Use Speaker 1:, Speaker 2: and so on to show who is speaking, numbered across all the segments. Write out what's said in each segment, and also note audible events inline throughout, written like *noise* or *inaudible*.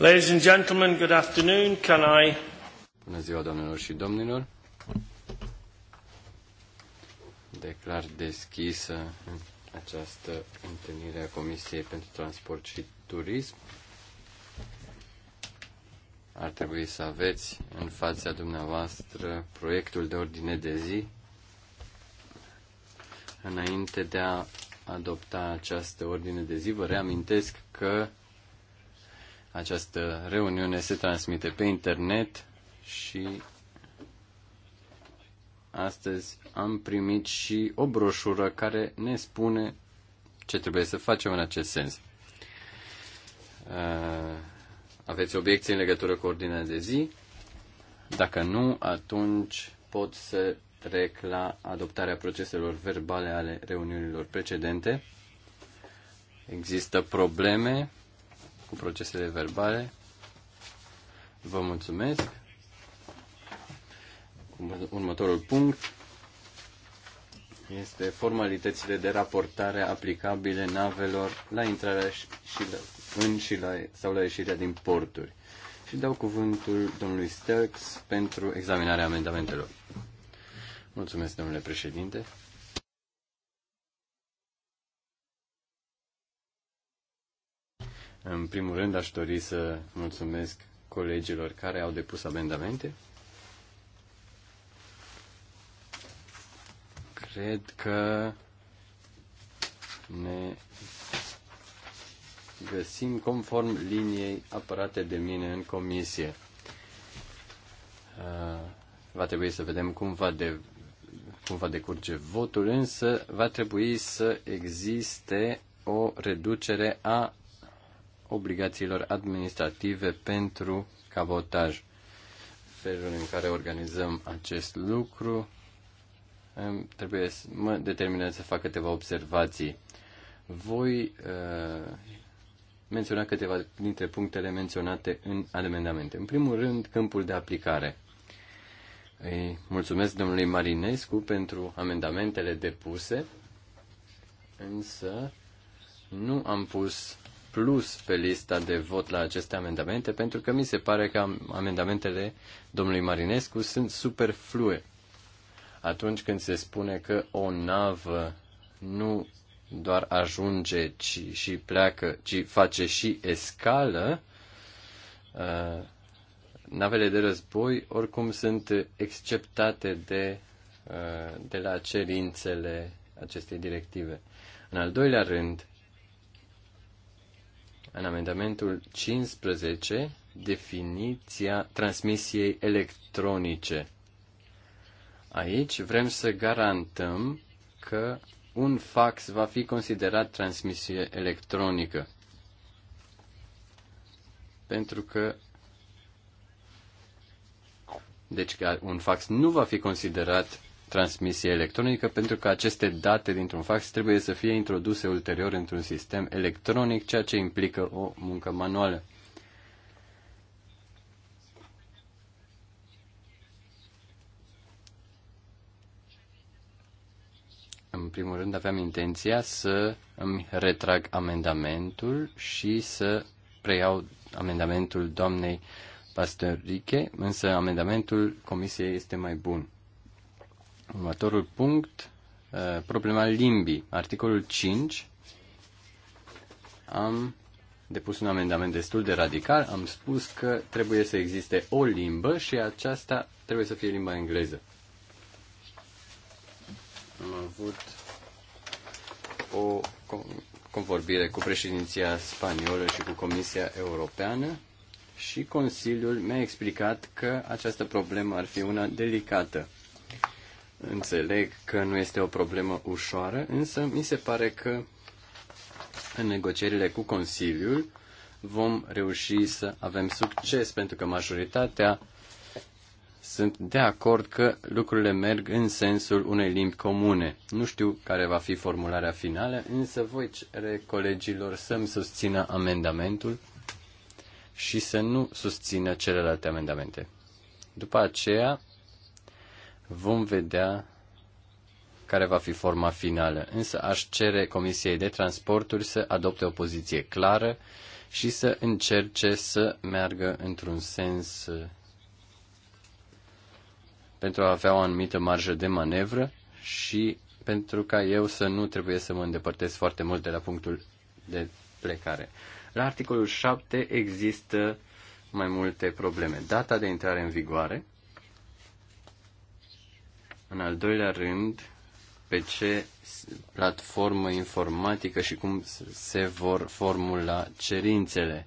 Speaker 1: Ladies and gentlemen, good afternoon. Can I... Bună ziua, doamnelor și domnilor. Declar deschisă această întâlnire a Comisiei pentru Transport și Turism. Ar trebui să aveți în fața dumneavoastră proiectul de ordine de zi înainte de a adopta această ordine de zi. Vă reamintesc că această reuniune se transmite pe internet și astăzi am primit și o broșură care ne spune ce trebuie să facem în acest sens. Uh, aveți obiecții în legătură cu ordinea de zi? Dacă nu, atunci pot să trec la adoptarea proceselor verbale ale reuniunilor precedente. Există probleme cu procesele verbale. Vă mulțumesc. Următorul punct este formalitățile de raportare aplicabile navelor la intrarea și la, în și la, sau la ieșirea din porturi. Și dau cuvântul domnului Sturks pentru examinarea amendamentelor. Mulțumesc, domnule președinte. În primul rând aș dori să mulțumesc colegilor care au depus amendamente. Cred că ne găsim conform liniei apărate de mine în comisie. Uh, va trebui să vedem cum va, de, cum va decurge votul, însă va trebui să existe o reducere a obligațiilor administrative pentru cabotaj. Felul în care organizăm acest lucru trebuie să mă determină să fac câteva observații. Voi uh, menționa câteva dintre punctele menționate în amendamente. În primul rând, câmpul de aplicare. Îi mulțumesc domnului Marinescu pentru amendamentele depuse, însă nu am pus plus pe lista de vot la aceste amendamente pentru că mi se pare că amendamentele domnului Marinescu sunt superflue. Atunci când se spune că o navă nu doar ajunge ci, și pleacă, ci face și escală, uh, navele de război oricum sunt exceptate de, uh, de la cerințele acestei directive. În al doilea rând, în amendamentul 15, definiția transmisiei electronice. Aici vrem să garantăm că un fax va fi considerat transmisie electronică. Pentru că deci un fax nu va fi considerat transmisie electronică, pentru că aceste date dintr-un fax trebuie să fie introduse ulterior într-un sistem electronic, ceea ce implică o muncă manuală. În primul rând aveam intenția să îmi retrag amendamentul și să preiau amendamentul doamnei Pastoriche, însă amendamentul comisiei este mai bun. Următorul punct, problema limbii. Articolul 5. Am depus un amendament destul de radical. Am spus că trebuie să existe o limbă și aceasta trebuie să fie limba engleză. Am avut o convorbire cu președinția spaniolă și cu Comisia Europeană și Consiliul mi-a explicat că această problemă ar fi una delicată. Înțeleg că nu este o problemă ușoară, însă mi se pare că în negocierile cu Consiliul vom reuși să avem succes, pentru că majoritatea sunt de acord că lucrurile merg în sensul unei limbi comune. Nu știu care va fi formularea finală, însă voi cere colegilor să-mi susțină amendamentul și să nu susțină celelalte amendamente. După aceea vom vedea care va fi forma finală. Însă aș cere Comisiei de Transporturi să adopte o poziție clară și să încerce să meargă într-un sens uh, pentru a avea o anumită marjă de manevră și pentru ca eu să nu trebuie să mă îndepărtez foarte mult de la punctul de plecare. La articolul 7 există mai multe probleme. Data de intrare în vigoare, în al doilea rând, pe ce platformă informatică și cum se vor formula cerințele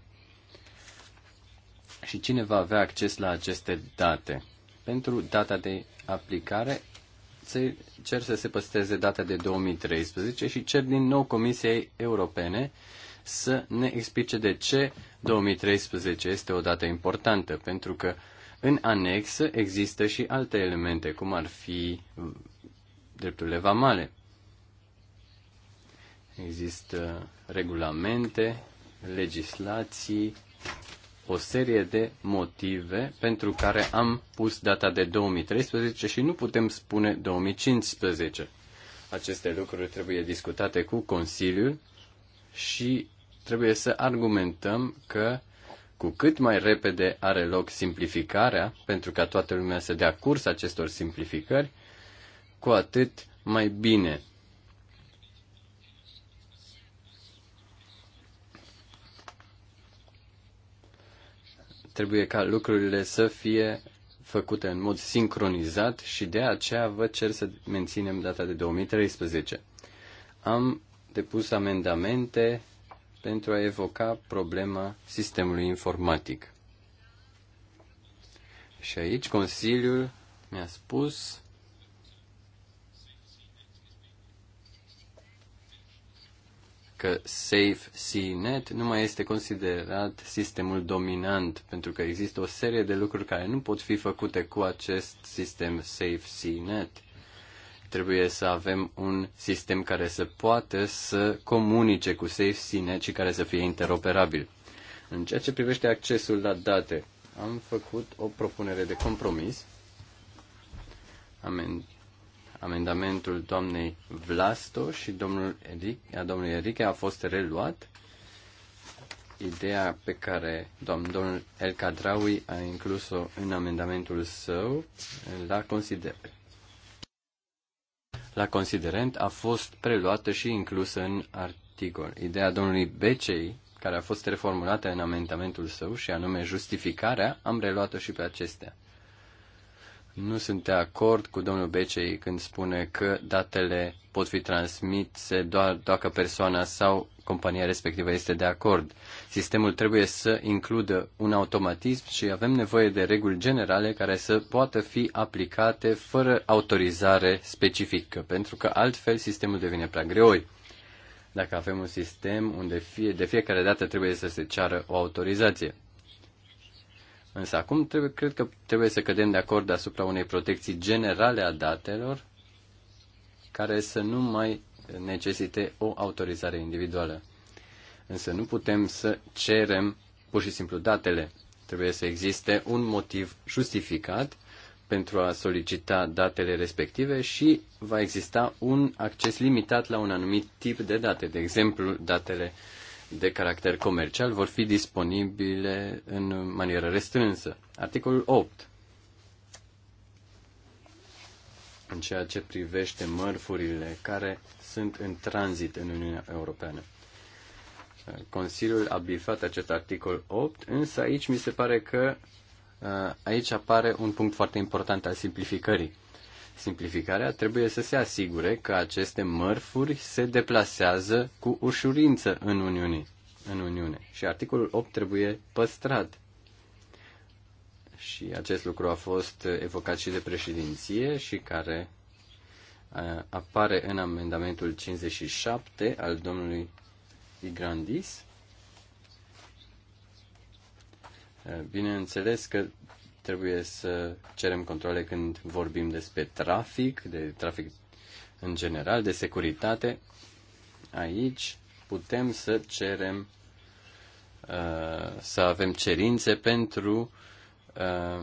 Speaker 1: și cine va avea acces la aceste date. Pentru data de aplicare se cer să se păstreze data de 2013 și cer din nou Comisiei Europene să ne explice de ce 2013 este o dată importantă, pentru că în anexă există și alte elemente, cum ar fi mm, drepturile vamale. Există regulamente, legislații, o serie de motive pentru care am pus data de 2013 și nu putem spune 2015. Aceste lucruri trebuie discutate cu Consiliul și trebuie să argumentăm că cu cât mai repede are loc simplificarea, pentru ca toată lumea să dea curs acestor simplificări, cu atât mai bine. Trebuie ca lucrurile să fie făcute în mod sincronizat și de aceea vă cer să menținem data de 2013. Am depus amendamente pentru a evoca problema sistemului informatic. Și aici Consiliul mi-a spus că SafeCNet nu mai este considerat sistemul dominant, pentru că există o serie de lucruri care nu pot fi făcute cu acest sistem SafeCNet. Trebuie să avem un sistem care să poată să comunice cu sine, și care să fie interoperabil. În ceea ce privește accesul la date, am făcut o propunere de compromis. Amen amendamentul doamnei Vlasto și domnul Eric, a domnului Enrique a fost reluat. Ideea pe care domn, domnul El Cadraui a inclus-o în amendamentul său la consider, la considerent a fost preluată și inclusă în articol. Ideea domnului Becei, care a fost reformulată în amendamentul său și anume justificarea, am reluat-o și pe acestea. Nu sunt de acord cu domnul Becei când spune că datele pot fi transmise doar dacă persoana sau compania respectivă este de acord. Sistemul trebuie să includă un automatism și avem nevoie de reguli generale care să poată fi aplicate fără autorizare specifică, pentru că altfel sistemul devine prea greoi. Dacă avem un sistem unde fie, de fiecare dată trebuie să se ceară o autorizație. Însă acum trebuie, cred că trebuie să cădem de acord asupra unei protecții generale a datelor care să nu mai necesite o autorizare individuală. Însă nu putem să cerem pur și simplu datele. Trebuie să existe un motiv justificat pentru a solicita datele respective și va exista un acces limitat la un anumit tip de date, de exemplu datele uh, de caracter comercial vor fi disponibile în manieră restrânsă. Articolul 8. În ceea ce privește mărfurile care sunt în tranzit în Uniunea Europeană. Consiliul a bifat acest articol 8, însă aici mi se pare că uh, aici apare un punct foarte important al simplificării. Simplificarea trebuie să se asigure că aceste mărfuri se deplasează cu ușurință în Uniune. În Uniune. Și articolul 8 trebuie păstrat. Și acest lucru a fost evocat și de președinție și care apare în amendamentul 57 al domnului Igrandis. Bineînțeles că trebuie să cerem controle când vorbim despre trafic, de trafic în general, de securitate. Aici putem să cerem uh, să avem cerințe pentru uh,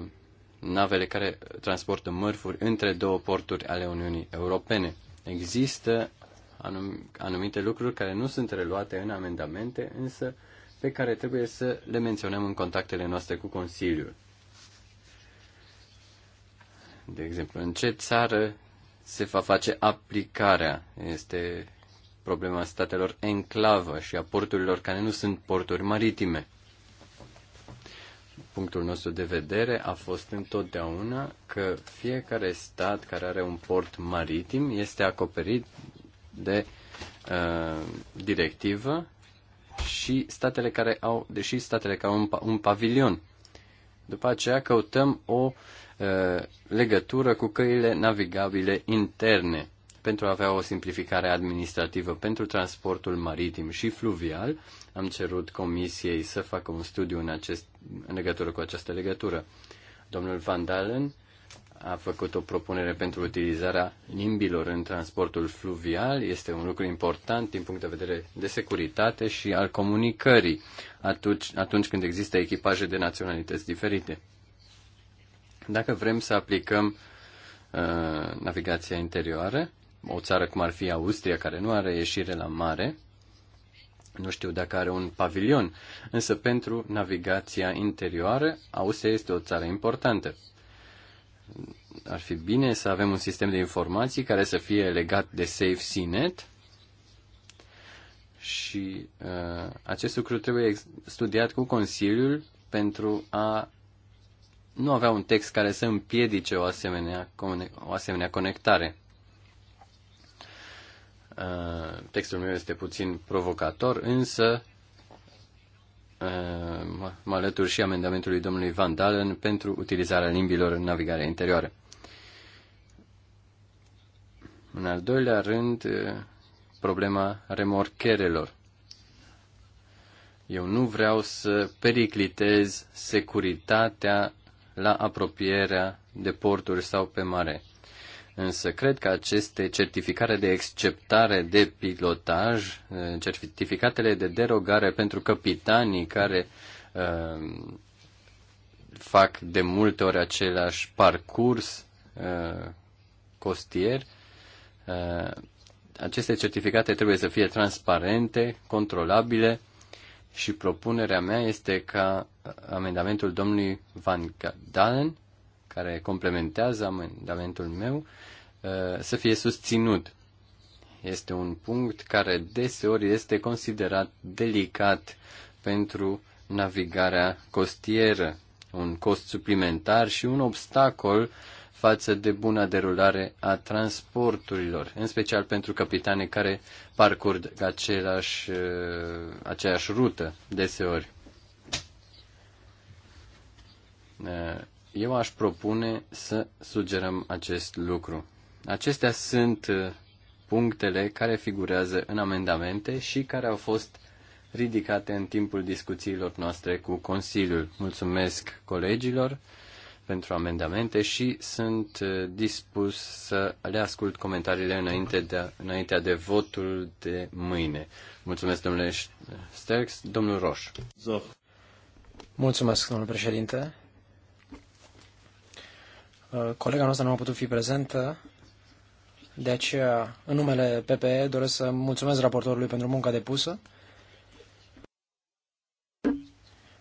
Speaker 1: navele care transportă mărfuri între două porturi ale Uniunii Europene. Există anumite lucruri care nu sunt reluate în amendamente, însă pe care trebuie să le menționăm în contactele noastre cu Consiliul de exemplu, în ce țară se va face aplicarea? Este problema statelor enclavă și a porturilor care nu sunt porturi maritime. Punctul nostru de vedere a fost întotdeauna că fiecare stat care are un port maritim este acoperit de uh, directivă și statele care au, deși statele care au un, un pavilion. După aceea căutăm o uh, Uh, legătură cu căile navigabile interne pentru a avea o simplificare administrativă pentru transportul maritim și fluvial. Am cerut comisiei să facă un studiu în, acest, în legătură cu această legătură. Domnul Van Dalen a făcut o propunere pentru utilizarea limbilor în transportul fluvial. Este un lucru important din punct de vedere de securitate și al comunicării atunci, atunci când există echipaje de naționalități diferite. Dacă vrem să aplicăm uh, navigația interioară, o țară cum ar fi Austria, care nu are ieșire la mare, nu știu dacă are un pavilion, însă pentru navigația interioară, Austria este o țară importantă. Ar fi bine să avem un sistem de informații care să fie legat de Safe SafeCNet și uh, acest lucru trebuie studiat cu Consiliul pentru a nu avea un text care să împiedice o asemenea, o asemenea conectare. Uh, textul meu este puțin provocator, însă uh, mă alătur și amendamentului domnului Van Dalen pentru utilizarea limbilor în navigarea interioară. În al doilea rând, uh, problema remorcherelor. Eu nu vreau să periclitez securitatea la apropierea de porturi sau pe mare. Însă cred că aceste certificare de exceptare de pilotaj, eh, certificatele de derogare pentru capitanii care uh, fac de multe ori același parcurs uh, costier, uh, aceste certificate trebuie să fie transparente, controlabile și propunerea mea este ca amendamentul domnului Van Dalen, care complementează amendamentul meu, uh, să fie susținut. Este un punct care deseori este considerat delicat pentru navigarea costieră, un cost suplimentar și un obstacol uh, față de buna derulare a transporturilor, în special pentru capitane care parcurg același, uh, aceeași rută deseori. Uh, eu aș propune să sugerăm acest lucru. Acestea sunt uh, punctele care figurează în amendamente și care au fost ridicate în timpul discuțiilor noastre cu Consiliul. Mulțumesc colegilor pentru amendamente și sunt uh, dispus să le ascult comentariile înainte de, înaintea de votul de mâine. Mulțumesc, domnule Sterx. Domnul Roș. Zoh.
Speaker 2: Mulțumesc, domnule președinte. Uh, colega noastră nu a putut fi prezentă, de aceea, în numele PPE, doresc să mulțumesc raportorului pentru munca depusă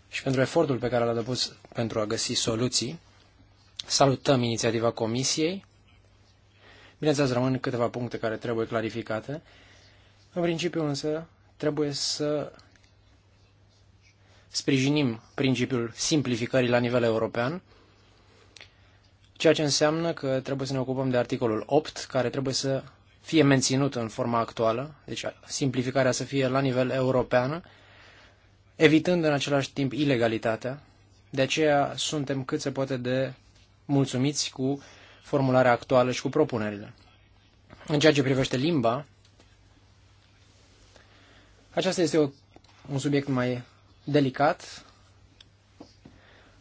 Speaker 2: și pentru efortul pe care l-a depus pentru a găsi soluții Salutăm inițiativa Comisiei. Bineînțeles, rămân câteva puncte care trebuie clarificate. În principiu, însă, trebuie să sprijinim principiul simplificării la nivel european, ceea ce înseamnă că trebuie să ne ocupăm de articolul 8, care trebuie să fie menținut în forma actuală, deci simplificarea să fie la nivel european, evitând în același timp ilegalitatea. De aceea suntem cât se poate de mulțumiți cu formularea actuală și cu propunerile. În ceea ce privește limba, aceasta este o, un subiect mai delicat.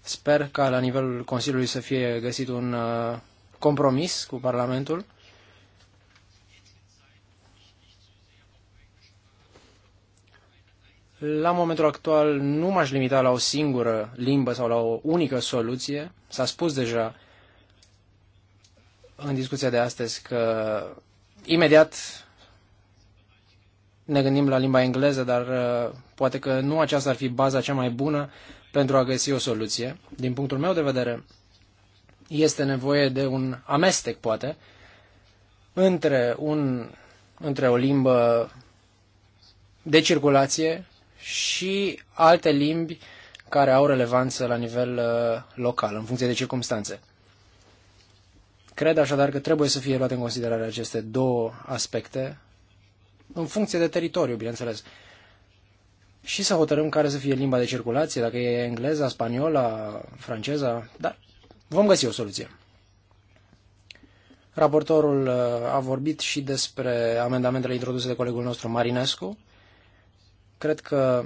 Speaker 2: Sper ca la nivelul Consiliului să fie găsit un uh, compromis cu Parlamentul La momentul actual nu m-aș limita la o singură limbă sau la o unică soluție. S-a spus deja în discuția de astăzi că imediat ne gândim la limba engleză, dar uh, poate că nu aceasta ar fi baza cea mai bună pentru a găsi o soluție. Din punctul meu de vedere, este nevoie de un amestec, poate, între, un, între o limbă de circulație și alte limbi care au relevanță la nivel uh, local, în funcție de circunstanțe. Cred așadar că trebuie să fie luate în considerare aceste două aspecte, în funcție de teritoriu, bineînțeles. Și să hotărâm care să fie limba de circulație, dacă e engleza, spaniola, franceza, dar vom găsi o soluție. Raportorul uh, a vorbit și despre amendamentele introduse de colegul nostru Marinescu. Cred că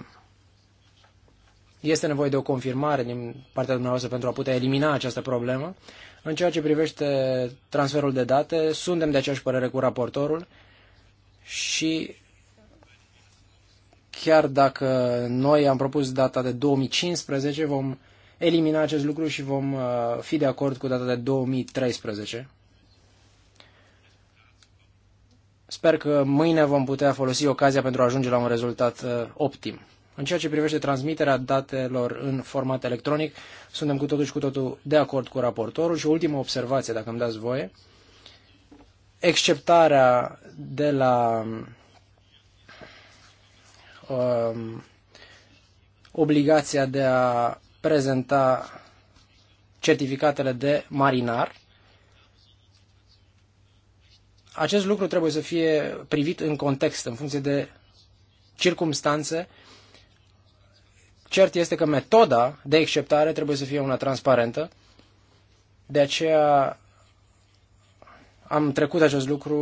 Speaker 2: este nevoie de o confirmare din partea dumneavoastră pentru a putea elimina această problemă. În ceea ce privește transferul de date, suntem de aceeași părere cu raportorul și chiar dacă noi am propus data de 2015, vom elimina acest lucru și vom uh, fi de acord cu data de 2013. Sper că mâine vom putea folosi ocazia pentru a ajunge la un rezultat uh, optim. În ceea ce privește transmiterea datelor în format electronic, suntem cu totul și cu totul de acord cu raportorul și ultima observație, dacă îmi dați voie, exceptarea de la um, obligația de a prezenta certificatele de marinar, acest lucru trebuie să fie privit în context, în funcție de circumstanțe. Cert este că metoda de acceptare trebuie să fie una transparentă, de aceea am trecut acest lucru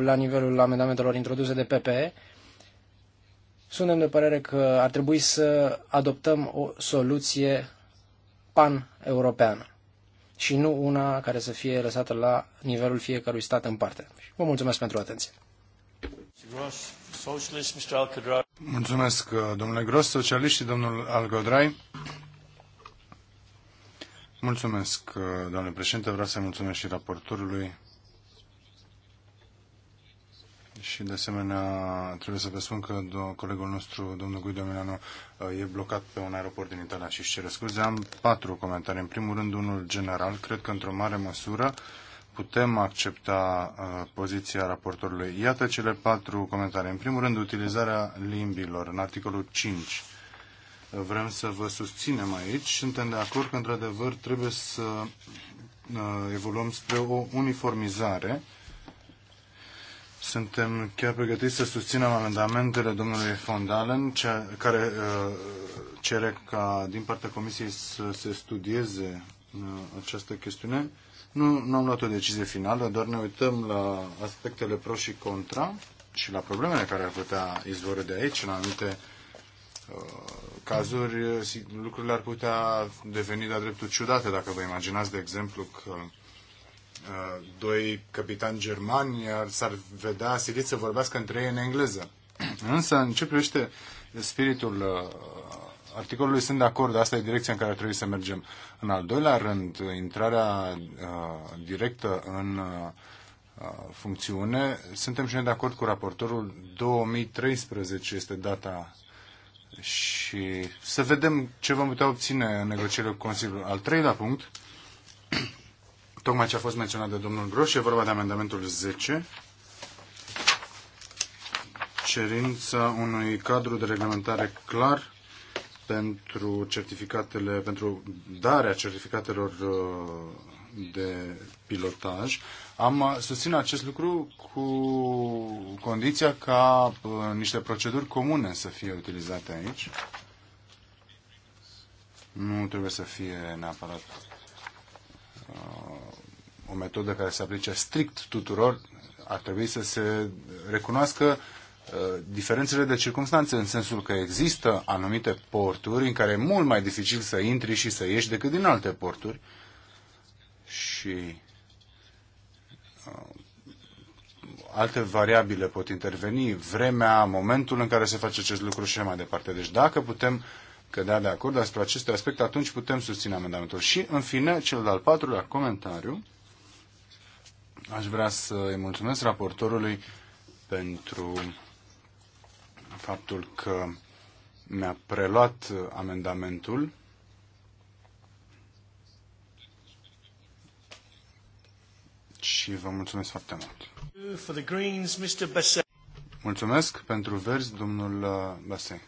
Speaker 2: la nivelul amendamentelor introduse de PPE. Suntem de părere că ar trebui să adoptăm o soluție pan-europeană și nu una care să fie lăsată la nivelul
Speaker 3: fiecărui stat în parte. Vă mulțumesc pentru atenție. Mulțumesc, uh, domnule Gros, socialist și domnul Algodrai. Mulțumesc, uh, doamne președinte. Vreau să mulțumesc și raportorului și de asemenea trebuie să vă spun că colegul nostru, domnul Guido Milano, uh, e blocat pe un aeroport din Italia și își cere scuze. Am patru comentarii. În primul rând, unul general. Cred că într-o mare măsură putem accepta uh, poziția raportorului. Iată cele patru comentarii. În primul rând, utilizarea limbilor. În articolul 5 uh, vrem să vă susținem aici. Suntem de acord că, într-adevăr, trebuie să uh, evoluăm spre o uniformizare suntem chiar pregătiți să susținem amendamentele domnului Fondalen, care uh, cere ca din partea Comisiei să se studieze uh, această chestiune. Nu, nu am luat o decizie finală, doar ne uităm la aspectele pro și contra și la problemele care ar putea izvoră de aici, în anumite uh, cazuri lucrurile ar putea deveni de-a dreptul ciudate, dacă vă imaginați, de exemplu, că Uh, doi capitani germani s-ar vedea silit să vorbească între ei în engleză. *clears throat* Însă, în ce privește spiritul uh, articolului, sunt de acord, asta e direcția în care trebuie să mergem. În al doilea rând, intrarea uh, directă în funcțiune, suntem și noi de acord cu raportorul, 2013 este data și să vedem ce vom putea obține în negocierile cu Consiliul. Al treilea punct, *clears throat* tocmai ce a fost menționat de domnul Groș, e vorba de amendamentul 10, cerința unui cadru de reglementare clar pentru certificatele, pentru darea certificatelor uh, de pilotaj. Am uh, susținut acest lucru cu condiția ca uh, niște proceduri comune să fie utilizate aici. Nu trebuie să fie neapărat Uh, o metodă care se aplice strict tuturor, ar trebui să se recunoască uh, diferențele de circunstanțe, în sensul că există anumite porturi în care e mult mai dificil să intri și să ieși decât din alte porturi și uh, alte variabile pot interveni, vremea, momentul în care se face acest lucru și mai departe. Deci dacă putem cădea de acord asupra acestui aspect, atunci putem susține amendamentul. Și, în fine, cel de-al patrulea comentariu. Aș vrea să îi mulțumesc raportorului pentru faptul că mi-a preluat amendamentul și vă mulțumesc foarte mult. Mulțumesc pentru verzi, domnul uh, Basset.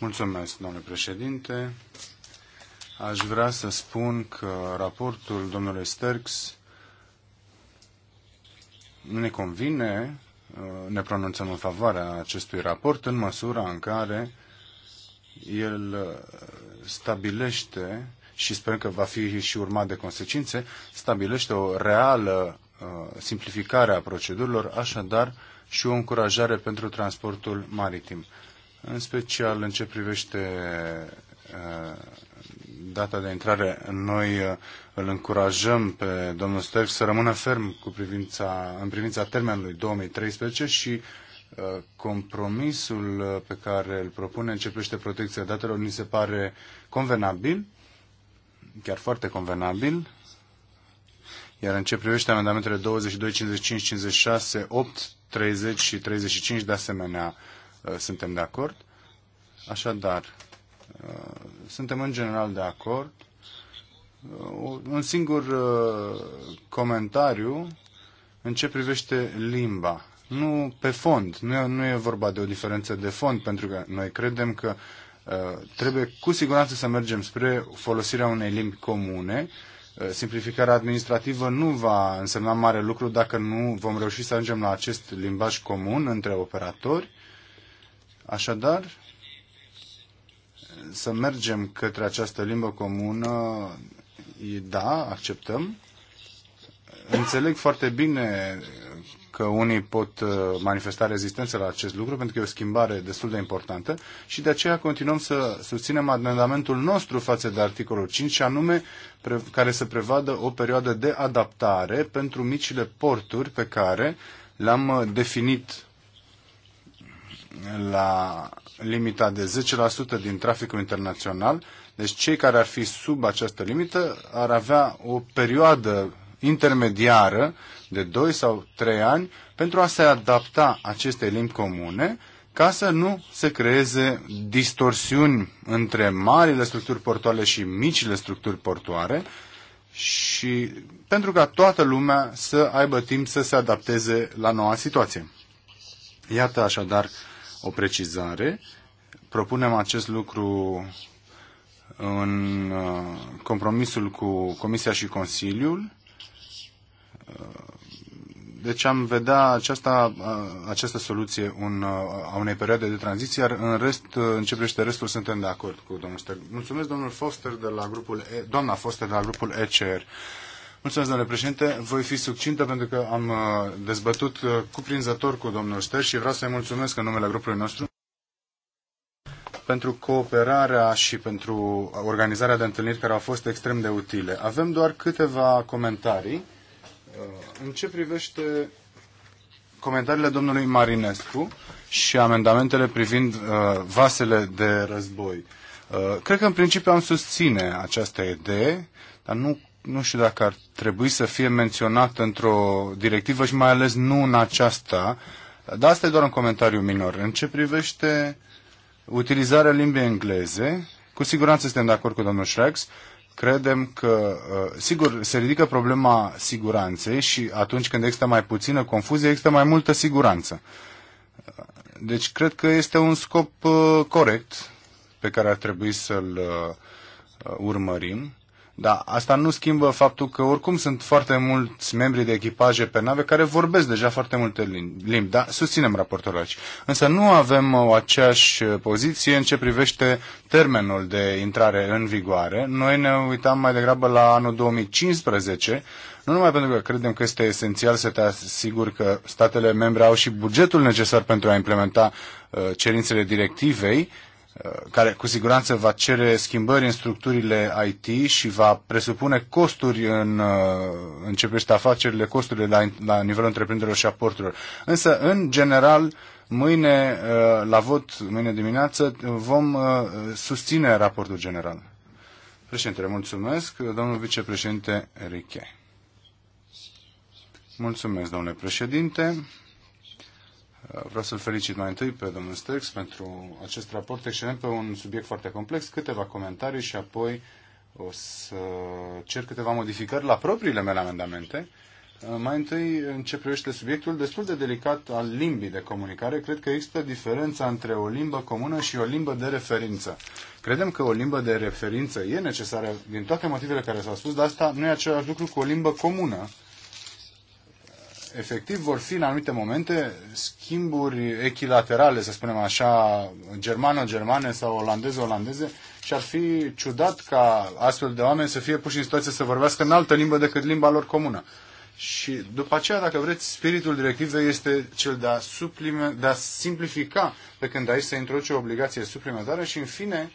Speaker 3: Mulțumesc, domnule președinte. Aș vrea să spun că raportul domnului Sterks ne convine, ne pronunțăm în favoarea acestui raport în măsura în care el stabilește și sper că va fi și urmat de consecințe, stabilește o reală uh, simplificare a procedurilor, așadar și o încurajare pentru transportul maritim în special în ce privește uh, data de intrare. Noi uh, îl încurajăm pe domnul Sterk să rămână ferm cu privința, în privința termenului 2013 și uh, compromisul pe care îl propune începește protecția datelor, ni se pare convenabil, chiar foarte convenabil, iar în ce privește amendamentele 22, 55, 56, 8, 30 și 35, de asemenea, Uh, suntem de acord. Așadar, uh, suntem în general de acord. Uh, un singur comentariu în ce privește limba. Nu pe fond, nu e, nu e vorba de o diferență de fond, pentru că noi credem că trebuie cu siguranță să mergem spre folosirea unei limbi comune. Simplificarea administrativă nu va însemna mare lucru dacă nu vom reuși să ajungem la acest limbaj comun între operatori Așadar, să mergem către această limbă comună, da, acceptăm. Înțeleg foarte bine că unii pot uh, manifesta rezistență la acest lucru, pentru că e o schimbare destul de importantă și de aceea continuăm să susținem amendamentul nostru față de articolul 5, și anume care să prevadă o perioadă de adaptare pentru micile porturi pe care le-am uh, definit la limita de 10% din traficul internațional, deci cei care ar fi sub această limită ar avea o perioadă intermediară de 2 sau 3 ani pentru a se adapta acestei limbi comune ca să nu se creeze distorsiuni între marile structuri portoare și micile structuri portoare și pentru ca toată lumea să aibă timp să se adapteze la noua situație. Iată așadar o precizare. Propunem acest lucru în uh, compromisul cu Comisia și Consiliul. Uh, deci am vedea aceasta, uh, această soluție un, a unei perioade de tranziție, iar în rest, în ce privește restul, suntem de acord cu domnul Ster. Mulțumesc, domnul Foster, de la grupul, e, doamna Foster, de la grupul ECR. Mulțumesc, domnule președinte. Voi fi succintă pentru că am uh, dezbătut uh, cuprinzător cu domnul Șter și vreau să-i mulțumesc în numele grupului nostru pentru cooperarea și pentru organizarea de întâlniri care au fost extrem de utile. Avem doar câteva comentarii. Uh, în ce privește comentariile domnului Marinescu și amendamentele privind vasele de război. Cred că în principiu am susține această idee, dar nu nu știu dacă ar trebui să fie menționat într-o directivă și mai ales nu în aceasta, dar asta e doar un comentariu minor. În ce privește utilizarea limbii engleze, cu siguranță suntem de acord cu domnul Schrex, credem că, uh, sigur, se ridică problema siguranței și atunci când există mai puțină confuzie, există mai multă siguranță. Deci cred că este un scop uh, corect pe care ar trebui să-l uh, urmărim da, asta nu schimbă faptul că oricum sunt foarte mulți membri de echipaje pe nave care vorbesc deja foarte multe limbi. Da, susținem raportul aici. Însă nu avem uh, o aceeași uh, poziție în ce privește termenul de intrare în vigoare. Noi ne uitam mai degrabă la anul 2015, nu numai pentru că credem că este esențial să te asiguri că statele membre au și bugetul necesar pentru a implementa uh, cerințele directivei, Uh, care cu siguranță va cere schimbări în structurile IT și va presupune costuri în uh, începește afacerile, costurile la, la nivelul întreprinderilor și a porturilor. Însă, în general, mâine uh, la vot, mâine dimineață, vom susține raportul general. Președinte, mulțumesc. Domnul vicepreședinte Riche. Mulțumesc, domnule președinte. Vreau să-l felicit mai întâi pe domnul Stex pentru acest raport excelent pe un subiect foarte complex, câteva comentarii și apoi o să cer câteva modificări la propriile mele amendamente. Mai întâi, în ce privește subiectul destul de delicat al limbii de comunicare, cred că există diferența între o limbă comună și o limbă de referință. Credem că o limbă de referință e necesară din toate motivele care s-au spus, dar asta nu e același lucru cu o limbă comună efectiv vor fi în anumite momente schimburi echilaterale, să spunem așa, germano-germane sau olandeze-olandeze și ar fi ciudat ca astfel de oameni să fie puși în situație să vorbească în altă limbă decât limba lor comună. Și după aceea, dacă vreți, spiritul directivei este cel de a, suplime, de a simplifica, pe când aici se introduce o obligație suplimentară și, în fine,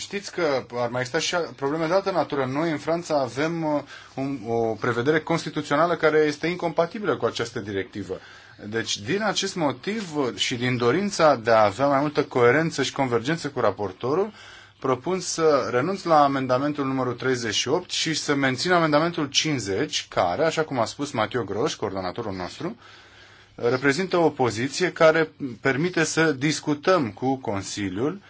Speaker 3: Știți că ar mai exista și probleme de altă natură. Noi în Franța avem uh, un, o prevedere constituțională care este incompatibilă cu această directivă. Deci, din acest motiv și din dorința de a avea mai multă coerență și convergență cu raportorul, propun să renunț la amendamentul numărul 38 și să mențin amendamentul 50, care, așa cum a spus Matiu Groș, coordonatorul nostru, reprezintă o poziție care permite să discutăm cu Consiliul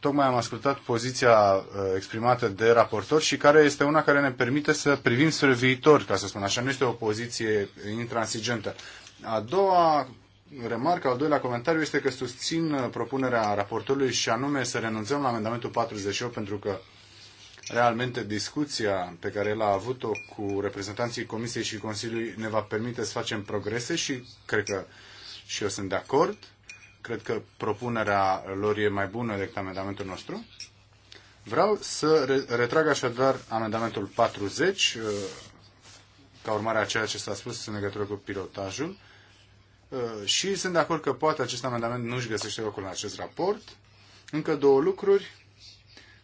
Speaker 3: tocmai am ascultat poziția uh, exprimată de raportor și care este una care ne permite să privim spre viitor, ca să spun așa, nu este o poziție intransigentă. A doua remarcă, al doilea comentariu este că susțin uh, propunerea raportorului și anume să renunțăm la amendamentul 48 pentru că realmente discuția pe care l-a avut-o cu reprezentanții Comisiei și Consiliului ne va permite să facem progrese și cred că și eu sunt de acord Cred că propunerea lor e mai bună decât amendamentul nostru. Vreau să retrag așadar amendamentul 40, uh, ca urmare a ceea ce s-a spus în legătură cu pilotajul, uh, și sunt de acord că poate acest amendament nu își găsește locul în acest raport. Încă două lucruri.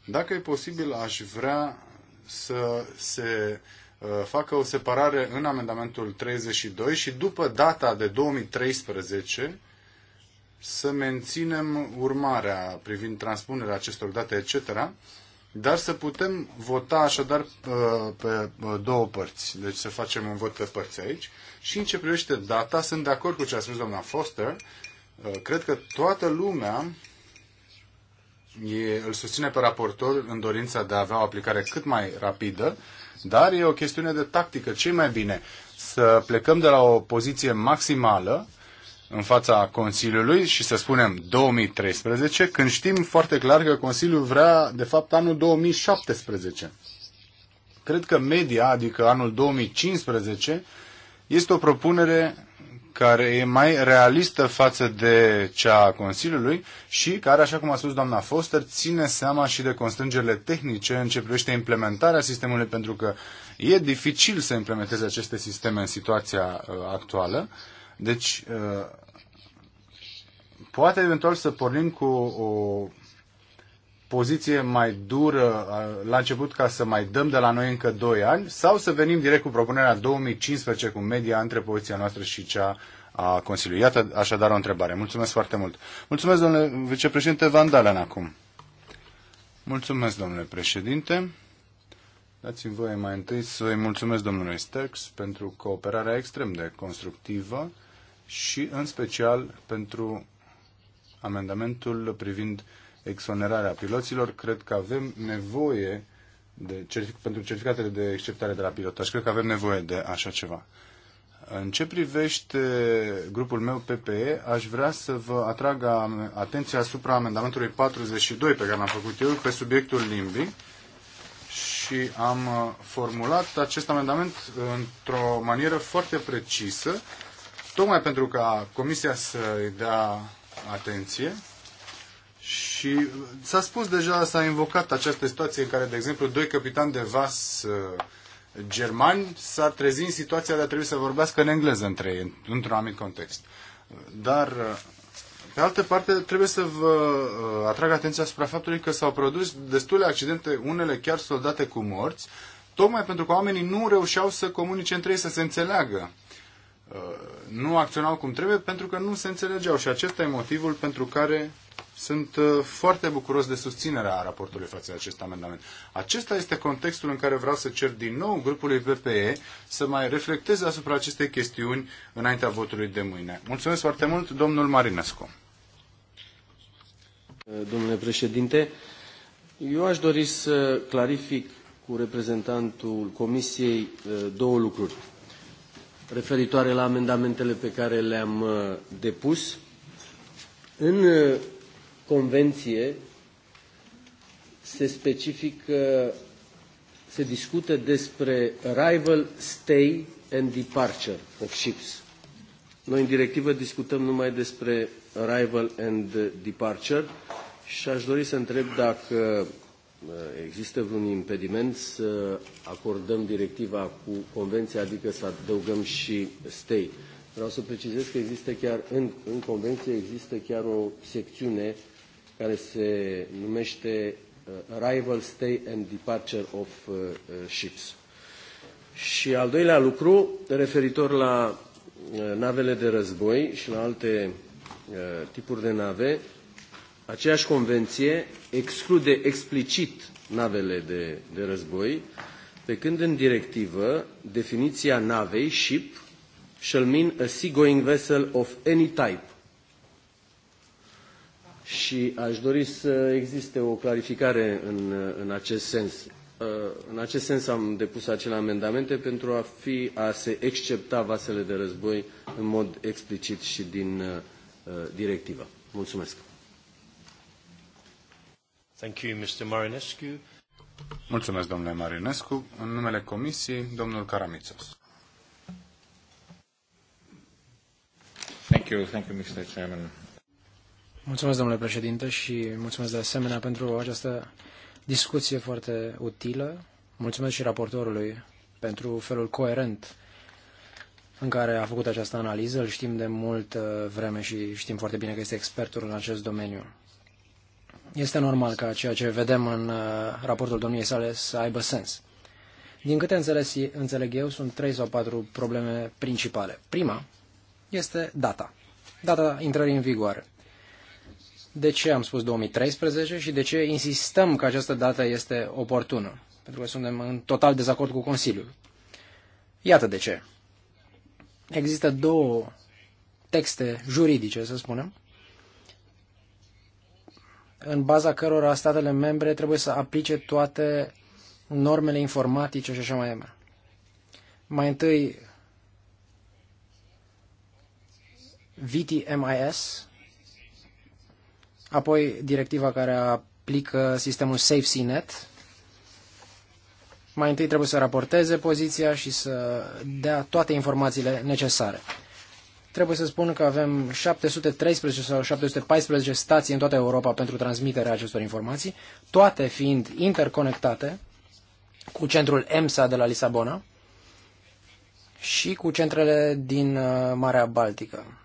Speaker 3: Dacă e posibil, aș vrea să se uh, facă o separare în amendamentul 32 și după data de 2013 să menținem urmarea privind transpunerea acestor date, etc., dar să putem vota așadar uh, pe uh, două părți. Deci să facem un vot pe părți aici. Și în ce privește data, sunt de acord cu ce a spus doamna Foster. Uh, cred că toată lumea e, îl susține pe raportor în dorința de a avea o aplicare cât mai rapidă, dar e o chestiune de tactică. Ce mai bine? Să plecăm de la o poziție maximală în fața Consiliului și să spunem 2013, când știm foarte clar că Consiliul vrea, de fapt, anul 2017. Cred că media, adică anul 2015, este o propunere care e mai realistă față de cea a Consiliului și care, așa cum a spus doamna Foster, ține seama și de constrângerile tehnice în ce privește implementarea sistemului, pentru că e dificil să implementeze aceste sisteme în situația uh, actuală. Deci, uh, poate eventual să pornim cu o poziție mai dură uh, la început ca să mai dăm de la noi încă 2 ani sau să venim direct cu propunerea 2015 cu media între poziția noastră și cea a Consiliului. Iată așadar o întrebare. Mulțumesc foarte mult. Mulțumesc, domnule vicepreședinte Dalen acum. Mulțumesc, domnule președinte. Dați-mi voie mai întâi să-i mulțumesc domnului Stex pentru cooperarea extrem de constructivă și în special pentru amendamentul privind exonerarea piloților. Cred că avem nevoie de certific- pentru certificatele de exceptare de la pilotaj. Cred că avem nevoie de așa ceva. În ce privește grupul meu PPE, aș vrea să vă atrag atenția asupra amendamentului 42 pe care l-am făcut eu pe subiectul limbii și am uh, formulat acest amendament într-o manieră foarte precisă tocmai pentru ca Comisia să îi dea atenție. Și s-a spus deja, s-a invocat această situație în care, de exemplu, doi capitani de vas uh, germani s-ar trezi în situația de a trebui să vorbească în engleză între ei, într-un anumit context. Dar, uh, pe altă parte, trebuie să vă uh, atrag atenția asupra faptului că s-au produs destule accidente, unele chiar soldate cu morți, tocmai pentru că oamenii nu reușeau să comunice între ei, să se înțeleagă. Uh, nu acționau cum trebuie pentru că nu se înțelegeau și acesta e motivul pentru care sunt uh, foarte bucuros de susținerea raportului față de acest amendament. Acesta este contextul în care vreau să cer din nou grupului PPE să mai reflecteze asupra acestei chestiuni înaintea votului de mâine. Mulțumesc foarte mult, domnul Marinescu. Domnule președinte, eu aș dori să clarific cu
Speaker 4: reprezentantul Comisiei uh, două lucruri referitoare la amendamentele pe care le-am uh, depus. În uh, convenție se specifică, se discută despre arrival, stay and departure of ships. Noi în directivă discutăm numai despre arrival and departure și aș dori să întreb dacă Ă, există vreun impediment să acordăm directiva cu convenția, adică să adăugăm și stay? Vreau să precizez că există chiar în, în convenție există chiar o secțiune care se numește ă, Arrival, Stay and Departure of ă, Ships. Și al doilea lucru, referitor la navele de război și la alte tipuri de nave, Aceeași convenție exclude explicit navele de, de război, pe când în directivă definiția navei, ship, shall mean a seagoing vessel of any type. Și aș dori să existe o clarificare în, în acest sens. Uh, în acest sens am depus acele amendamente pentru a, fi, a se excepta vasele de război în mod explicit și din uh, directivă. Mulțumesc.
Speaker 3: Thank you, Mr. Marinescu. Mulțumesc, domnule Marinescu. În numele Comisiei, domnul Karamitsos. Thank you, thank you, Mr. Chairman.
Speaker 2: Mulțumesc, domnule președinte, și mulțumesc de asemenea pentru această discuție foarte utilă. Mulțumesc și raportorului pentru felul coerent în care a făcut această analiză. Îl știm de mult vreme și știm foarte bine că este expertul în acest domeniu. Este normal ca ceea ce vedem în uh, raportul domniei sale să aibă sens. Din câte înțeles, înțeleg eu, sunt trei sau patru probleme principale. Prima este data. Data intrării în vigoare. De ce am spus 2013 și de ce insistăm că această dată este oportună? Pentru că suntem în total dezacord cu Consiliul. Iată de ce. Există două texte juridice, să spunem, în baza cărora statele membre trebuie să aplice toate normele informatice și așa mai departe. Mai întâi, VTMIS, apoi directiva care aplică sistemul SafeCNet. Mai întâi trebuie să raporteze poziția și să dea toate informațiile necesare. Trebuie să spun că avem 713 sau 714 stații în toată Europa pentru transmiterea acestor informații, toate fiind interconectate cu centrul EMSA de la Lisabona și cu centrele din uh, Marea Baltică.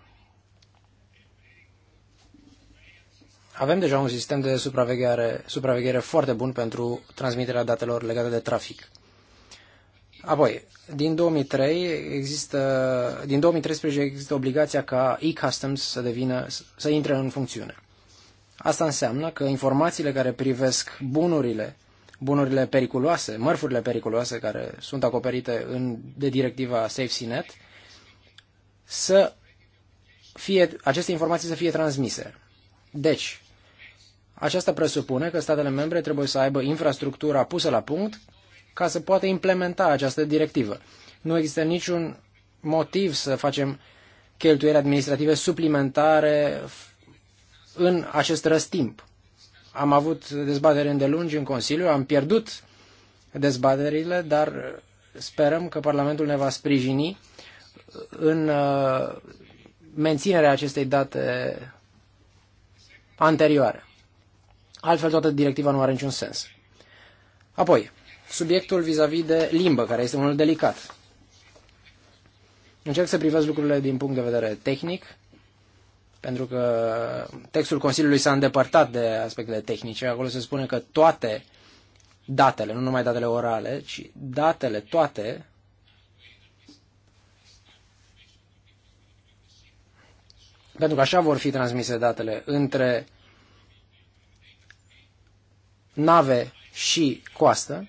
Speaker 2: Avem deja un sistem de supraveghere, supraveghere foarte bun pentru transmiterea datelor legate de trafic. Apoi, din 2003 există, din 2013 există obligația ca e-customs să devină, să intre în funcțiune. Asta înseamnă că informațiile care privesc bunurile, bunurile periculoase, mărfurile periculoase care sunt acoperite în, de directiva SafeCNet, să fie, aceste informații să fie transmise. Deci, aceasta presupune că statele membre trebuie să aibă infrastructura pusă la punct ca să poată implementa această directivă. Nu există niciun motiv să facem cheltuieli administrative suplimentare în acest răstimp. Am avut dezbatere îndelungi în Consiliu, am pierdut dezbaterile, dar sperăm că Parlamentul ne va sprijini în uh, menținerea acestei date anterioare. Altfel, toată directiva nu are niciun sens. Apoi, subiectul vis-a-vis -vis de limbă, care este unul delicat. Încerc să privesc lucrurile din punct de vedere tehnic, pentru că textul Consiliului s-a îndepărtat de aspectele tehnice. Acolo se spune că toate datele, nu numai datele orale, ci datele toate pentru că așa vor fi transmise datele între nave și coastă,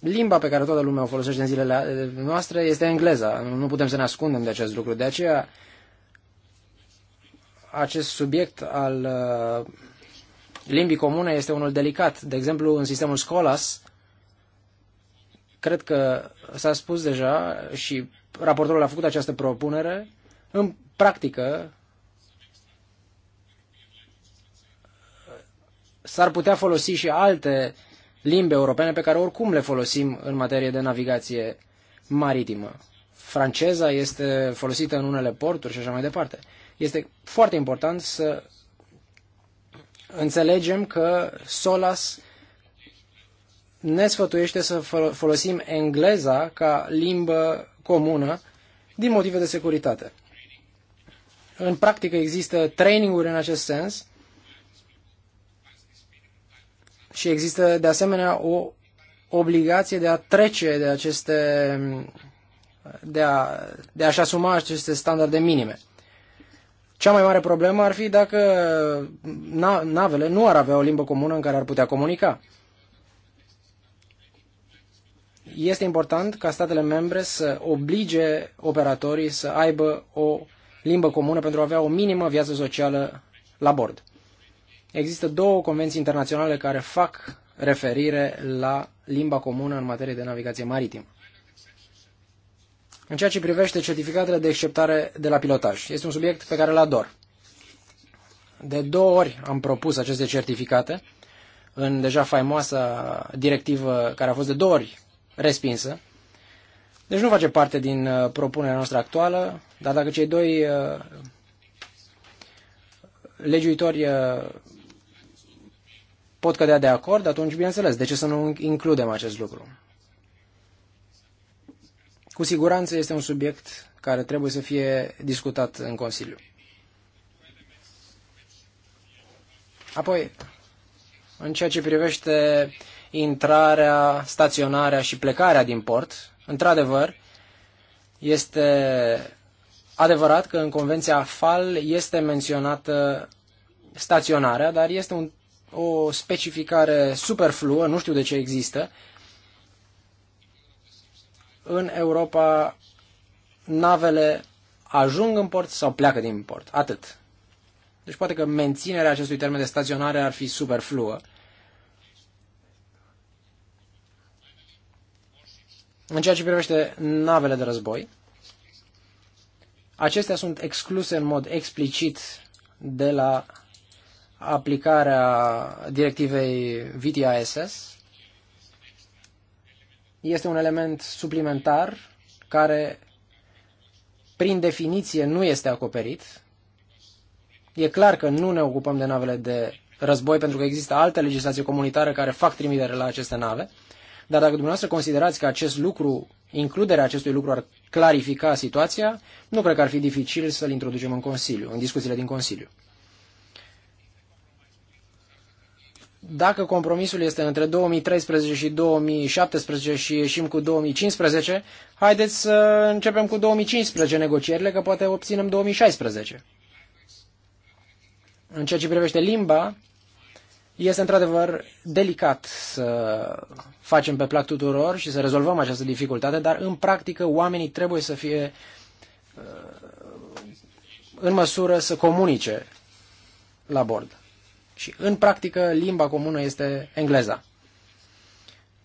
Speaker 2: limba pe care toată lumea o folosește în zilele eh, noastre este engleza. Nu putem să ne ascundem de acest lucru. De aceea, acest subiect al eh, limbii comune este unul delicat. De exemplu, în sistemul Scolas, cred că s-a spus deja și raportorul a făcut această propunere, în practică s-ar putea folosi și alte limbi europene pe care oricum le folosim în materie de navigație maritimă. Franceza este folosită în unele porturi și așa mai departe. Este foarte important să înțelegem că SOLAS ne sfătuiește să folosim engleza ca limbă comună din motive de securitate. În practică există traininguri în acest sens și există de asemenea o obligație de a trece de aceste de, a, de a-și asuma aceste standarde minime. Cea mai mare problemă ar fi dacă navele nu ar avea o limbă comună în care ar putea comunica. Este important ca statele membre să oblige operatorii să aibă o limbă comună pentru a avea o minimă viață socială la bord. Există două convenții internaționale care fac referire la limba comună în materie de navigație maritimă. În ceea ce privește certificatele de acceptare de la pilotaj, este un subiect pe care îl ador. De două ori am propus aceste certificate în deja faimoasa directivă care a fost de două ori respinsă. Deci nu face parte din uh, propunerea noastră actuală, dar dacă cei doi uh, legiuitori uh, pot cădea de acord, atunci, bineînțeles, de ce să nu includem acest lucru? Cu siguranță este un subiect care trebuie să fie discutat în Consiliu. Apoi, în ceea ce privește intrarea, staționarea și plecarea din port, într-adevăr, este adevărat că în Convenția FAL este menționată staționarea, dar este un o specificare superfluă, nu știu de ce există. În Europa, navele ajung în port sau pleacă din port. Atât. Deci poate că menținerea acestui termen de staționare ar fi superfluă. În ceea ce privește navele de război, acestea sunt excluse în mod explicit de la aplicarea directivei VTISS este un element suplimentar care, prin definiție, nu este acoperit. E clar că nu ne ocupăm de navele de război, pentru că există alte legislații comunitare care fac trimitere la aceste nave. Dar dacă dumneavoastră considerați că acest lucru, includerea acestui lucru ar clarifica situația, nu cred că ar fi dificil să-l introducem în Consiliu, în discuțiile din Consiliu. Dacă compromisul este între 2013 și 2017 și ieșim cu 2015, haideți să începem cu 2015 negocierile, că poate obținem 2016. În ceea ce privește limba, este într-adevăr delicat să facem pe plac tuturor și să rezolvăm această dificultate, dar în practică oamenii trebuie să fie uh, în măsură să comunice la bord. Și în practică limba comună este engleza.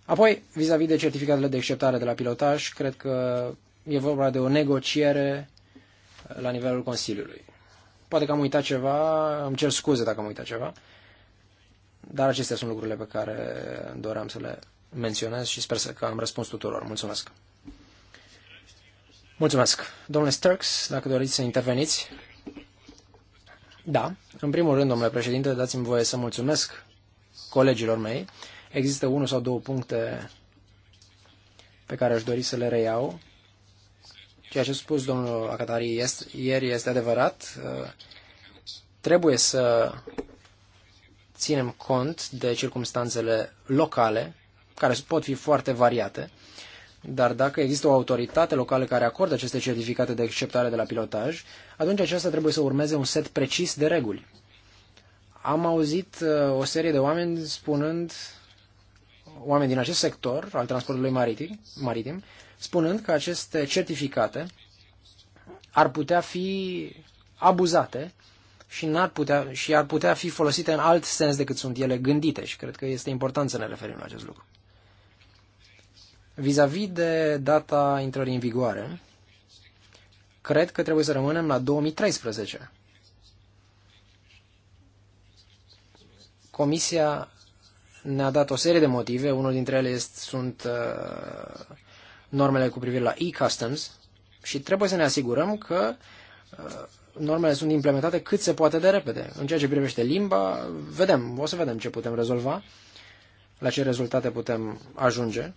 Speaker 2: Apoi, vis-a-vis -vis de certificatele de acceptare de la pilotaj, cred că e vorba de o negociere uh, la nivelul Consiliului. Poate că am uitat ceva, îmi cer scuze dacă am uitat ceva, dar acestea sunt lucrurile pe care doream să le menționez și sper să că am răspuns tuturor. Mulțumesc! Mulțumesc! Domnule Sturks, dacă doriți să interveniți. Da, în primul rând, domnule președinte, dați-mi voie să mulțumesc colegilor mei. Există unul sau două puncte pe care aș dori să le reiau. Ceea ce a spus domnul Acatari ieri este adevărat. Trebuie să ținem cont de circumstanțele locale, care pot fi foarte variate. Dar dacă există o autoritate locală care acordă aceste certificate de acceptare de la pilotaj, atunci aceasta trebuie să urmeze un set precis de reguli. Am auzit uh, o serie de oameni spunând, oameni din acest sector al transportului maritim, maritim spunând că aceste certificate ar putea fi abuzate și, n-ar putea, și ar putea fi folosite în alt sens decât sunt ele gândite și cred că este important să ne referim la acest lucru. Vis-a-vis -vis de data intrării în vigoare, cred că trebuie să rămânem la 2013. Comisia ne-a dat o serie de motive, unul dintre ele sunt uh, normele cu privire la e-customs și trebuie să ne asigurăm că uh, normele sunt implementate cât se poate de repede. În ceea ce privește limba, vedem, o să vedem ce putem rezolva, la ce rezultate putem ajunge.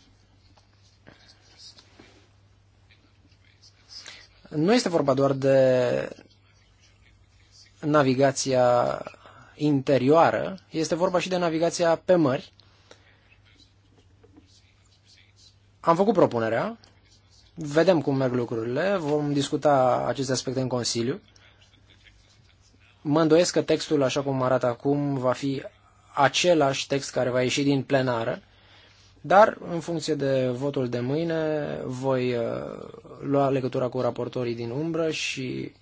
Speaker 2: Nu este vorba doar de navigația interioară, este vorba și de navigația pe mări. Am făcut propunerea, vedem cum merg lucrurile, vom discuta aceste aspecte în Consiliu. Mă îndoiesc că textul, așa cum arată acum, va fi același text care va ieși din plenară, dar, în funcție de votul de mâine, voi uh, lua legătura cu raportorii din umbră și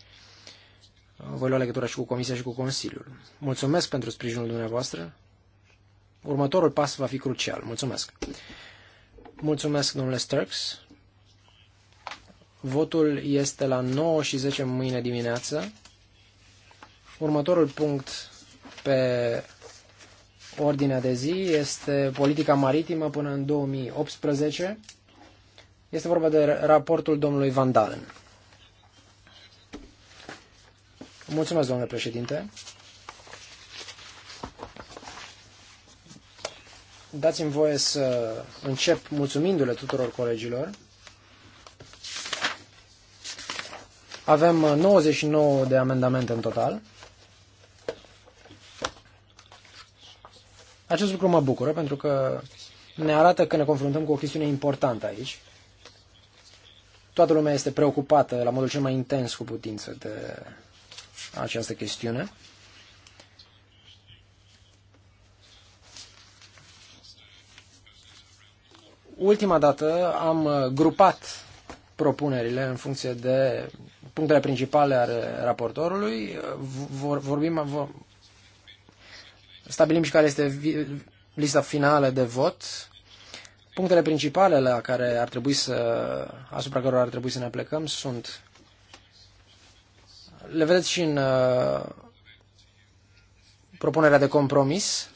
Speaker 2: uh, voi lua legătura și cu Comisia și cu Consiliul. Mulțumesc pentru sprijinul dumneavoastră. Următorul pas va fi crucial. Mulțumesc. Mulțumesc, domnule Sturks. Votul este la 9 și 10 mâine dimineață. Următorul punct pe ordinea de zi este politica maritimă până în 2018. Este vorba de raportul domnului Van Dalen. Mulțumesc, domnule președinte. Dați-mi voie să încep mulțumindu-le tuturor colegilor. Avem 99 uh, de amendamente în total. Acest lucru mă bucură pentru că ne arată că ne confruntăm cu o chestiune importantă aici. Toată lumea este preocupată la modul cel mai intens cu putință de această chestiune. Ultima dată am grupat propunerile în funcție de punctele principale ale raportorului. vorbim, Stabilim și care este lista finală de vot. Punctele principale la care ar trebui să, asupra cărora ar trebui să ne plecăm sunt, le vedeți și în uh, propunerea de compromis.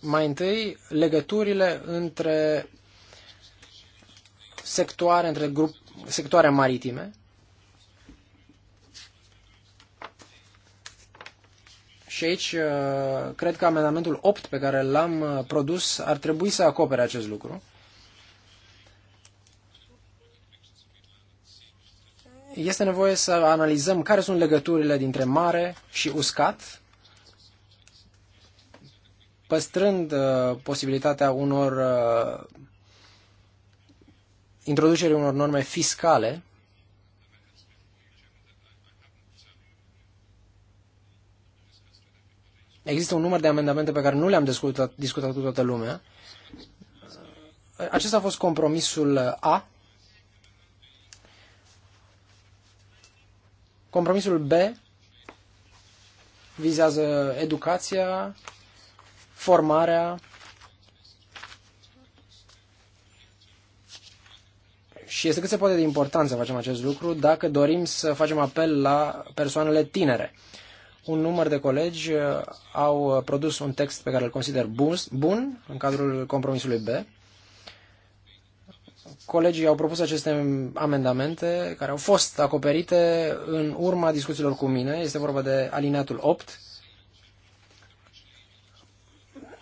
Speaker 2: Mai întâi, legăturile între sectoare, între grup, sectoare maritime. Și aici uh, cred că amendamentul 8 pe care l-am uh, produs ar trebui să acopere acest lucru. Este nevoie să analizăm care sunt legăturile dintre mare și uscat, păstrând uh, posibilitatea unor uh, introducerii unor norme fiscale Există un număr de amendamente pe care nu le-am discutat, discutat cu toată lumea. Acesta a fost compromisul A. Compromisul B vizează educația, formarea și este cât se poate de important să facem acest lucru dacă dorim să facem apel la persoanele tinere un număr de colegi uh, au uh, produs un text pe care îl consider bun, bun în cadrul compromisului B. Colegii au propus aceste amendamente care au fost acoperite în urma discuțiilor cu mine. Este vorba de alineatul 8.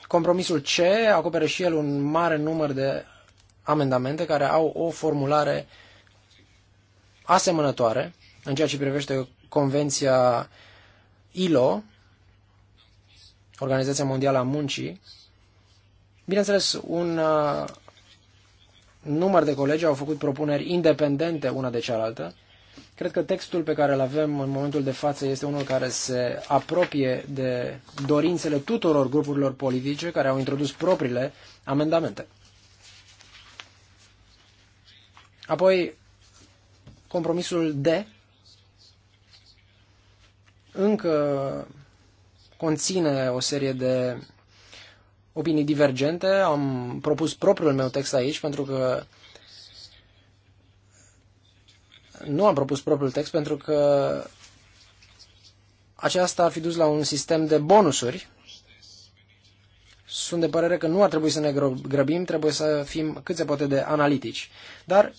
Speaker 2: Compromisul C acoperă și el un mare număr de amendamente care au o formulare asemănătoare în ceea ce privește Convenția ILO, Organizația Mondială a Muncii, bineînțeles, un uh, număr de colegi au făcut propuneri independente una de cealaltă. Cred că textul pe care îl avem în momentul de față este unul care se apropie de dorințele tuturor grupurilor politice care au introdus propriile amendamente. Apoi, compromisul D încă conține o serie de opinii divergente. Am propus propriul meu text aici pentru că nu am propus propriul text pentru că aceasta ar fi dus la un sistem de bonusuri. Sunt de părere că nu ar trebui să ne grăbim, trebuie să fim cât se poate de analitici. Dar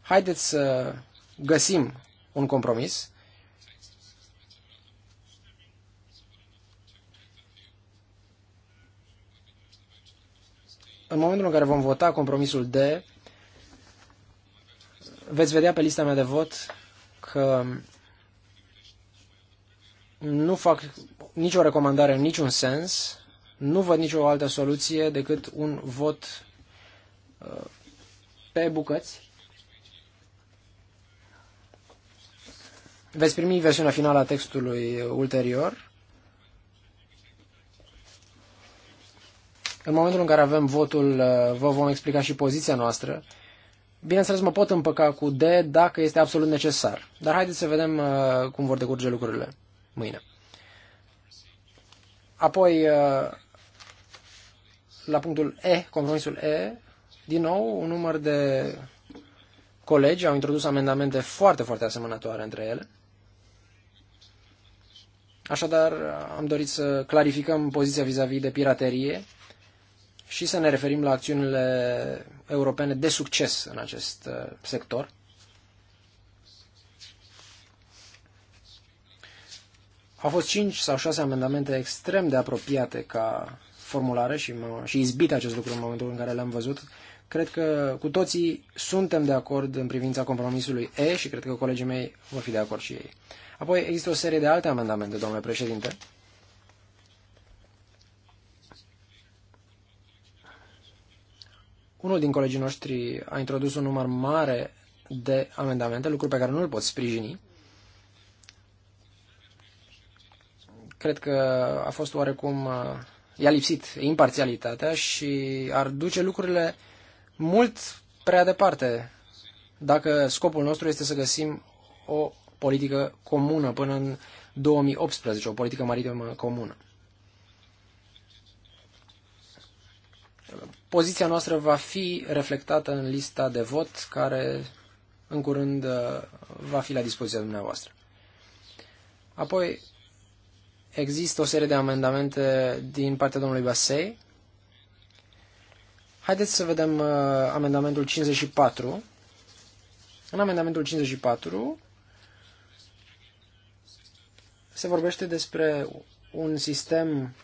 Speaker 2: haideți să găsim un compromis. În momentul în care vom vota compromisul D, veți vedea pe lista mea de vot că nu fac nicio recomandare în niciun sens, nu văd nicio altă soluție decât un vot uh, pe bucăți Veți primi versiunea finală a textului ulterior. În momentul în care avem votul, uh, vă vom explica și poziția noastră. Bineînțeles, mă pot împăca cu D dacă este absolut necesar. Dar haideți să vedem uh, cum vor decurge lucrurile mâine. Apoi, uh, la punctul E, compromisul E, din nou, un număr de colegi au introdus amendamente foarte, foarte asemănătoare între ele. Așadar, am dorit să clarificăm poziția vis-a-vis -vis de piraterie și să ne referim la acțiunile europene de succes în acest uh, sector. Au fost 5 sau 6 amendamente extrem de apropiate ca formulare și, mă, și izbit acest lucru în momentul în care le-am văzut. Cred că cu toții suntem de acord în privința compromisului E și cred că colegii mei vor fi de acord și ei. Apoi există o serie de alte amendamente, domnule președinte. Unul din colegii noștri a introdus un număr mare de amendamente, lucru pe care nu îl pot sprijini. Cred că a fost oarecum, uh, i-a lipsit imparțialitatea și ar duce lucrurile mult prea departe dacă scopul nostru este să găsim o politică comună până în 2018, o politică maritimă comună. Poziția noastră va fi reflectată în lista de vot care în curând uh, va fi la dispoziția dumneavoastră. Apoi există o serie de amendamente din partea domnului Basei. Haideți să vedem uh, amendamentul 54. În amendamentul 54 se vorbește despre un sistem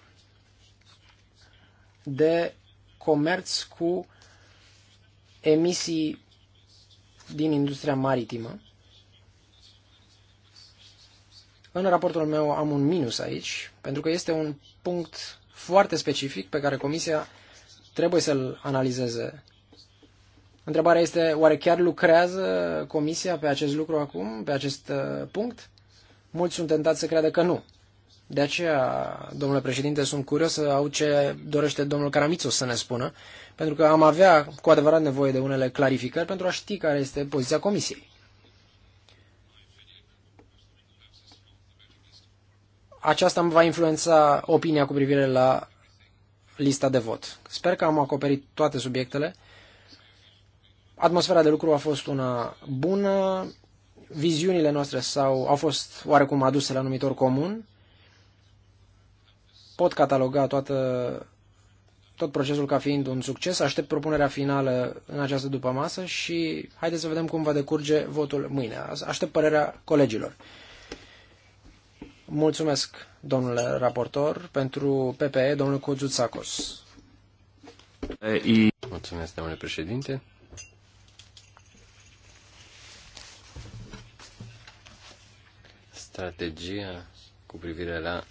Speaker 2: de comerț cu emisii din industria maritimă. În raportul meu am un minus aici, pentru că este un punct foarte specific pe care Comisia trebuie să-l analizeze. Întrebarea este, oare chiar lucrează Comisia pe acest lucru acum, pe acest uh, punct? mulți sunt tentați să creadă că nu. De aceea, domnule președinte, sunt curios să aud ce dorește domnul Caramițu să ne spună, pentru că am avea cu adevărat nevoie de unele clarificări pentru a ști care este poziția Comisiei. Aceasta îmi va influența opinia cu privire la lista de vot. Sper că am acoperit toate subiectele. Atmosfera de lucru a fost una bună, viziunile noastre sau au fost oarecum aduse la numitor comun. Pot cataloga toată, tot procesul ca fiind un succes. Aștept propunerea finală în această dupămasă și haideți să vedem cum va decurge votul mâine. Aștept părerea colegilor. Mulțumesc, domnule raportor, pentru PPE, domnul Cuțuțacos.
Speaker 1: Mulțumesc, domnule președinte. strategia cu privire la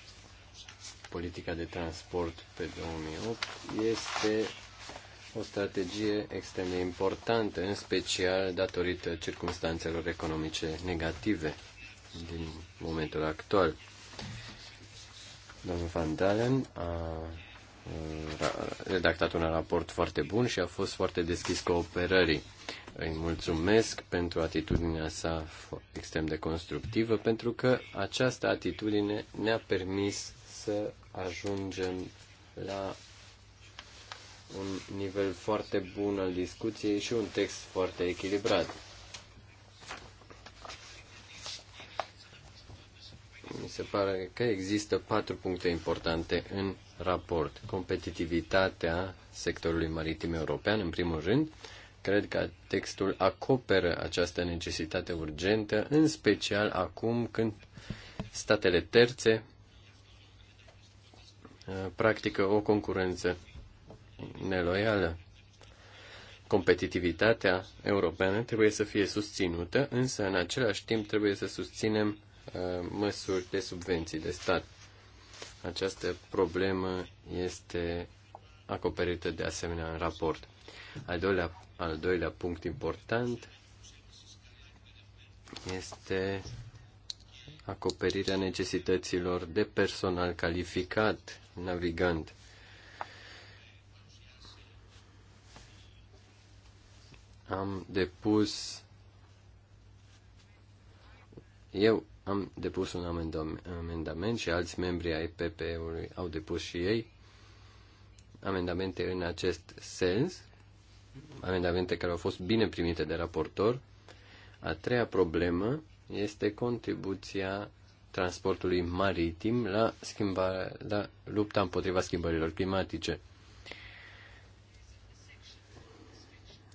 Speaker 1: politica de transport pe 2008 este o strategie extrem de importantă, în special datorită circumstanțelor economice negative din momentul actual. Domnul Van Dalen a redactat un raport foarte bun și a fost foarte deschis cooperării. Îi mulțumesc pentru atitudinea sa extrem de constructivă, pentru că această atitudine ne-a permis să ajungem la un nivel foarte bun al discuției și un text foarte echilibrat. mi se pare că există patru puncte importante în raport. Competitivitatea sectorului maritim european, în primul rând, cred că textul acoperă această necesitate urgentă, în special acum când statele terțe uh, practică o concurență neloială. Competitivitatea europeană trebuie să fie susținută, însă în același timp trebuie să susținem Uh, măsuri de subvenții de stat. Această problemă este acoperită de asemenea în raport. Al doilea, al doilea punct important este acoperirea necesităților de personal calificat navigant. Am depus eu am depus un amendament și alți membri ai PPE-ului au depus și ei amendamente în acest sens, amendamente care au fost bine primite de raportor. A treia problemă este contribuția transportului maritim la, schimbarea, la lupta împotriva schimbărilor climatice.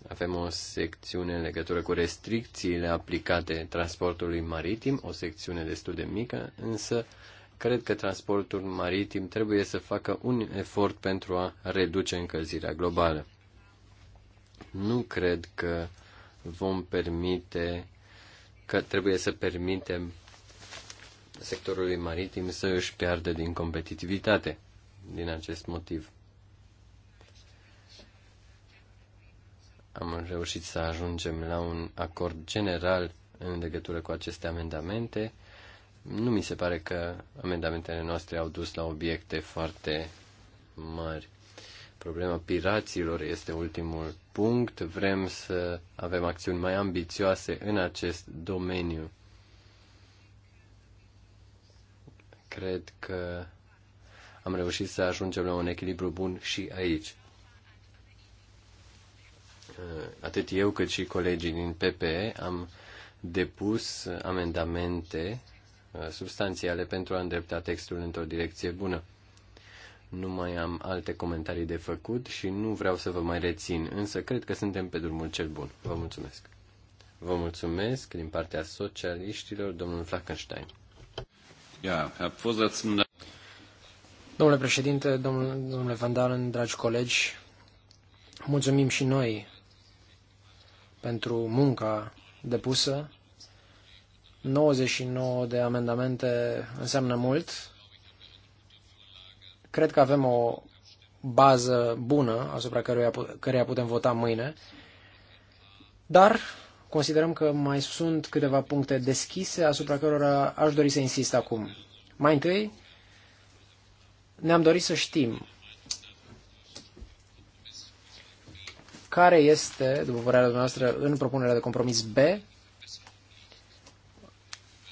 Speaker 1: Avem o secțiune în legătură cu restricțiile aplicate transportului maritim, o secțiune destul de mică, însă cred că transportul maritim trebuie să facă un efort pentru a reduce încălzirea globală. Nu cred că vom permite, că trebuie să permitem sectorului maritim să își piardă din competitivitate din acest motiv. Am reușit să ajungem la un acord general în legătură cu aceste amendamente. Nu mi se pare că amendamentele noastre au dus la obiecte foarte mari. Problema piraților este ultimul punct. Vrem să avem acțiuni mai ambițioase în acest domeniu. Cred că am reușit să ajungem la un echilibru bun și aici. Uh, atât eu cât și colegii din PPE am depus amendamente uh, substanțiale pentru a îndrepta textul într-o direcție bună. Nu mai am alte comentarii de făcut și nu vreau să vă mai rețin, însă cred că suntem pe drumul cel bun. Vă mulțumesc. Vă mulțumesc din partea socialiștilor, domnul Flackenstein.
Speaker 2: Domnule președinte, domnule, domnule Van Dalen, dragi colegi, mulțumim și noi pentru munca depusă. 99 de amendamente înseamnă mult. Cred că avem o bază bună asupra căreia, putem vota mâine, dar considerăm că mai sunt câteva puncte deschise asupra cărora aș dori să insist acum. Mai întâi, ne-am dorit să știm Care este, după părerea noastră, în propunerea de compromis B,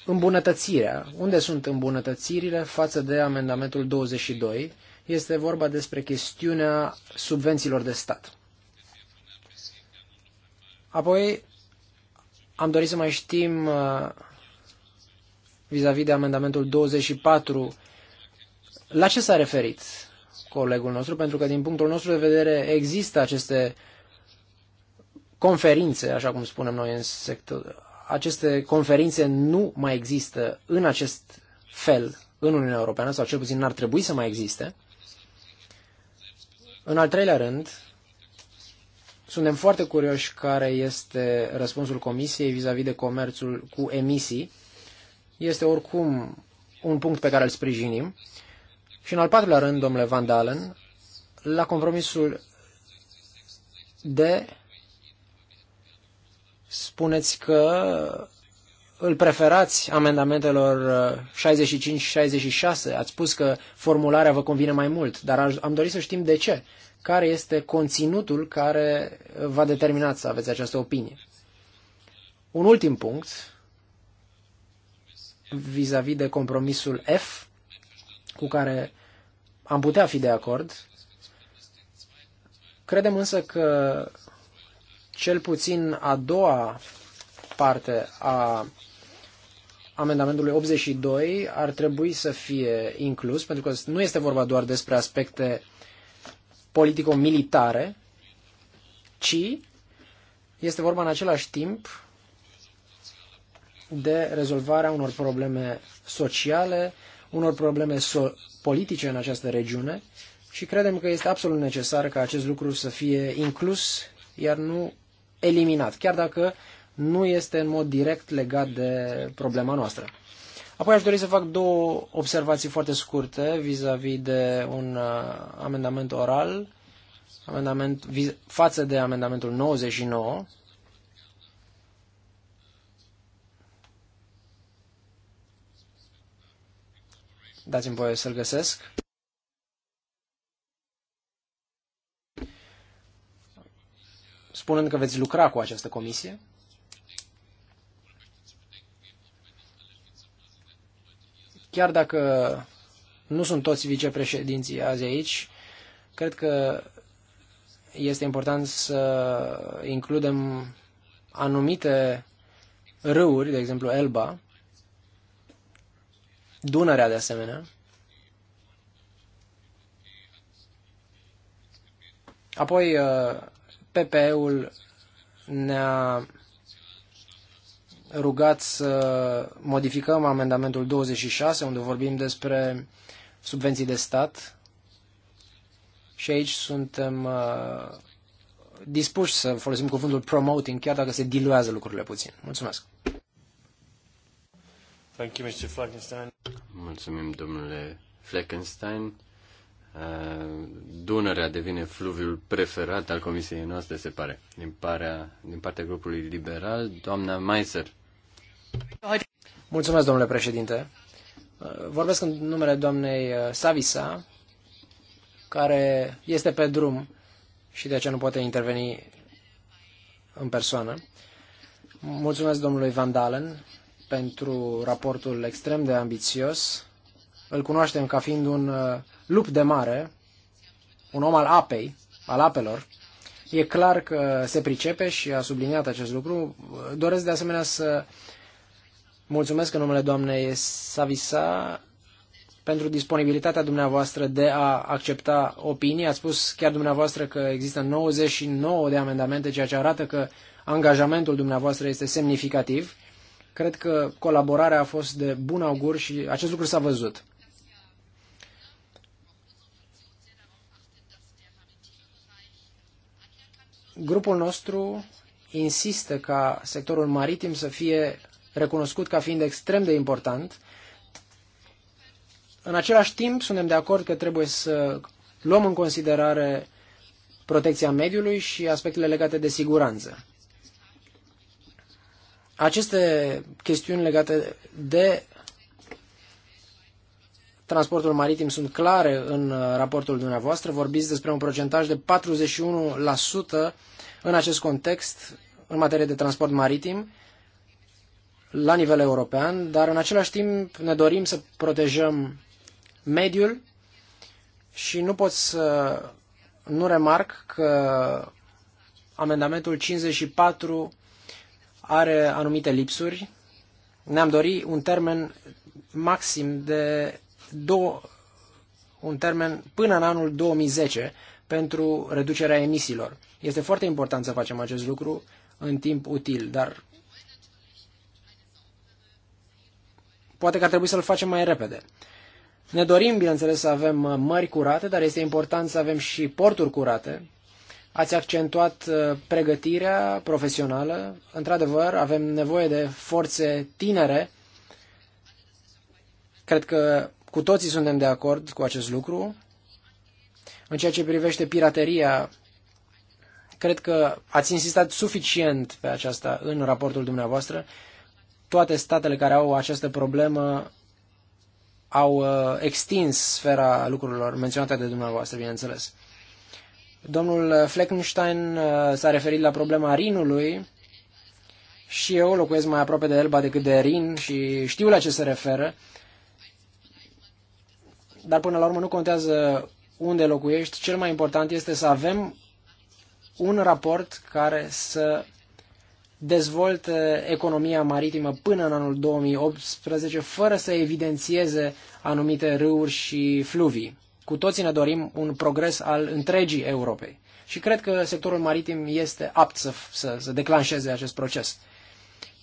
Speaker 2: îmbunătățirea? Unde sunt îmbunătățirile față de amendamentul 22? Este vorba despre chestiunea subvențiilor de stat. Apoi, am dorit să mai știm uh, vis-a-vis -vis de amendamentul 24, la ce s-a referit colegul nostru? Pentru că din punctul nostru de vedere există aceste conferințe, așa cum spunem noi în sector. Aceste conferințe nu mai există în acest fel în Uniunea Europeană, sau cel puțin n-ar trebui să mai existe. În al treilea rând, suntem foarte curioși care este răspunsul Comisiei vis-a-vis -vis de comerțul cu emisii. Este oricum un punct pe care îl sprijinim. Și în al patrulea rând, domnule Van Dalen, la compromisul de spuneți că îl preferați amendamentelor 65 uh, și 66. Ați spus că formularea vă convine mai mult, dar am dorit să știm de ce. Care este conținutul care va determina să aveți această opinie? Un ultim punct vis-a-vis -vis de compromisul F, cu care am putea fi de acord. Credem însă că cel puțin a doua parte a amendamentului 82 ar trebui să fie inclus, pentru că nu este vorba doar despre aspecte politico-militare, ci este vorba în același timp de rezolvarea unor probleme sociale, unor probleme so- politice în această regiune și credem că este absolut necesar ca acest lucru să fie inclus, iar nu eliminat, chiar dacă nu este în mod direct legat de problema noastră. Apoi aș dori să fac două observații foarte scurte vis-a-vis -vis de un uh, amendament oral amendament, față de amendamentul 99. Dați-mi voie să-l găsesc. spunând că veți lucra cu această comisie. Chiar dacă nu sunt toți vicepreședinții azi aici, cred că este important să includem anumite râuri, de exemplu Elba, Dunărea de asemenea. Apoi uh, PPE-ul ne-a rugat să modificăm amendamentul 26, unde vorbim despre subvenții de stat. Și aici suntem uh, dispuși să folosim cuvântul promoting, chiar dacă se diluează lucrurile puțin. Mulțumesc!
Speaker 1: Thank you, Mr. Fleckenstein. Mulțumim, domnule Fleckenstein. Uh, Dunărea devine fluviul preferat al comisiei noastre, se pare, din, parea, din partea grupului liberal. Doamna Meiser.
Speaker 2: Mulțumesc, domnule președinte. Uh, vorbesc în numele doamnei uh, Savisa, care este pe drum și de aceea nu poate interveni în persoană. Mulțumesc domnului Van Dalen pentru raportul extrem de ambițios îl cunoaștem ca fiind un uh, lup de mare, un om al apei, al apelor. E clar că se pricepe și a subliniat acest lucru. Doresc de asemenea să mulțumesc în numele doamnei Savisa pentru disponibilitatea dumneavoastră de a accepta opinii. Ați spus chiar dumneavoastră că există 99 de amendamente, ceea ce arată că angajamentul dumneavoastră este semnificativ. Cred că colaborarea a fost de bun augur și acest lucru s-a văzut. Grupul nostru insistă ca sectorul maritim să fie recunoscut ca fiind extrem de important. În același timp, suntem de acord că trebuie să luăm în considerare protecția mediului și aspectele legate de siguranță. Aceste chestiuni legate de transportul maritim sunt clare în uh, raportul dumneavoastră. Vorbiți despre un procentaj de 41% în acest context, în materie de transport maritim, la nivel european, dar în același timp ne dorim să protejăm mediul și nu pot să nu remarc că amendamentul 54 are anumite lipsuri. Ne-am dorit un termen maxim de două, un termen până în anul 2010 pentru reducerea emisiilor. Este foarte important să facem acest lucru în timp util, dar poate că ar trebui să-l facem mai repede. Ne dorim, bineînțeles, să avem mări curate, dar este important să avem și porturi curate. Ați accentuat uh, pregătirea profesională. Într-adevăr, avem nevoie de forțe tinere. Cred că cu toții suntem de acord cu acest lucru. În ceea ce privește pirateria, cred că ați insistat suficient pe aceasta în raportul dumneavoastră. Toate statele care au această problemă au uh, extins sfera lucrurilor menționate de dumneavoastră, bineînțeles. Domnul Fleckenstein uh, s-a referit la problema Rinului și eu locuiesc mai aproape de Elba decât de Rin și știu la ce se referă dar până la urmă nu contează unde locuiești, cel mai important este să avem un raport care să dezvolte economia maritimă până în anul 2018, fără să evidențieze anumite râuri și fluvii. Cu toții ne dorim un progres al întregii Europei. Și cred că sectorul maritim este apt să, să, să declanșeze acest proces.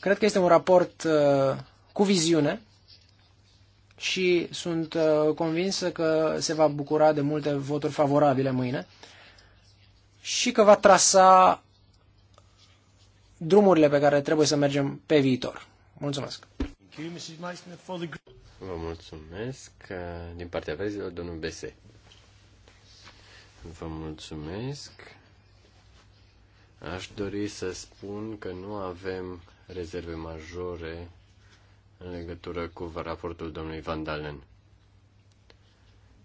Speaker 2: Cred că este un raport uh, cu viziune, și sunt uh, convinsă că se va bucura de multe voturi favorabile mâine și că va trasa drumurile pe care trebuie să mergem pe viitor. Mulțumesc!
Speaker 1: Vă mulțumesc uh, din partea verzilor, domnul BS. Vă mulțumesc. Aș dori să spun că nu avem rezerve majore în legătură cu raportul domnului Van Dalen.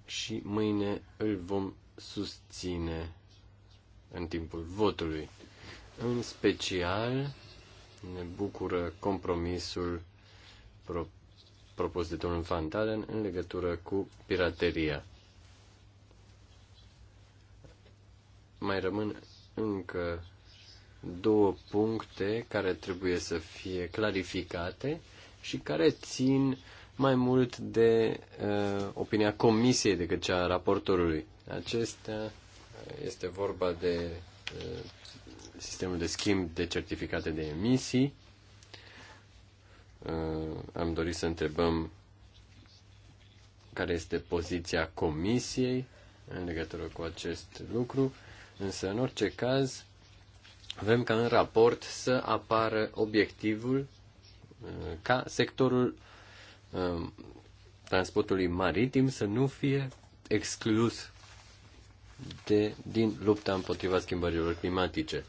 Speaker 1: Și mâine îl vom susține în timpul votului. În special ne bucură compromisul pro- propus de domnul Van Dalen în legătură cu pirateria. Mai rămân încă două puncte care trebuie să fie clarificate și care țin mai mult de uh, opinia comisiei decât cea a raportorului. Acestea uh, este vorba de uh, sistemul de schimb de certificate de emisii. Uh, am dorit să întrebăm care este poziția comisiei în legătură cu acest lucru, însă în orice caz avem ca în raport să apară obiectivul ca sectorul um, transportului maritim să nu fie exclus de, din lupta împotriva schimbărilor climatice.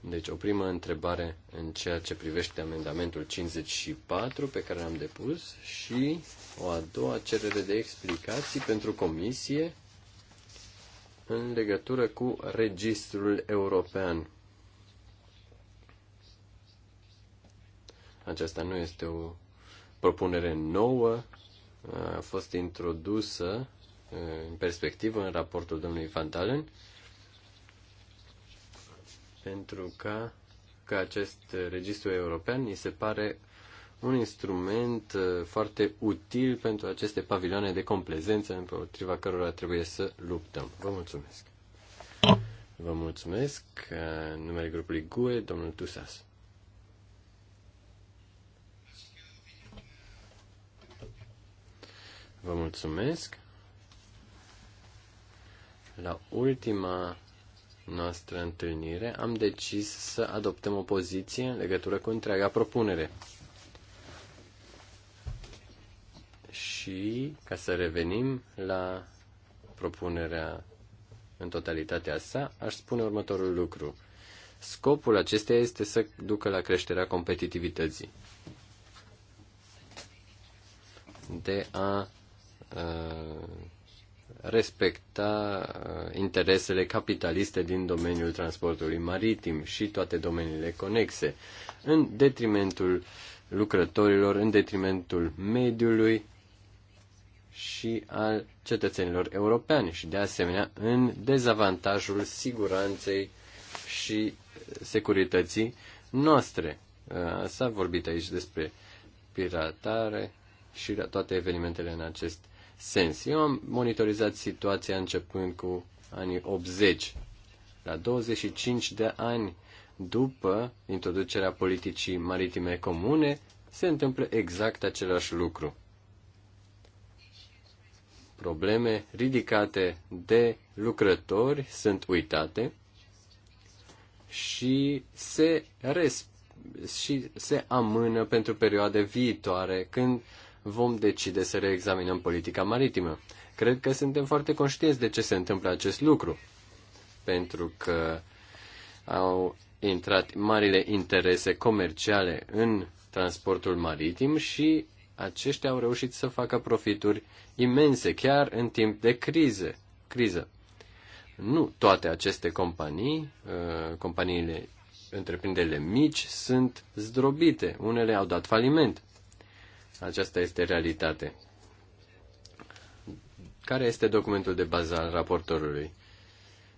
Speaker 1: Deci o primă întrebare în ceea ce privește amendamentul 54 pe care l-am depus și o a doua cerere de explicații pentru comisie în legătură cu registrul european Aceasta nu este o propunere nouă, a fost introdusă în perspectivă în raportul domnului Van Dalen, pentru că, că acest registru european îi se pare un instrument foarte util pentru aceste pavilioane de complezență împotriva cărora trebuie să luptăm. Vă mulțumesc! Vă mulțumesc. Numele grupului GUE, domnul Tusas. Vă mulțumesc. La ultima noastră întâlnire am decis să adoptăm o poziție în legătură cu întreaga propunere. Și ca să revenim la propunerea în totalitatea sa, aș spune următorul lucru. Scopul acesteia este să ducă la creșterea competitivității, de a Uh, respecta uh, interesele capitaliste din domeniul transportului maritim și toate domeniile conexe, în detrimentul lucrătorilor, în detrimentul mediului și al cetățenilor europeni și, de asemenea, în dezavantajul siguranței și securității noastre. Uh, s-a vorbit aici despre piratare și toate evenimentele în acest uh, sens. Eu am monitorizat situația începând cu anii 80. La 25 de ani după introducerea politicii maritime comune, se întâmplă exact același lucru. Probleme ridicate de lucrători sunt uitate și se, res- și se amână pentru perioade viitoare când uh, vom decide să reexaminăm politica maritimă. Cred că suntem foarte conștienți de ce se întâmplă acest lucru, pentru că au intrat marile interese comerciale în transportul maritim și aceștia au reușit să facă profituri imense, chiar în timp de crize, criză. Nu toate aceste companii, uh, companiile, întreprinderile mici, sunt zdrobite. Unele au dat faliment. Aceasta este realitate. Care este documentul de bază al raportorului?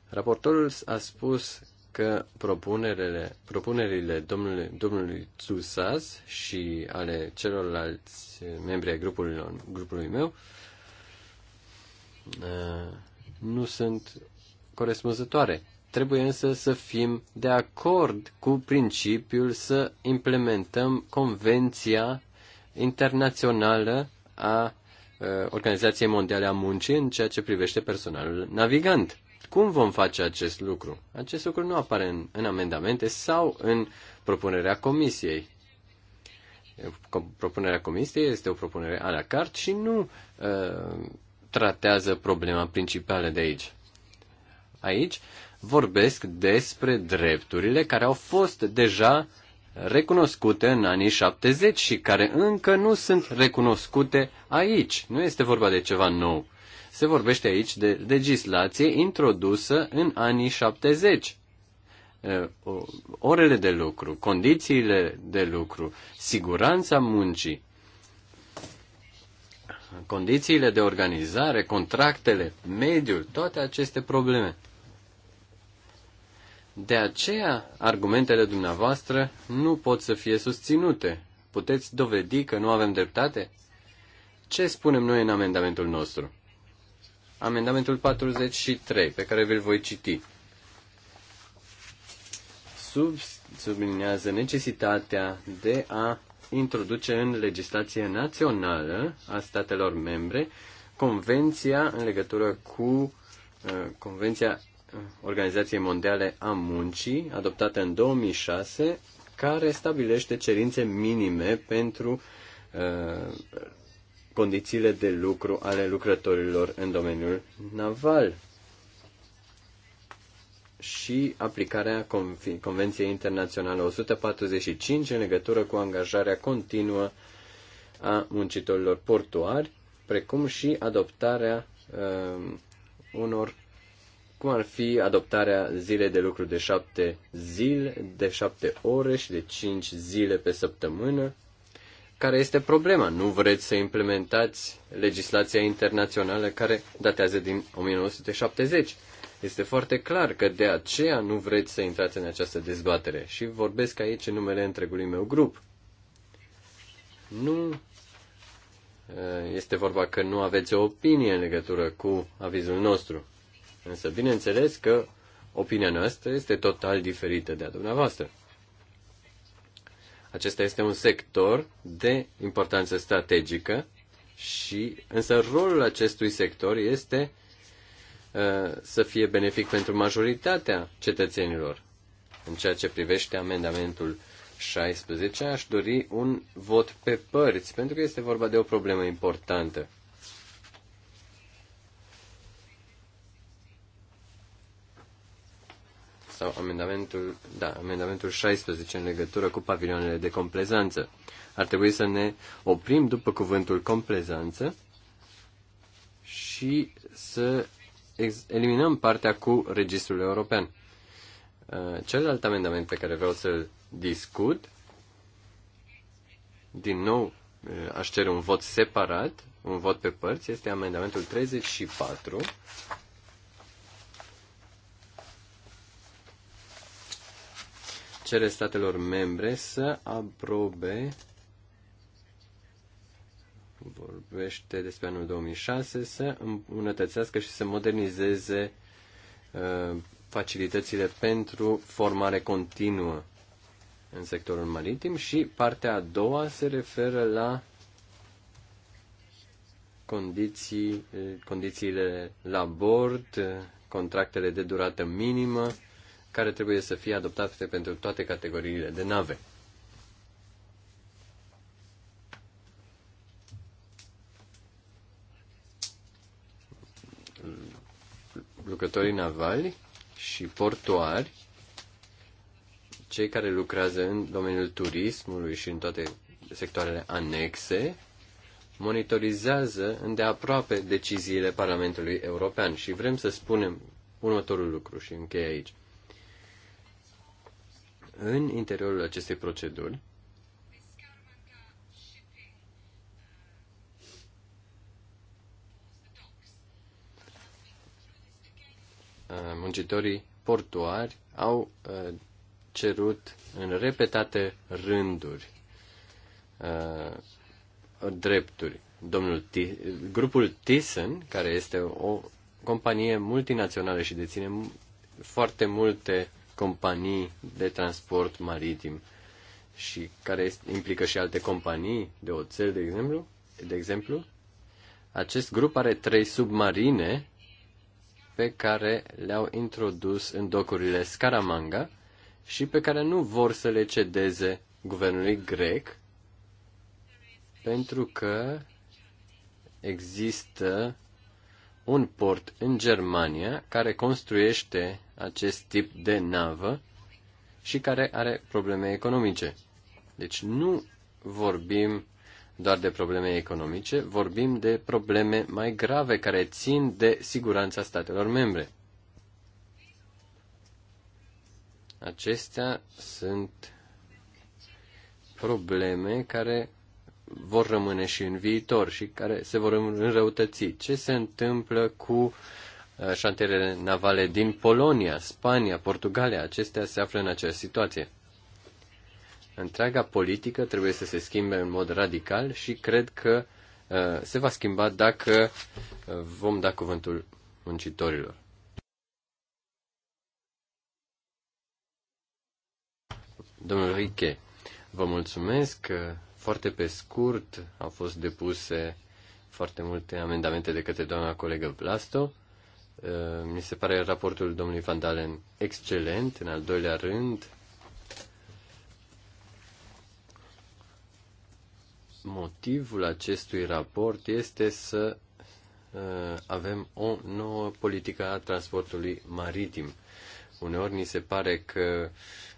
Speaker 1: Raportorul a spus că propunerile, propunerile domnului, domnului Tsusas și ale celorlalți membri ai grupului, grupului meu uh, nu sunt corespunzătoare. Trebuie însă să fim de acord cu principiul să implementăm convenția internațională a uh, Organizației Mondiale a Muncii în ceea ce privește personalul navigant. Cum vom face acest lucru? Acest lucru nu apare în, în amendamente sau în propunerea comisiei. Propunerea comisiei este o propunere a la carte și nu uh, tratează problema principală de aici. Aici vorbesc despre drepturile care au fost deja recunoscute în anii 70 și care încă nu sunt recunoscute aici. Nu este vorba de ceva nou. Se vorbește aici de legislație introdusă în anii 70. Orele de lucru, condițiile de lucru, siguranța muncii, condițiile de organizare, contractele, mediul, toate aceste probleme. De aceea, argumentele dumneavoastră nu pot să fie susținute. Puteți dovedi că nu avem dreptate? Ce spunem noi în amendamentul nostru? Amendamentul 43, pe care vi-l voi citi. Sub, sublinează necesitatea de a introduce în legislație națională a statelor membre convenția în legătură cu uh, Convenția Organizației Mondiale a Muncii, adoptată în 2006, care stabilește cerințe minime pentru uh, condițiile de lucru ale lucrătorilor în domeniul naval și aplicarea Convenției Internaționale 145 în legătură cu angajarea continuă a muncitorilor portuari, precum și adoptarea uh, unor cum ar fi adoptarea zilei de lucru de șapte zile, de șapte ore și de cinci zile pe săptămână. Care este problema? Nu vreți să implementați legislația internațională care datează din 1970. Este foarte clar că de aceea nu vreți să intrați în această dezbatere și vorbesc aici în numele întregului meu grup. Nu este vorba că nu aveți o opinie în legătură cu avizul nostru. Însă, bineînțeles că opinia noastră este total diferită de a dumneavoastră. Acesta este un sector de importanță strategică și însă rolul acestui sector este uh, să fie benefic pentru majoritatea cetățenilor. În ceea ce privește amendamentul 16, aș dori un vot pe părți, pentru că este vorba de o problemă importantă. sau amendamentul, da, amendamentul 16 în legătură cu pavilioanele de complezanță. Ar trebui să ne oprim după cuvântul complezanță și să eliminăm partea cu registrul european. Uh, celălalt amendament pe care vreau să-l discut, din nou uh, aș cere un vot separat, un vot pe părți, este amendamentul 34 cere statelor membre să aprobe vorbește despre anul 2006, să îmbunătățească și să modernizeze uh, facilitățile pentru formare continuă în sectorul maritim și partea a doua se referă la condiții, condițiile la bord, contractele de durată minimă care trebuie să fie adoptate pentru toate categoriile de nave. Lucrătorii navali și portoari, cei care lucrează în domeniul turismului și în toate sectoarele anexe, monitorizează îndeaproape deciziile Parlamentului European și vrem să spunem următorul lucru și încheie aici în interiorul acestei proceduri. Muncitorii portuari au cerut în repetate rânduri drepturi. Domnul T- grupul Thyssen, care este o companie multinațională și deține foarte multe companii de transport maritim și care implică și alte companii de oțel, de exemplu, de exemplu, acest grup are trei submarine pe care le-au introdus în docurile Scaramanga și pe care nu vor să le cedeze guvernului grec pentru că există un port în Germania care construiește acest tip de navă și care are probleme economice. Deci nu vorbim doar de probleme economice, vorbim de probleme mai grave care țin de siguranța statelor membre. Acestea sunt probleme care vor rămâne și în viitor și care se vor înrăutăți. Ce se întâmplă cu Uh, șantiere navale din Polonia, Spania, Portugalia. Acestea se află în această situație. Întreaga politică trebuie să se schimbe în mod radical și cred că uh, se va schimba dacă uh, vom da cuvântul muncitorilor. Domnul Riche, vă mulțumesc. Foarte pe scurt au fost depuse foarte multe amendamente de către doamna colegă Blasto. Uh, mi se pare raportul domnului Van Dalen excelent, în al doilea rând. Motivul acestui raport este să uh, avem o nouă politică a transportului maritim. Uneori ni se pare că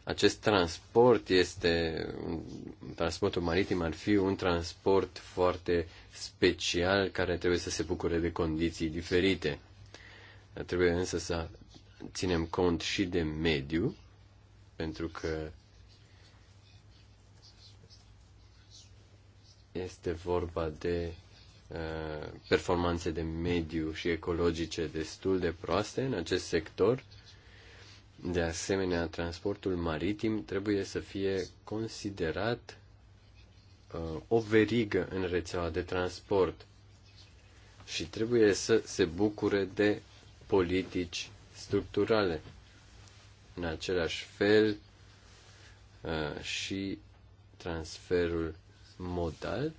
Speaker 1: acest transport este, transportul maritim ar fi un transport foarte special care trebuie să se bucure de condiții diferite. Trebuie însă să ținem cont și de mediu, pentru că este vorba de uh, performanțe de mediu și ecologice destul de proaste în acest sector. De asemenea, transportul maritim trebuie să fie considerat uh, o verigă în rețeaua de transport și trebuie să se bucure de politici structurale. În același fel uh, și transferul modal.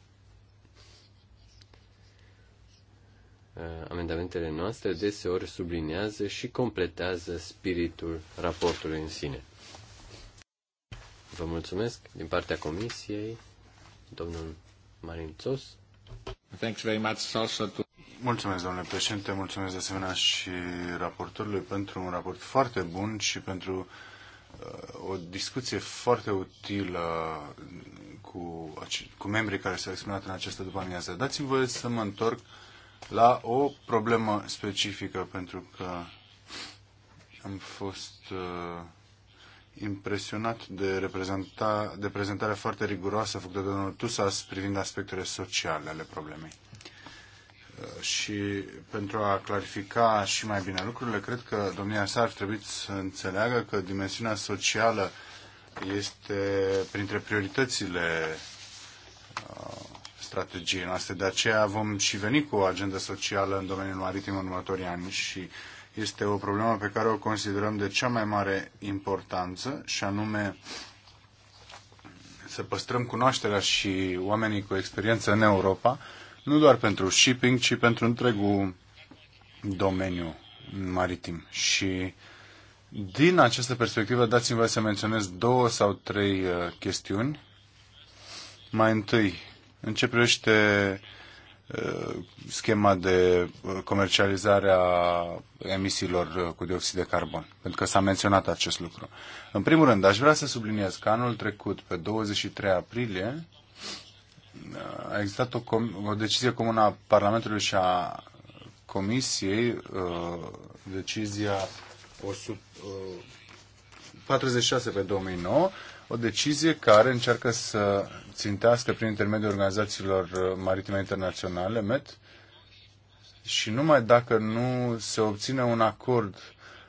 Speaker 1: Uh, amendamentele noastre deseori sublinează și completează spiritul raportului în sine. Vă mulțumesc din partea Comisiei,
Speaker 3: domnul Marințos. Thanks very much also to... Mulțumesc, domnule președinte, mulțumesc de asemenea și raportorului pentru un raport foarte bun și pentru uh, o discuție foarte utilă cu, cu membrii care s-au exprimat în această după amiază. Dați-mi voie să mă întorc la o problemă specifică, pentru că am fost uh, impresionat de, reprezenta, de prezentarea foarte riguroasă făcută de domnul Tusas privind aspectele sociale ale problemei și pentru a clarifica și mai bine lucrurile, cred că domnia sa ar trebui să înțeleagă că dimensiunea socială este printre prioritățile uh, strategiei noastre. De aceea vom și veni cu o agendă socială în domeniul maritim în următorii ani și este o problemă pe care o considerăm de cea mai mare importanță și anume să păstrăm cunoașterea și oamenii cu experiență în Europa nu doar pentru shipping, ci pentru întregul domeniu maritim. Și din această perspectivă, dați-mi voi să menționez două sau trei uh, chestiuni. Mai întâi, în ce privește uh, schema de uh, comercializare a emisiilor cu dioxid de carbon, pentru că s-a menționat acest lucru. În primul rând, aș vrea să subliniez că anul trecut, pe 23 aprilie, a existat o, com- o decizie comună a Parlamentului și a Comisiei, uh, decizia 46 uh, pe 2009, o decizie care încearcă să țintească prin intermediul organizațiilor uh, maritime internaționale, MET, și numai dacă nu se obține un acord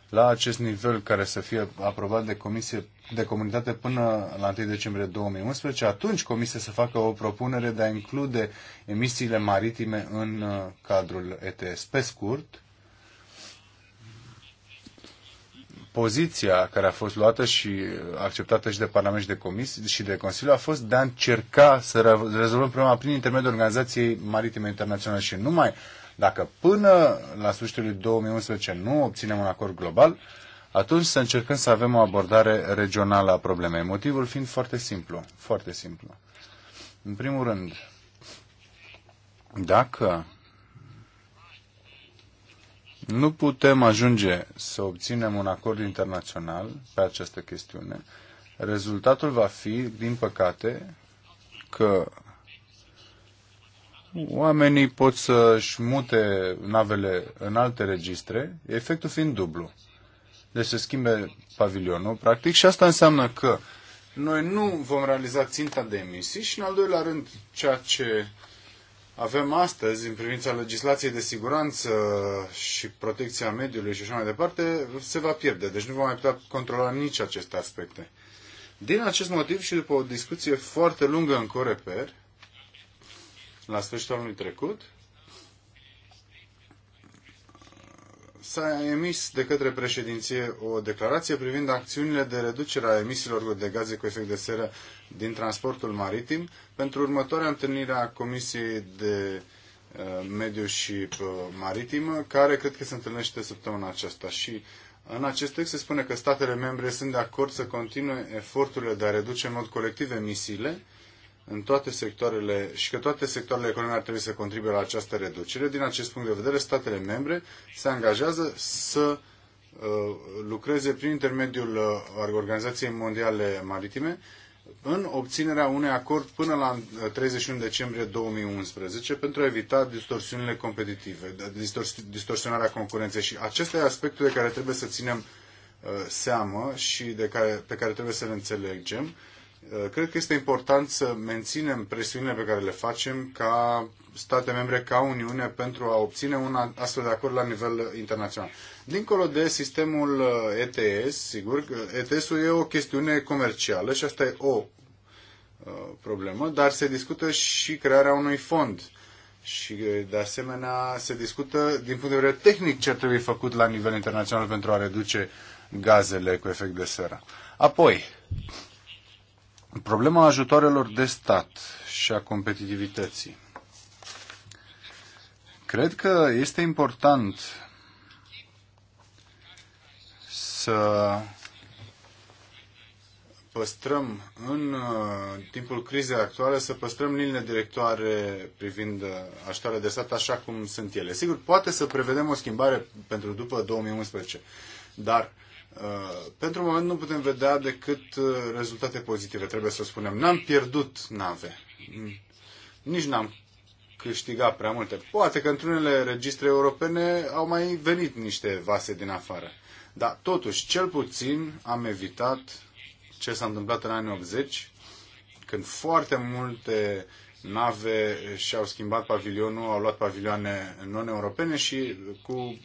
Speaker 3: la acest nivel care să fie aprobat de Comisie de comunitate până la 1 decembrie 2011, atunci Comisia să facă o propunere de a include emisiile maritime în uh, cadrul ETS. Pe scurt, poziția care a fost luată și uh, acceptată și de Parlament și de comis și de Consiliu a fost de a încerca să rezolvăm problema prin intermediul Organizației Maritime Internaționale și numai dacă până la sfârșitul 2011 nu obținem un acord global, atunci să încercăm să avem o abordare regională a problemei. Motivul fiind foarte simplu, foarte simplu. În primul rând, dacă nu putem ajunge să obținem un acord internațional pe această chestiune, rezultatul va fi, din păcate, că oamenii pot să-și mute navele în alte registre, efectul fiind dublu. Deci se schimbe pavilionul, practic, și asta înseamnă că noi nu vom realiza ținta de emisii și, în al doilea rând, ceea ce avem astăzi în privința legislației de siguranță și protecția mediului și așa mai departe, se va pierde. Deci nu vom mai putea controla nici aceste aspecte. Din acest motiv și după o discuție foarte lungă în Coreper, la sfârșitul anului trecut, s-a emis de către președinție o declarație privind acțiunile de reducere a emisiilor de gaze cu efect de seră din transportul maritim pentru următoarea întâlnire a Comisiei de uh, Mediu și uh, Maritimă, care cred că se întâlnește săptămâna aceasta. Și în acest text se spune că statele membre sunt de acord să continue eforturile de a reduce în mod colectiv emisiile în toate sectoarele și că toate sectoarele economice ar trebui să contribuie la această reducere. Din acest punct de vedere, statele membre se angajează să uh, lucreze prin intermediul uh, Organizației Mondiale Maritime în obținerea unui acord până la 31 uh, decembrie 2011 pentru a evita distorsiunile competitive, distorsionarea concurenței. Și acesta e aspectul de care trebuie să ținem seama și de care, pe care trebuie să le înțelegem Eh, cred că este important să menținem presiunile pe care le facem ca state membre, ca Uniune, pentru a obține un astfel de acord la nivel internațional. Dincolo de sistemul ETS, eh, sigur, ETS-ul e o chestiune comercială și asta e o eh, problemă, dar se discută și crearea unui fond. Și, de asemenea, se discută, din punct de vedere tehnic, ce trebuie făcut la nivel internațional pentru a reduce gazele cu efect de seră. Apoi, Problema ajutoarelor de stat și a competitivității. Cred că este important să păstrăm în uh, timpul crizei actuale, să păstrăm liniile directoare privind uh, ajutoarele de stat așa cum sunt ele. Sigur, poate să prevedem o schimbare pentru după 2011, dar Uh, pentru moment nu putem vedea decât uh, rezultate pozitive, trebuie să spunem. N-am pierdut nave, nici n-am câștigat prea multe. Poate că într unele registre europene au mai venit niște vase din afară. Dar totuși, cel puțin am evitat ce s-a întâmplat în anii 80, când foarte multe nave și-au schimbat pavilionul, au luat pavilioane non-europene și cu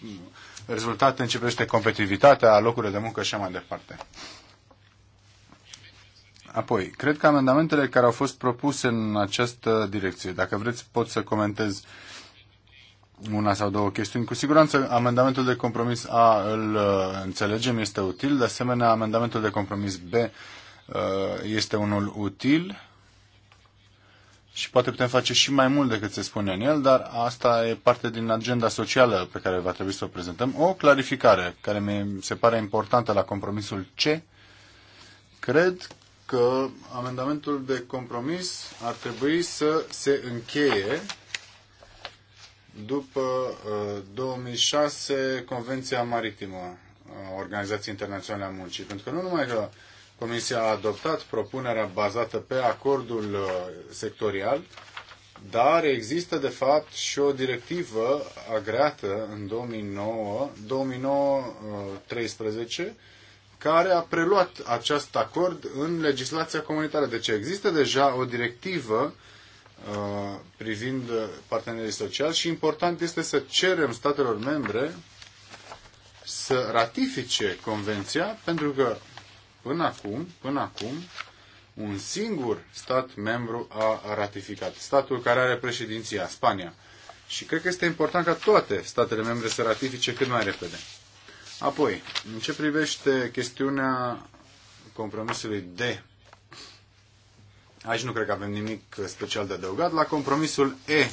Speaker 3: rezultat în ce privește competitivitatea, locurile de muncă și mai departe. Apoi, cred că amendamentele care au fost propuse în această direcție, dacă vreți pot să comentez una sau două chestiuni. Cu siguranță amendamentul de compromis A îl uh, înțelegem, este util, de asemenea amendamentul de compromis B uh, este unul util și poate putem face și mai mult decât se spune în el, dar asta e parte din agenda socială pe care va trebui să o prezentăm. O clarificare care mi se pare importantă la compromisul C. Cred că amendamentul de compromis ar trebui să se încheie după uh, 2006 Convenția Maritimă a uh, Organizației Internaționale a Muncii. Pentru că nu numai că uh, Comisia a adoptat propunerea bazată pe acordul uh, sectorial, dar există de fapt și o directivă agreată în 2009, 2013 uh, care a preluat acest acord în legislația comunitară. Deci există deja o directivă uh, privind partenerii sociali și important este să cerem statelor membre să ratifice convenția, pentru că Până acum, până acum, un singur stat membru a ratificat. Statul care are președinția, Spania. Și cred că este important ca toate statele membre să ratifice cât mai repede. Apoi, în ce privește chestiunea compromisului D, aici nu cred că avem nimic special de adăugat, la compromisul E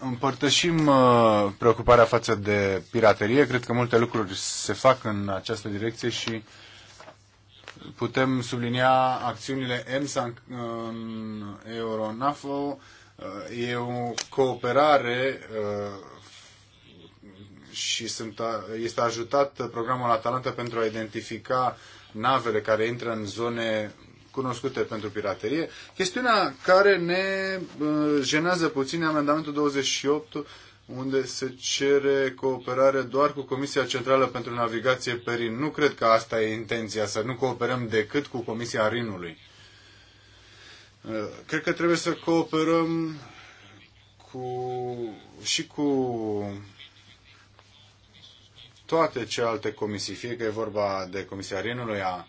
Speaker 3: Împărtășim uh, preocuparea față de piraterie. Cred că multe lucruri se fac în această direcție și putem sublinia acțiunile EMSA în, în Euronafo. Uh, e o cooperare uh, și sunt, este ajutat programul Atalanta pentru a identifica navele care intră în zone cunoscute pentru piraterie. Chestiunea care ne uh, jenează puțin e amendamentul 28 unde se cere cooperare doar cu Comisia Centrală pentru Navigație pe Rin. Nu cred că asta e intenția, să nu cooperăm decât cu Comisia RIN-ului. Uh, cred că trebuie să cooperăm cu, și cu toate celelalte comisii, fie că e vorba de Comisia RIN-ului, a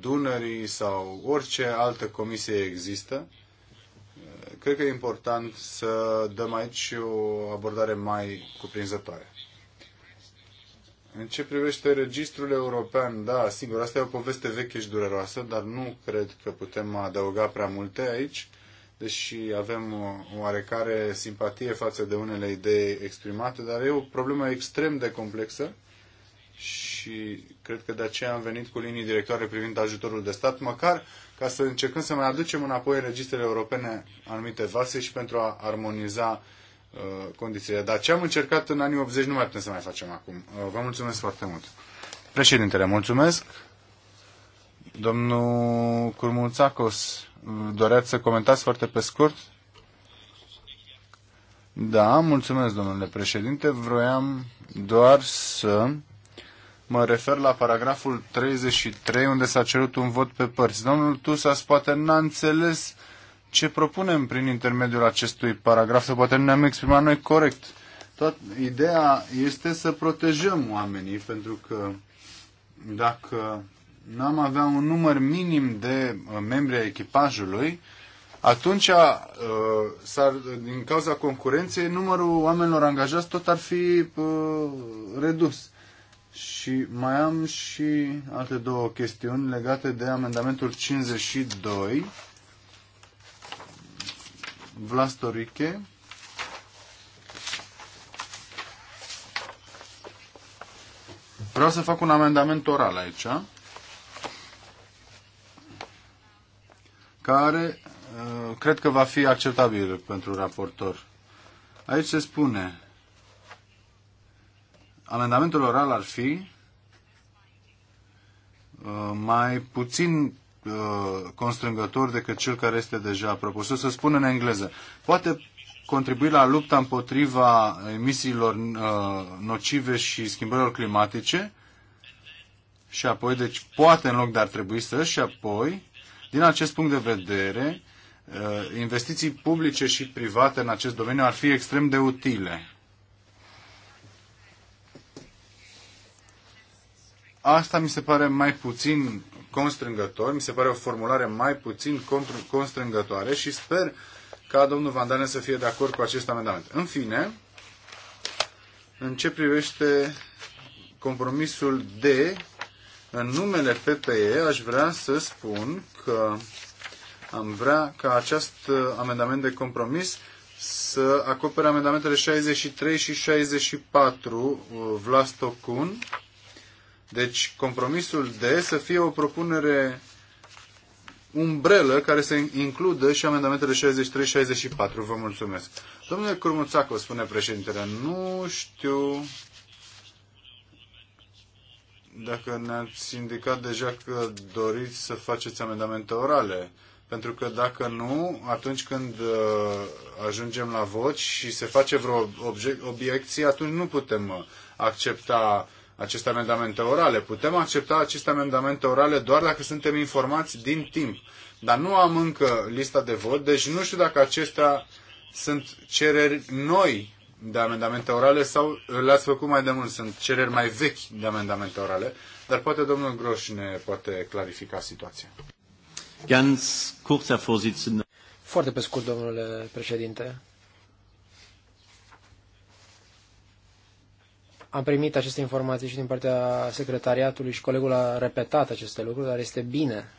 Speaker 3: Dunării sau orice altă comisie există. Cred că e important să dăm aici o abordare mai cuprinzătoare. În ce privește registrul european, da, sigur, asta e o poveste veche și dureroasă, dar nu cred că putem adăuga prea multe aici, deși avem o oarecare simpatie față de unele idei exprimate, dar e o problemă extrem de complexă și cred că de aceea am venit cu linii directoare privind ajutorul de stat, măcar ca să încercăm să mai aducem înapoi în registrele europene anumite vase și pentru a armoniza uh, condițiile. Dar ce am încercat în anii 80 nu mai putem să mai facem acum. Uh, vă mulțumesc foarte mult. Președintele, mulțumesc. Domnul Curmulțacos, doreați să comentați foarte pe scurt? Da, mulțumesc, domnule președinte. Vroiam doar să Mă refer la paragraful 33, unde s-a cerut un vot pe părți. Domnul Tusas poate n-a înțeles ce propunem prin intermediul acestui paragraf, sau poate nu ne-am exprimat noi corect. Tot, ideea este să protejăm oamenii, pentru că dacă n-am avea un număr minim de uh, membri ai echipajului, atunci, uh, din cauza concurenței, numărul oamenilor angajați tot ar fi uh, redus. Și mai am și alte două chestiuni legate de amendamentul 52, Vlastoriche. Vreau să fac un amendament oral aici, care uh, cred că va fi acceptabil pentru raportor. Aici se spune Amendamentul oral ar fi uh, mai puțin uh, constrângător decât cel care este deja propus. O să spun în engleză. Poate contribui la lupta împotriva emisiilor uh, nocive și schimbărilor climatice și apoi, deci poate în loc de ar trebui să și apoi, din acest punct de vedere, investiții publice și private în acest domeniu ar fi extrem de utile. Asta mi se pare mai puțin constrângător, mi se pare o formulare mai puțin constrângătoare și sper ca domnul Vandane să fie de acord cu acest amendament. În fine, în ce privește compromisul D, în numele PPE aș vrea să spun că am vrea ca acest amendament de compromis să acopere amendamentele 63 și 64 uh, Vlastocun deci compromisul D să fie o propunere umbrelă care să includă și amendamentele 63-64. Vă mulțumesc. Domnule Curmuțacu, spune președintele, nu știu dacă ne-ați indicat deja că doriți să faceți amendamente orale. Pentru că dacă nu, atunci când uh, ajungem la vot și se face vreo obiecție, atunci nu putem uh, accepta aceste amendamente orale. Putem accepta aceste amendamente orale doar dacă suntem informați din timp. Dar nu am încă lista de vot, deci nu știu dacă acestea sunt cereri noi de amendamente orale sau le-ați făcut mai demult sunt cereri mai vechi de amendamente orale, dar poate domnul Groș ne poate clarifica situația.
Speaker 2: Ganz kurz, Herr Foarte pe scurt, domnule președinte. Am primit aceste informații și din partea secretariatului și colegul a repetat aceste lucruri, dar este bine,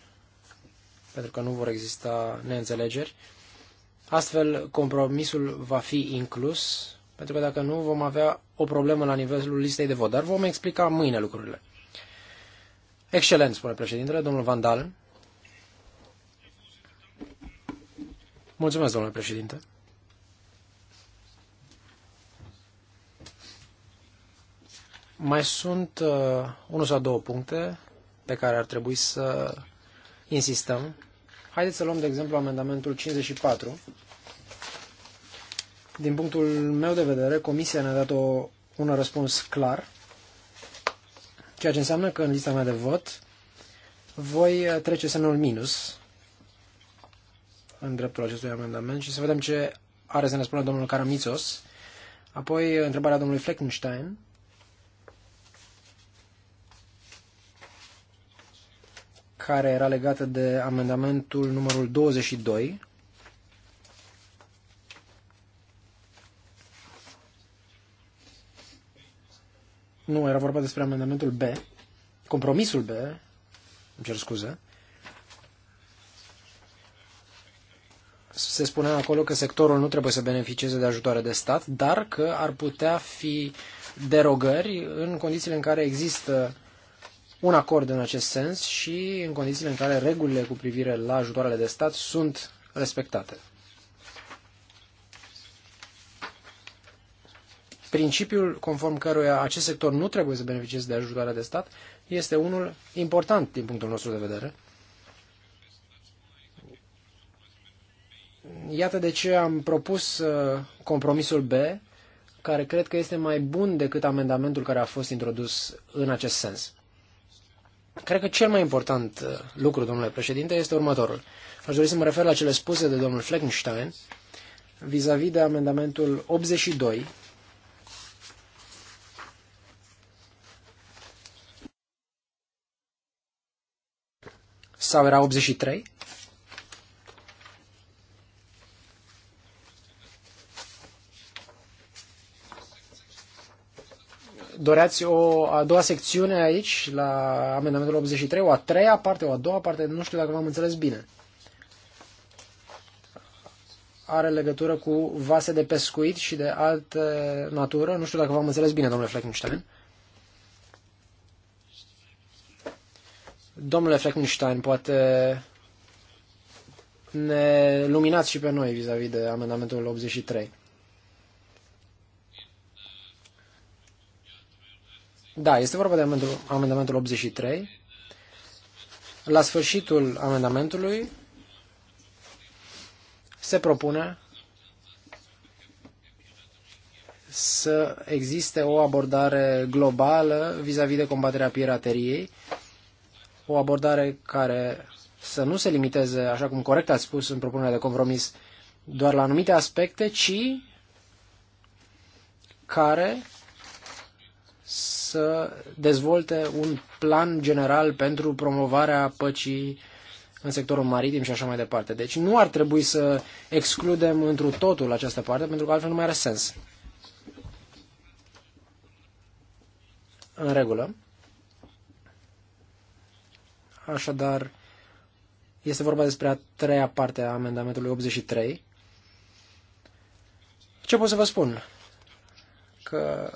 Speaker 2: pentru că nu vor exista neînțelegeri. Astfel, compromisul va fi inclus, pentru că dacă nu, vom avea o problemă la nivelul listei de vot, dar vom explica mâine lucrurile. Excelent, spune președintele, domnul Vandal. Mulțumesc, domnule președinte. Mai sunt uh, unul sau două puncte pe care ar trebui să insistăm. Haideți să luăm, de exemplu, amendamentul 54. Din punctul meu de vedere, Comisia ne-a dat o, un răspuns clar, ceea ce înseamnă că în lista mea de vot voi uh, trece semnul minus în dreptul acestui amendament și să vedem ce are să ne spună domnul Karamițos. Apoi, întrebarea domnului Fleckenstein care era legată de amendamentul numărul 22. Nu, era vorba despre amendamentul B, compromisul B, îmi cer scuze. Se spunea acolo că sectorul nu trebuie să beneficieze de ajutoare de stat, dar că ar putea fi derogări în condițiile în care există un acord în acest sens și în condițiile în care regulile cu privire la ajutoarele de stat sunt respectate. Principiul conform căruia acest sector nu trebuie să beneficieze de ajutoare de stat este unul important din punctul nostru de vedere. Iată de ce am propus uh, compromisul B, care cred că este mai bun decât amendamentul care a fost introdus în acest sens. Cred că cel mai important uh, lucru, domnule președinte, este următorul. Aș dori să mă refer la cele spuse de domnul Fleckenstein vis-a-vis -vis de amendamentul 82 sau era 83? doreați o a doua secțiune aici, la amendamentul 83, o a treia parte, o a doua parte, nu știu dacă v am înțeles bine. Are legătură cu vase de pescuit și de altă natură. Nu știu dacă v-am înțeles bine, domnule Fleckenstein. Domnule Fleckenstein, poate ne luminați și pe noi vis-a-vis -vis de amendamentul 83. Da, este vorba de amendamentul, amendamentul 83. La sfârșitul amendamentului se propune să existe o abordare globală vis-a-vis -vis de combaterea pirateriei, o abordare care să nu se limiteze, așa cum corect ați spus în propunerea de compromis, doar la anumite aspecte, ci care să dezvolte un plan general pentru promovarea păcii în sectorul maritim și așa mai departe. Deci nu ar trebui să excludem întru totul această parte, pentru că altfel nu mai are sens. În regulă. Așadar, este vorba despre a treia parte a amendamentului 83. Ce pot să vă spun? Că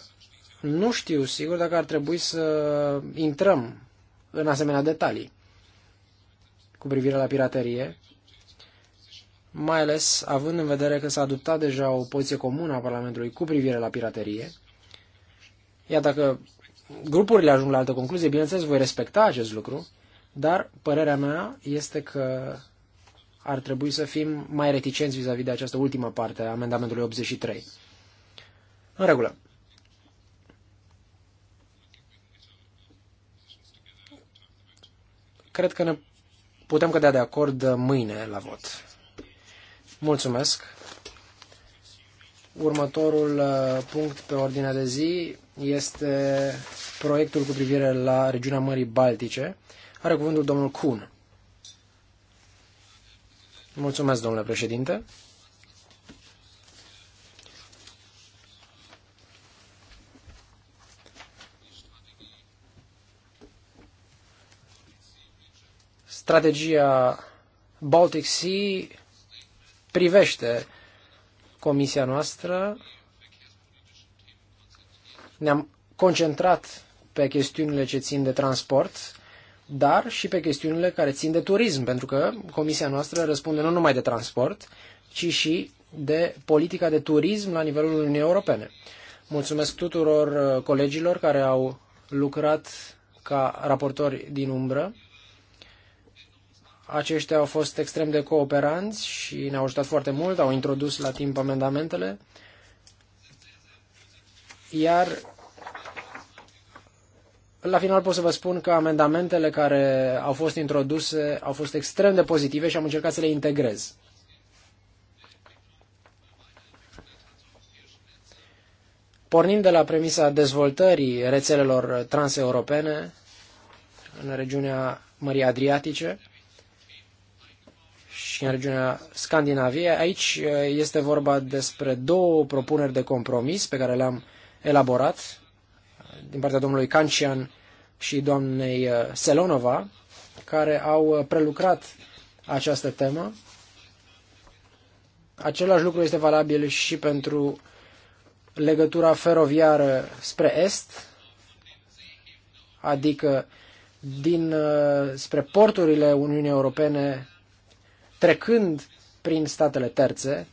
Speaker 2: nu știu sigur dacă ar trebui să intrăm în asemenea detalii cu privire la piraterie, mai ales având în vedere că s-a adoptat deja o poziție comună a Parlamentului cu privire la piraterie. Iar dacă grupurile ajung la altă concluzie, bineînțeles voi respecta acest lucru, dar părerea mea este că ar trebui să fim mai reticenți vis-a-vis -vis de această ultimă parte a amendamentului 83. În regulă. cred că ne putem cădea de acord mâine la vot. Mulțumesc. Următorul uh, punct pe ordinea de zi este proiectul cu privire la regiunea Mării Baltice. Are cuvântul domnul Kuhn. Mulțumesc, domnule președinte. strategia Baltic Sea privește comisia noastră. Ne-am concentrat pe chestiunile ce țin de transport, dar și pe chestiunile care țin de turism, pentru că comisia noastră răspunde nu numai de transport, ci și de politica de turism la nivelul Uniunii Europene. Mulțumesc tuturor uh, colegilor care au lucrat ca raportori din umbră aceștia au fost extrem de cooperanți și ne-au ajutat foarte mult, au introdus la timp amendamentele. Iar la final pot să vă spun că amendamentele care au fost introduse au fost extrem de pozitive și am încercat să le integrez. Pornind de la premisa dezvoltării rețelelor transeuropene în regiunea Mării Adriatice, și în regiunea Scandinavie. Aici uh, este vorba despre două propuneri de compromis pe care le-am elaborat uh, din partea domnului Cancian și doamnei uh, Selonova, care au prelucrat această temă. Același lucru este valabil și pentru legătura feroviară spre est, adică din, spre porturile Uniunii Europene trecând prin statele terțe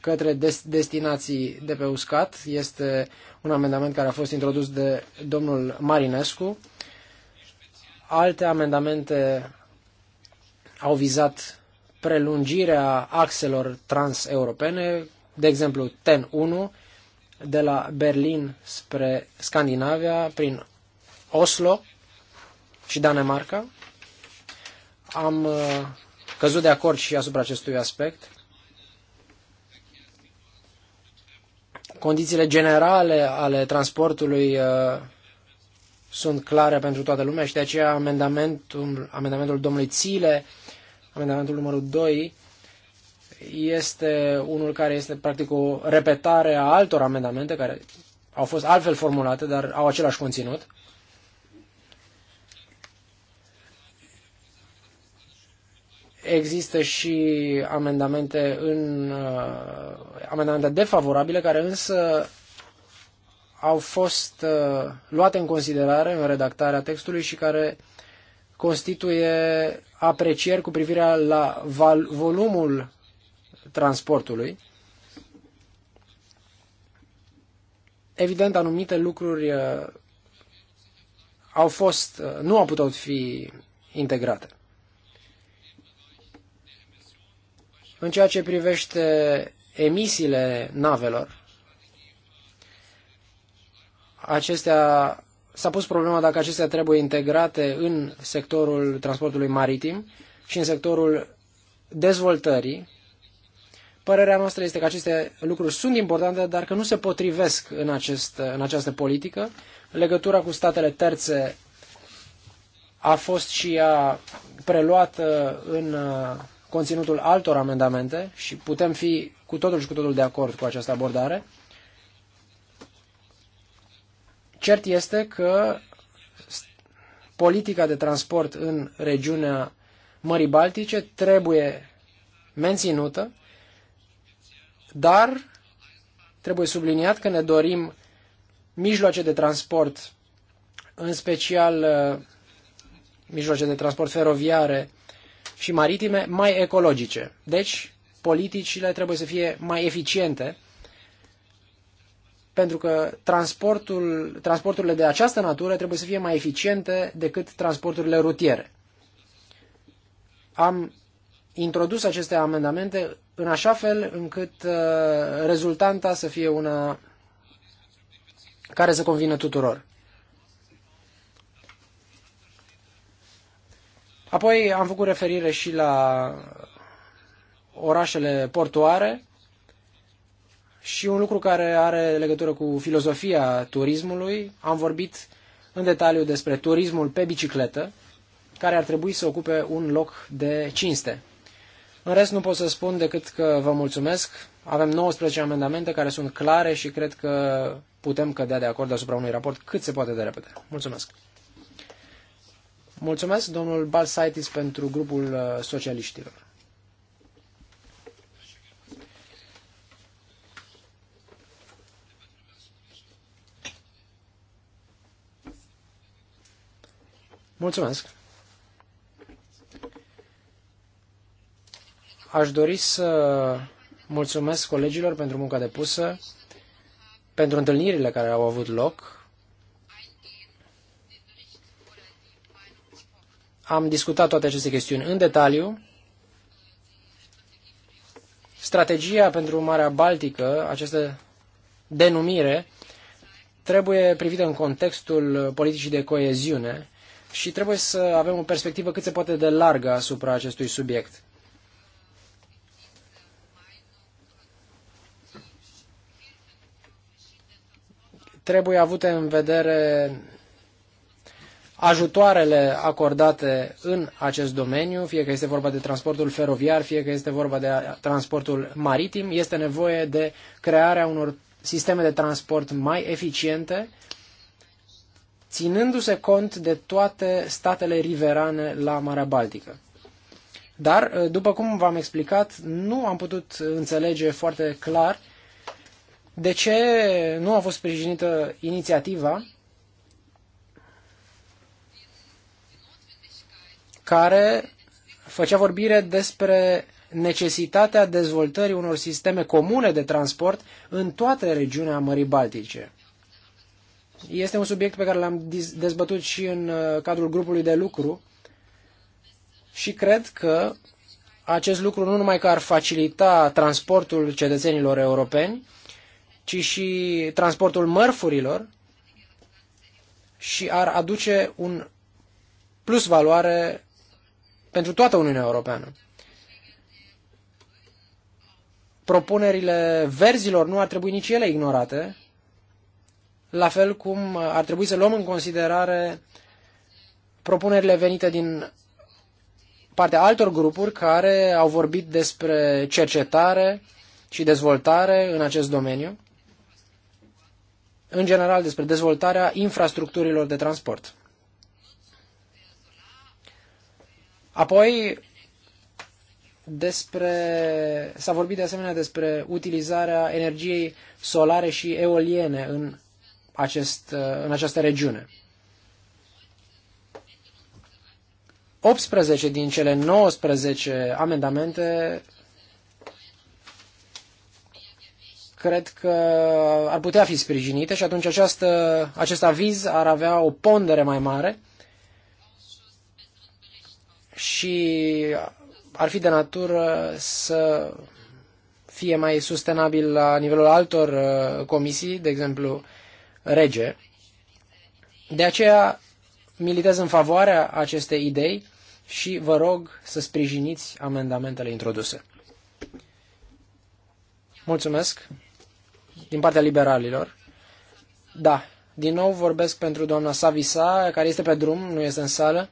Speaker 2: către des- destinații de pe uscat. Este un amendament care a fost introdus de domnul Marinescu. Alte amendamente au vizat prelungirea axelor transeuropene, de exemplu TEN-1, de la Berlin spre Scandinavia, prin Oslo și Danemarca. Am uh, căzut de acord și asupra acestui aspect. Condițiile generale ale transportului uh, sunt clare pentru toată lumea și de aceea amendamentul, amendamentul domnului Țile, amendamentul numărul 2, este unul care este practic o repetare a altor amendamente care au fost altfel formulate, dar au același conținut. Există și amendamente, în, uh, amendamente defavorabile care însă au fost uh, luate în considerare în redactarea textului și care constituie aprecieri cu privire la val, volumul transportului. Evident, anumite lucruri uh, au fost, nu au putut fi integrate. În ceea ce privește emisiile navelor, acestea, s-a pus problema dacă acestea trebuie integrate în sectorul transportului maritim și în sectorul dezvoltării. Părerea noastră este că aceste lucruri sunt importante, dar că nu se potrivesc în, acest, în această politică. Legătura cu statele terțe a fost și ea preluată în conținutul altor amendamente și putem fi cu totul și cu totul de acord cu această abordare. Cert este că politica de transport în regiunea Mării Baltice trebuie menținută, dar trebuie subliniat că ne dorim mijloace de transport, în special uh, mijloace de transport feroviare și maritime mai ecologice. Deci, politicile trebuie să fie mai eficiente, pentru că transportul, transporturile de această natură trebuie să fie mai eficiente decât transporturile rutiere. Am introdus aceste amendamente în așa fel încât uh, rezultanta să fie una care să convină tuturor. Apoi am făcut referire și la orașele portoare și un lucru care are legătură cu filozofia turismului. Am vorbit în detaliu despre turismul pe bicicletă, care ar trebui să ocupe un loc de cinste. În rest nu pot să spun decât că vă mulțumesc. Avem 19 amendamente care sunt clare și cred că putem cădea de acord asupra unui raport cât se poate de repede. Mulțumesc! Mulțumesc, domnul Balsaitis, pentru grupul uh, socialiștilor. Mulțumesc. Aș dori să mulțumesc colegilor pentru munca depusă, pentru întâlnirile care au avut loc Am discutat toate aceste chestiuni în detaliu. Strategia pentru Marea Baltică, această denumire, trebuie privită în contextul politicii de coeziune și trebuie să avem o perspectivă cât se poate de largă asupra acestui subiect. Trebuie avute în vedere ajutoarele acordate în acest domeniu, fie că este vorba de transportul feroviar, fie că este vorba de transportul maritim, este nevoie de crearea unor sisteme de transport mai eficiente, ținându-se cont de toate statele riverane la Marea Baltică. Dar, după cum v-am explicat, nu am putut înțelege foarte clar de ce nu a fost sprijinită inițiativa care făcea vorbire despre necesitatea dezvoltării unor sisteme comune de transport în toată regiunea Mării Baltice. Este un subiect pe care l-am dezbătut și în uh, cadrul grupului de lucru și cred că acest lucru nu numai că ar facilita transportul cetățenilor europeni, ci și transportul mărfurilor și ar aduce un plus valoare pentru toată Uniunea Europeană. Propunerile verzilor nu ar trebui nici ele ignorate, la fel cum ar trebui să luăm în considerare propunerile venite din partea altor grupuri care au vorbit despre cercetare și dezvoltare în acest domeniu, în general despre dezvoltarea infrastructurilor de transport. Apoi, despre, s-a vorbit de asemenea despre utilizarea energiei solare și eoliene în, acest, în această regiune. 18 din cele 19 amendamente cred că ar putea fi sprijinite și atunci această, acest aviz ar avea o pondere mai mare și ar fi de natură să fie mai sustenabil la nivelul altor uh, comisii, de exemplu rege. De aceea militez în favoarea acestei idei și vă rog să sprijiniți amendamentele introduse. Mulțumesc din partea liberalilor. Da, din nou vorbesc pentru doamna Savisa, care este pe drum, nu este în sală.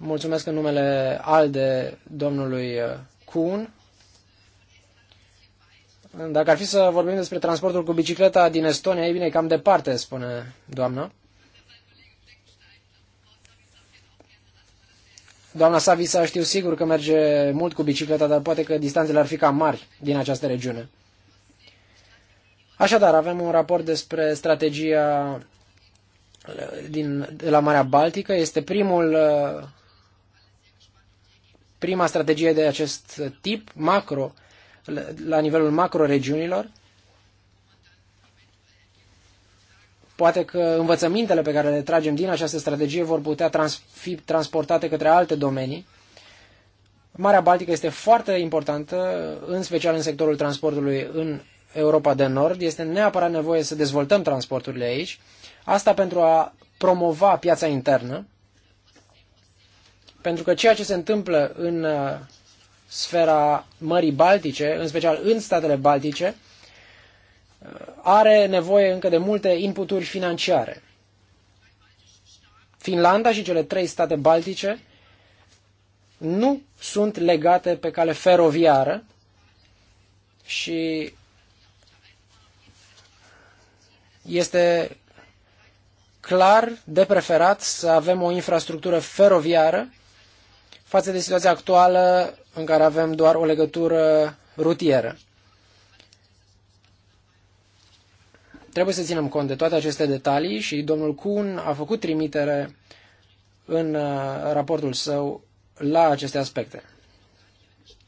Speaker 2: Mulțumesc în numele ALDE domnului uh, Kuhn. Dacă ar fi să vorbim despre transportul cu bicicleta din Estonia, e bine, cam departe, spune doamna. Doamna Savisa știu sigur că merge mult cu bicicleta, dar poate că distanțele ar fi cam mari din această regiune. Așadar, avem un raport despre strategia uh, din, de la Marea Baltică. Este primul uh, prima strategie de acest tip, macro, la nivelul macro-regiunilor. Poate că învățămintele pe care le tragem din această strategie vor putea trans- fi transportate către alte domenii. Marea Baltică este foarte importantă, în special în sectorul transportului în Europa de Nord. Este neapărat nevoie să dezvoltăm transporturile aici. Asta pentru a promova piața internă pentru că ceea ce se întâmplă în uh, sfera Mării Baltice, în special în statele Baltice, uh, are nevoie încă de multe inputuri financiare. Finlanda și cele trei state baltice nu sunt legate pe cale feroviară și este clar de preferat să avem o infrastructură feroviară față de situația actuală în care avem doar o legătură rutieră. Trebuie să ținem cont de toate aceste detalii și domnul Kuhn a făcut trimitere în uh, raportul său la aceste aspecte.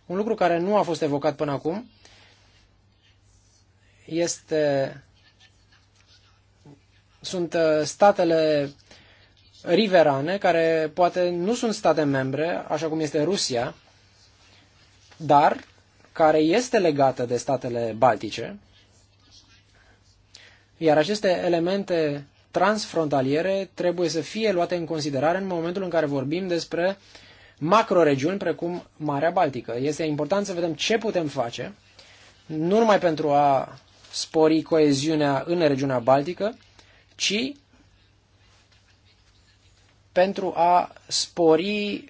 Speaker 2: Un lucru care nu a fost evocat până acum este sunt uh, statele riverane, care poate nu sunt state membre, așa cum este Rusia, dar care este legată de statele baltice, iar aceste elemente transfrontaliere trebuie să fie luate în considerare în momentul în care vorbim despre macroregiuni precum Marea Baltică. Este important să vedem ce putem face, nu numai pentru a spori coeziunea în regiunea Baltică, ci pentru a spori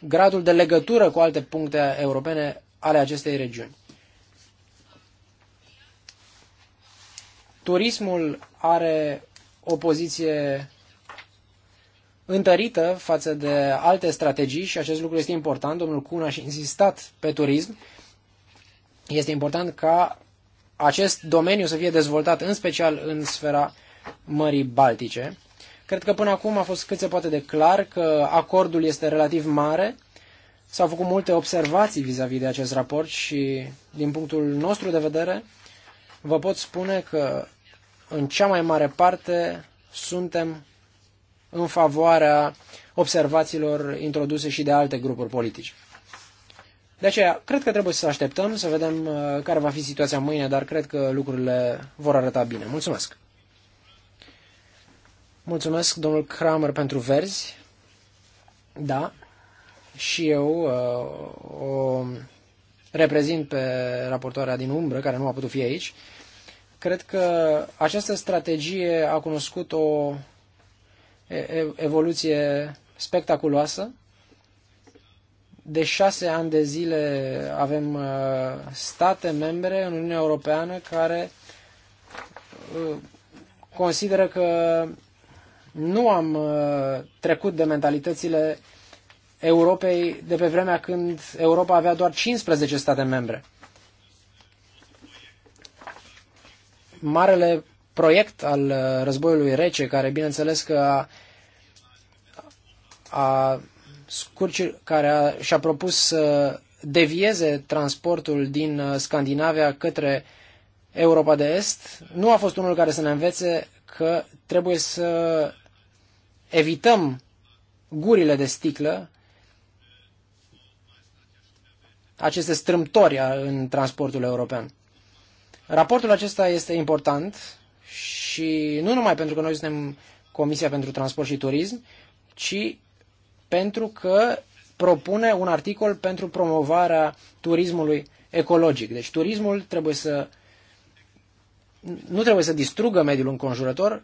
Speaker 2: gradul de legătură cu alte puncte europene ale acestei regiuni. Turismul are o poziție întărită față de alte strategii și acest lucru este important. Domnul Cun a și insistat pe turism. Este important ca acest domeniu să fie dezvoltat în special în sfera Mării Baltice. Cred că până acum a fost cât se poate de clar că acordul este relativ mare. S-au făcut multe observații vis-a-vis -vis de acest raport și, din punctul nostru de vedere, vă pot spune că, în cea mai mare parte, suntem în favoarea observațiilor introduse și de alte grupuri politice. De aceea, cred că trebuie să așteptăm, să vedem uh, care va fi situația mâine, dar cred că lucrurile vor arăta bine. Mulțumesc! Mulțumesc, domnul Kramer, pentru verzi. Da, și eu uh, o reprezint pe raportoarea din umbră, care nu a putut fi aici. Cred că această strategie a cunoscut o evoluție spectaculoasă. De șase ani de zile avem uh, state membre în Uniunea Europeană care uh, consideră că nu am uh, trecut de mentalitățile Europei de pe vremea când Europa avea doar 15 state membre. Marele proiect al uh, războiului rece, care bineînțeles că a, a scurci, care a, și-a propus să devieze transportul din uh, Scandinavia către Europa de Est, nu a fost unul care să ne învețe că trebuie să evităm gurile de sticlă, aceste strâmtori în transportul european. Raportul acesta este important și nu numai pentru că noi suntem Comisia pentru Transport și Turism, ci pentru că propune un articol pentru promovarea turismului ecologic. Deci turismul trebuie să nu trebuie să distrugă mediul înconjurător,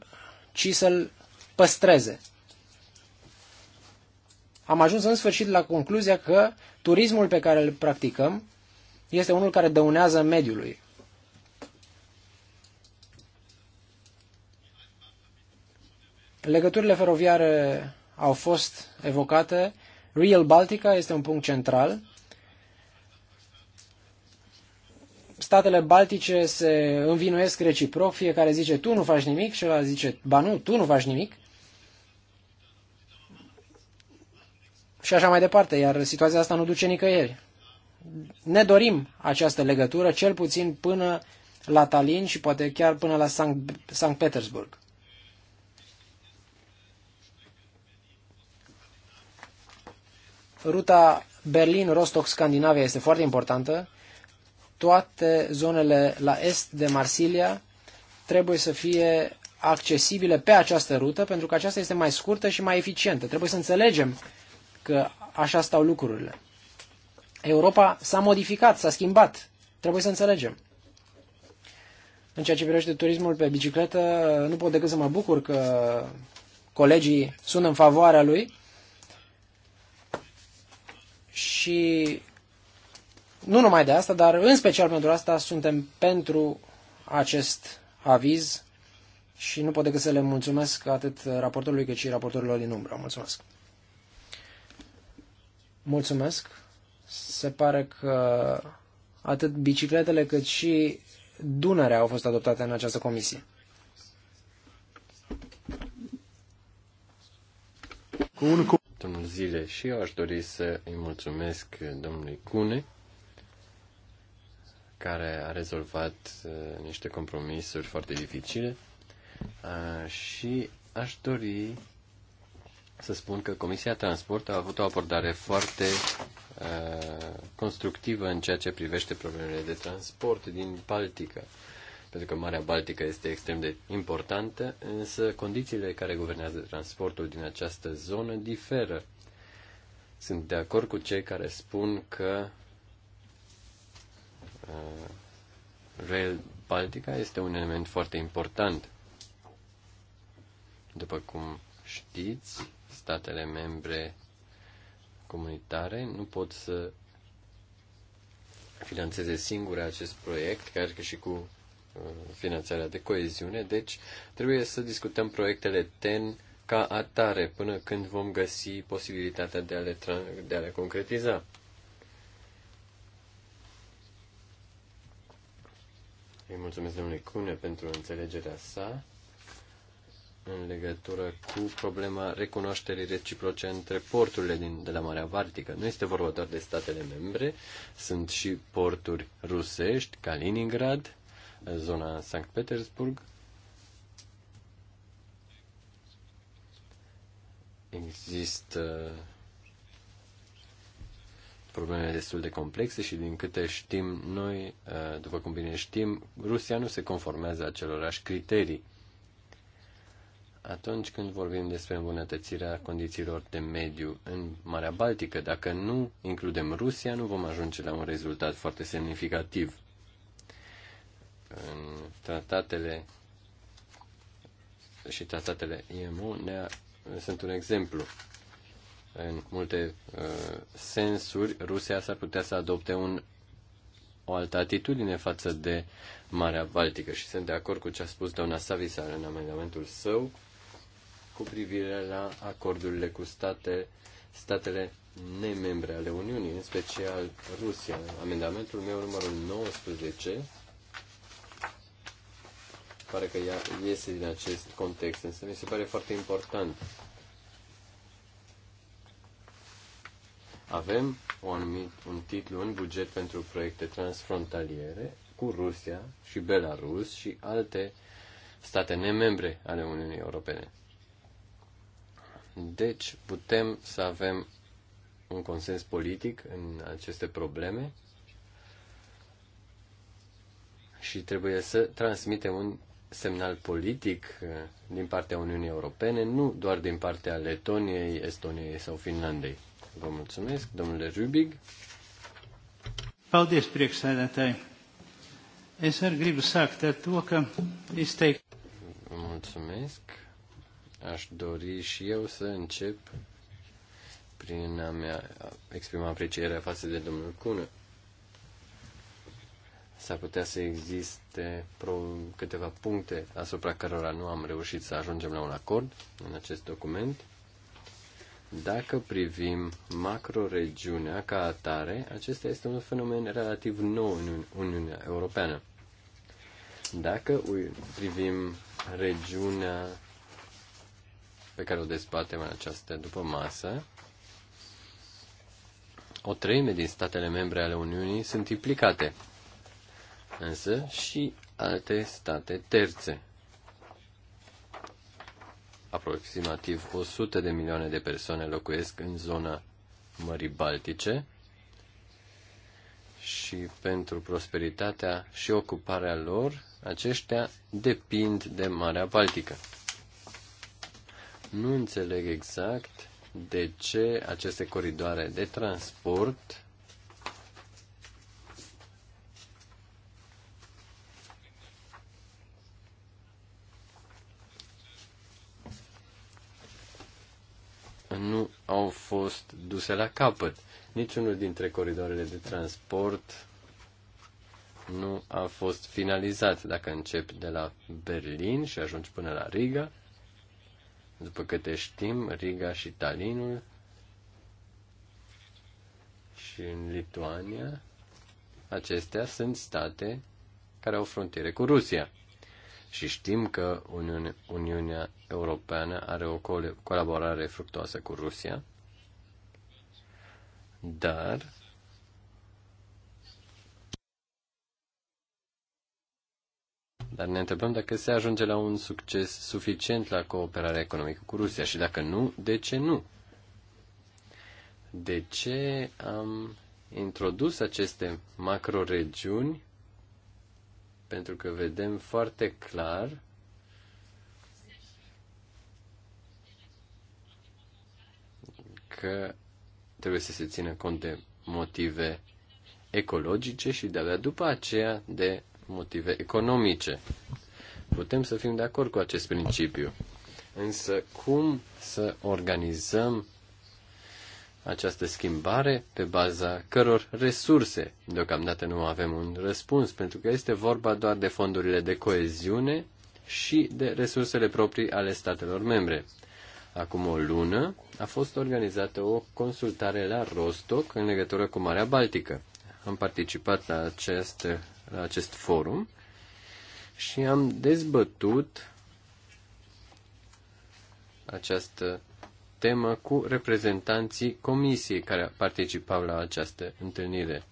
Speaker 2: ci să-l păstreze am ajuns în sfârșit la concluzia că turismul pe care îl practicăm este unul care dăunează mediului. Legăturile feroviare au fost evocate. Real Baltica este un punct central. Statele Baltice se învinuiesc reciproc, fiecare zice tu nu faci nimic, ăla zice ba nu, tu nu faci nimic. și așa mai departe, iar situația asta nu duce nicăieri. Ne dorim această legătură, cel puțin până la Tallinn și poate chiar până la Sankt, Petersburg. Ruta Berlin-Rostock-Scandinavia este foarte importantă. Toate zonele la est de Marsilia trebuie să fie accesibile pe această rută, pentru că aceasta este mai scurtă și mai eficientă. Trebuie să înțelegem că așa stau lucrurile. Europa s-a modificat, s-a schimbat. Trebuie să înțelegem. În ceea ce privește turismul pe bicicletă, nu pot decât să mă bucur că colegii sunt în favoarea lui și nu numai de asta, dar în special pentru asta suntem pentru acest aviz și nu pot decât să le mulțumesc atât raportorului cât și raportorilor din umbră. Mulțumesc! Mulțumesc. Se pare că atât bicicletele cât și Dunărea au fost adoptate în această comisie.
Speaker 1: Domnul Zile, și eu aș dori să îi mulțumesc domnului Cune, care a rezolvat uh, niște compromisuri foarte dificile uh, și aș dori să spun că Comisia Transport a avut o abordare foarte uh, constructivă în ceea ce privește problemele de transport din Baltică. Pentru că Marea Baltică este extrem de importantă, însă condițiile care guvernează transportul din această zonă diferă. Sunt de acord cu cei care spun că uh, Rail Baltica este un element foarte important. După cum știți, statele membre comunitare nu pot să finanțeze singure acest proiect, chiar că și cu uh, finanțarea de coeziune, deci trebuie să discutăm proiectele TEN ca atare până când vom găsi posibilitatea de a le, de a le concretiza. Îi mulțumesc domnului Cune pentru înțelegerea sa în legătură cu problema recunoașterii reciproce între porturile din, de la Marea Baltică. Nu este vorba doar de statele membre, sunt și porturi rusești, Kaliningrad, zona Sankt Petersburg. Există probleme destul de complexe și din câte știm noi, după cum bine știm, Rusia nu se conformează acelorași criterii atunci când vorbim despre îmbunătățirea condițiilor de mediu în Marea Baltică. Dacă nu includem Rusia, nu vom ajunge la un rezultat foarte semnificativ. În tratatele și tratatele IMO ne sunt un exemplu. În multe uh, sensuri, Rusia s-ar putea să adopte un, o altă atitudine față de Marea Baltică și sunt de acord cu ce a spus doamna Savisar în amendamentul său cu privire la acordurile cu state, statele nemembre ale Uniunii, în special Rusia. Amendamentul meu numărul 19 pare că ea iese din acest context, însă mi se pare foarte important. Avem un, anumit, un titlu, un buget pentru proiecte transfrontaliere cu Rusia și Belarus și alte state nemembre ale Uniunii Europene. Deci putem să avem un consens politic în aceste probleme și trebuie să transmitem un semnal politic uh, din partea Uniunii Europene, nu doar din partea Letoniei, Estoniei sau Finlandei. Vă mulțumesc, domnule Rubig. Paldies, priekšsēdētāji.
Speaker 4: Es arī gribu sākt ar
Speaker 3: to, ka izteikt.
Speaker 1: Mulțumesc. Aș dori și eu să încep prin a mea exprima aprecierea față de domnul Cună. S-ar putea să existe pro, câteva puncte asupra cărora nu am reușit să ajungem la un acord în acest document. Dacă privim macroregiunea ca atare, acesta este un fenomen relativ nou în Uniunea Europeană. Dacă privim regiunea pe care o dezbatem în această după masă, o treime din statele membre ale Uniunii sunt implicate, însă și alte state terțe. Aproximativ 100 de milioane de persoane locuiesc în zona Mării Baltice și pentru prosperitatea și ocuparea lor, aceștia depind de Marea Baltică. Nu înțeleg exact de ce aceste coridoare de transport nu au fost duse la capăt. Niciunul dintre coridoarele de transport nu a fost finalizat. Dacă încep de la Berlin și ajungi până la Riga, după câte știm, Riga și Talinul și în Lituania, acestea sunt state care au frontiere cu Rusia. Și știm că Uniune, Uniunea Europeană are o colaborare fructoasă cu Rusia, dar Dar ne întrebăm dacă se ajunge la un succes suficient la cooperarea economică cu Rusia și dacă nu, de ce nu? De ce am introdus aceste macroregiuni? Pentru că vedem foarte clar că trebuie să se țină cont de motive ecologice și de-abia după aceea de motive economice. Putem să fim de acord cu acest principiu. Însă cum să organizăm această schimbare pe baza căror resurse? Deocamdată nu avem un răspuns, pentru că este vorba doar de fondurile de coeziune și de resursele proprii ale statelor membre. Acum o lună a fost organizată o consultare la Rostock în legătură cu Marea Baltică. Am participat la această la acest forum și am dezbătut această temă cu reprezentanții comisiei care participau la această întâlnire.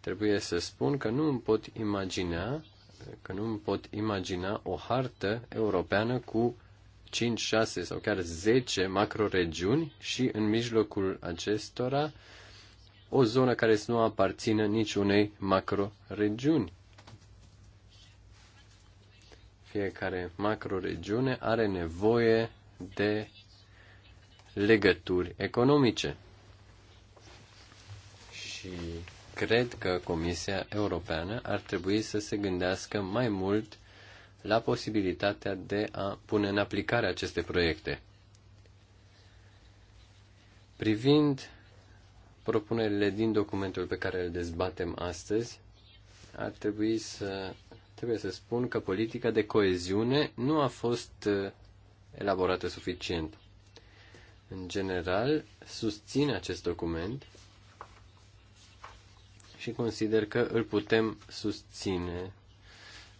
Speaker 1: Trebuie să spun că nu îmi pot imagina că nu îmi pot imagina o hartă europeană cu 5, 6 sau chiar 10 macroregiuni și în mijlocul acestora o zonă care să nu aparțină niciunei macroregiuni. Fiecare macroregiune are nevoie de legături economice. Și cred că Comisia Europeană ar trebui să se gândească mai mult la posibilitatea de a pune în aplicare aceste proiecte. Privind propunerile din documentul pe care îl dezbatem astăzi, ar trebui să, trebuie să spun că politica de coeziune nu a fost uh, elaborată suficient. În general, susțin acest document și consider că îl putem susține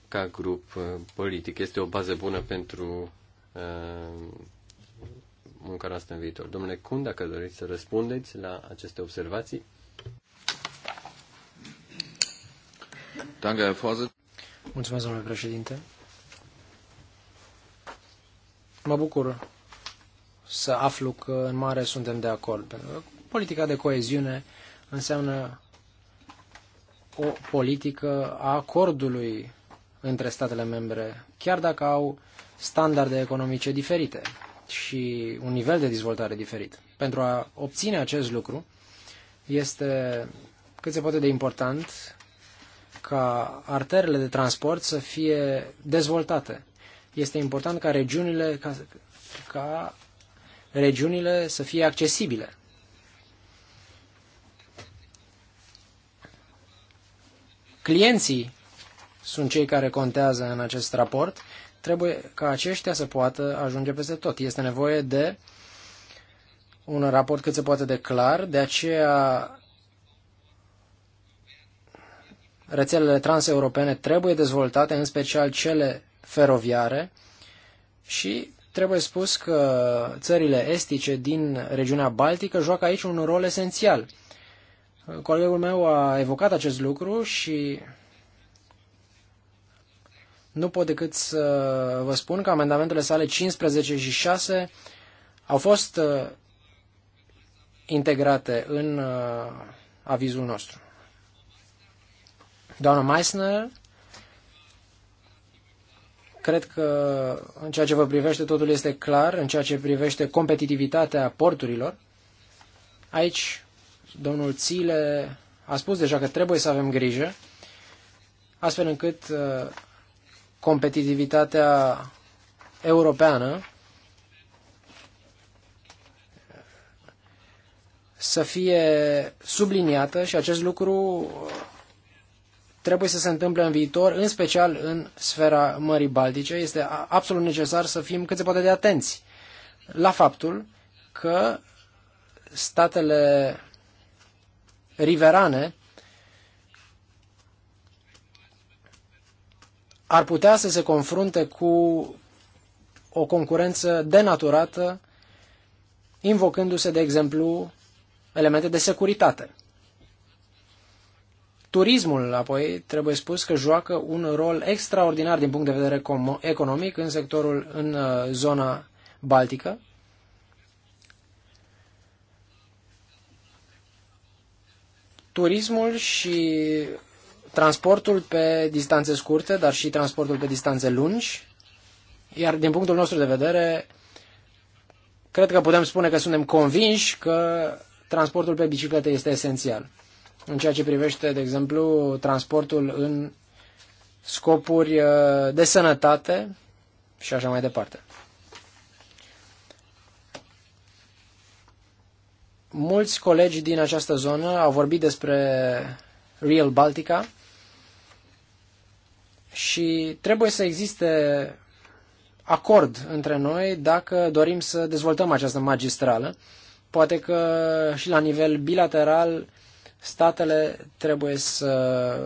Speaker 1: ca grup uh, politic. Este o bază bună pentru uh, munca noastră în viitor. Domnule Cun, dacă doriți să răspundeți la aceste observații.
Speaker 2: Mulțumesc, domnule președinte. Mă bucur să aflu că în mare suntem de acord, pentru că politica de coeziune înseamnă o politică a acordului între statele membre, chiar dacă au standarde economice diferite și un nivel de dezvoltare diferit. Pentru a obține acest lucru, este cât se poate de important ca arterele de transport să fie dezvoltate. Este important ca regiunile, ca, ca regiunile să fie accesibile. Clienții sunt cei care contează în acest raport trebuie ca aceștia să poată ajunge peste tot. Este nevoie de un raport cât se poate de clar, de aceea rețelele transeuropene trebuie dezvoltate, în special cele feroviare și trebuie spus că țările estice din regiunea Baltică joacă aici un rol esențial. Colegul meu a evocat acest lucru și nu pot decât să vă spun că amendamentele sale 15 și 6 au fost uh, integrate în uh, avizul nostru. Doamna Meissner, cred că în ceea ce vă privește totul este clar, în ceea ce privește competitivitatea porturilor. Aici, domnul Țile a spus deja că trebuie să avem grijă, astfel încât uh, competitivitatea europeană să fie subliniată și acest lucru trebuie să se întâmple în viitor, în special în sfera Mării Baltice. Este absolut necesar să fim cât se poate de atenți la faptul că statele riverane ar putea să se confrunte cu o concurență denaturată, invocându-se, de exemplu, elemente de securitate. Turismul, apoi, trebuie spus că joacă un rol extraordinar din punct de vedere economic în sectorul, în uh, zona baltică. Turismul și transportul pe distanțe scurte, dar și transportul pe distanțe lungi. Iar din punctul nostru de vedere, cred că putem spune că suntem convinși că transportul pe bicicletă este esențial. În ceea ce privește, de exemplu, transportul în scopuri uh, de sănătate și așa mai departe. Mulți colegi din această zonă au vorbit despre Real Baltica și trebuie să existe acord între noi dacă dorim să dezvoltăm această magistrală. Poate că și la nivel bilateral statele trebuie să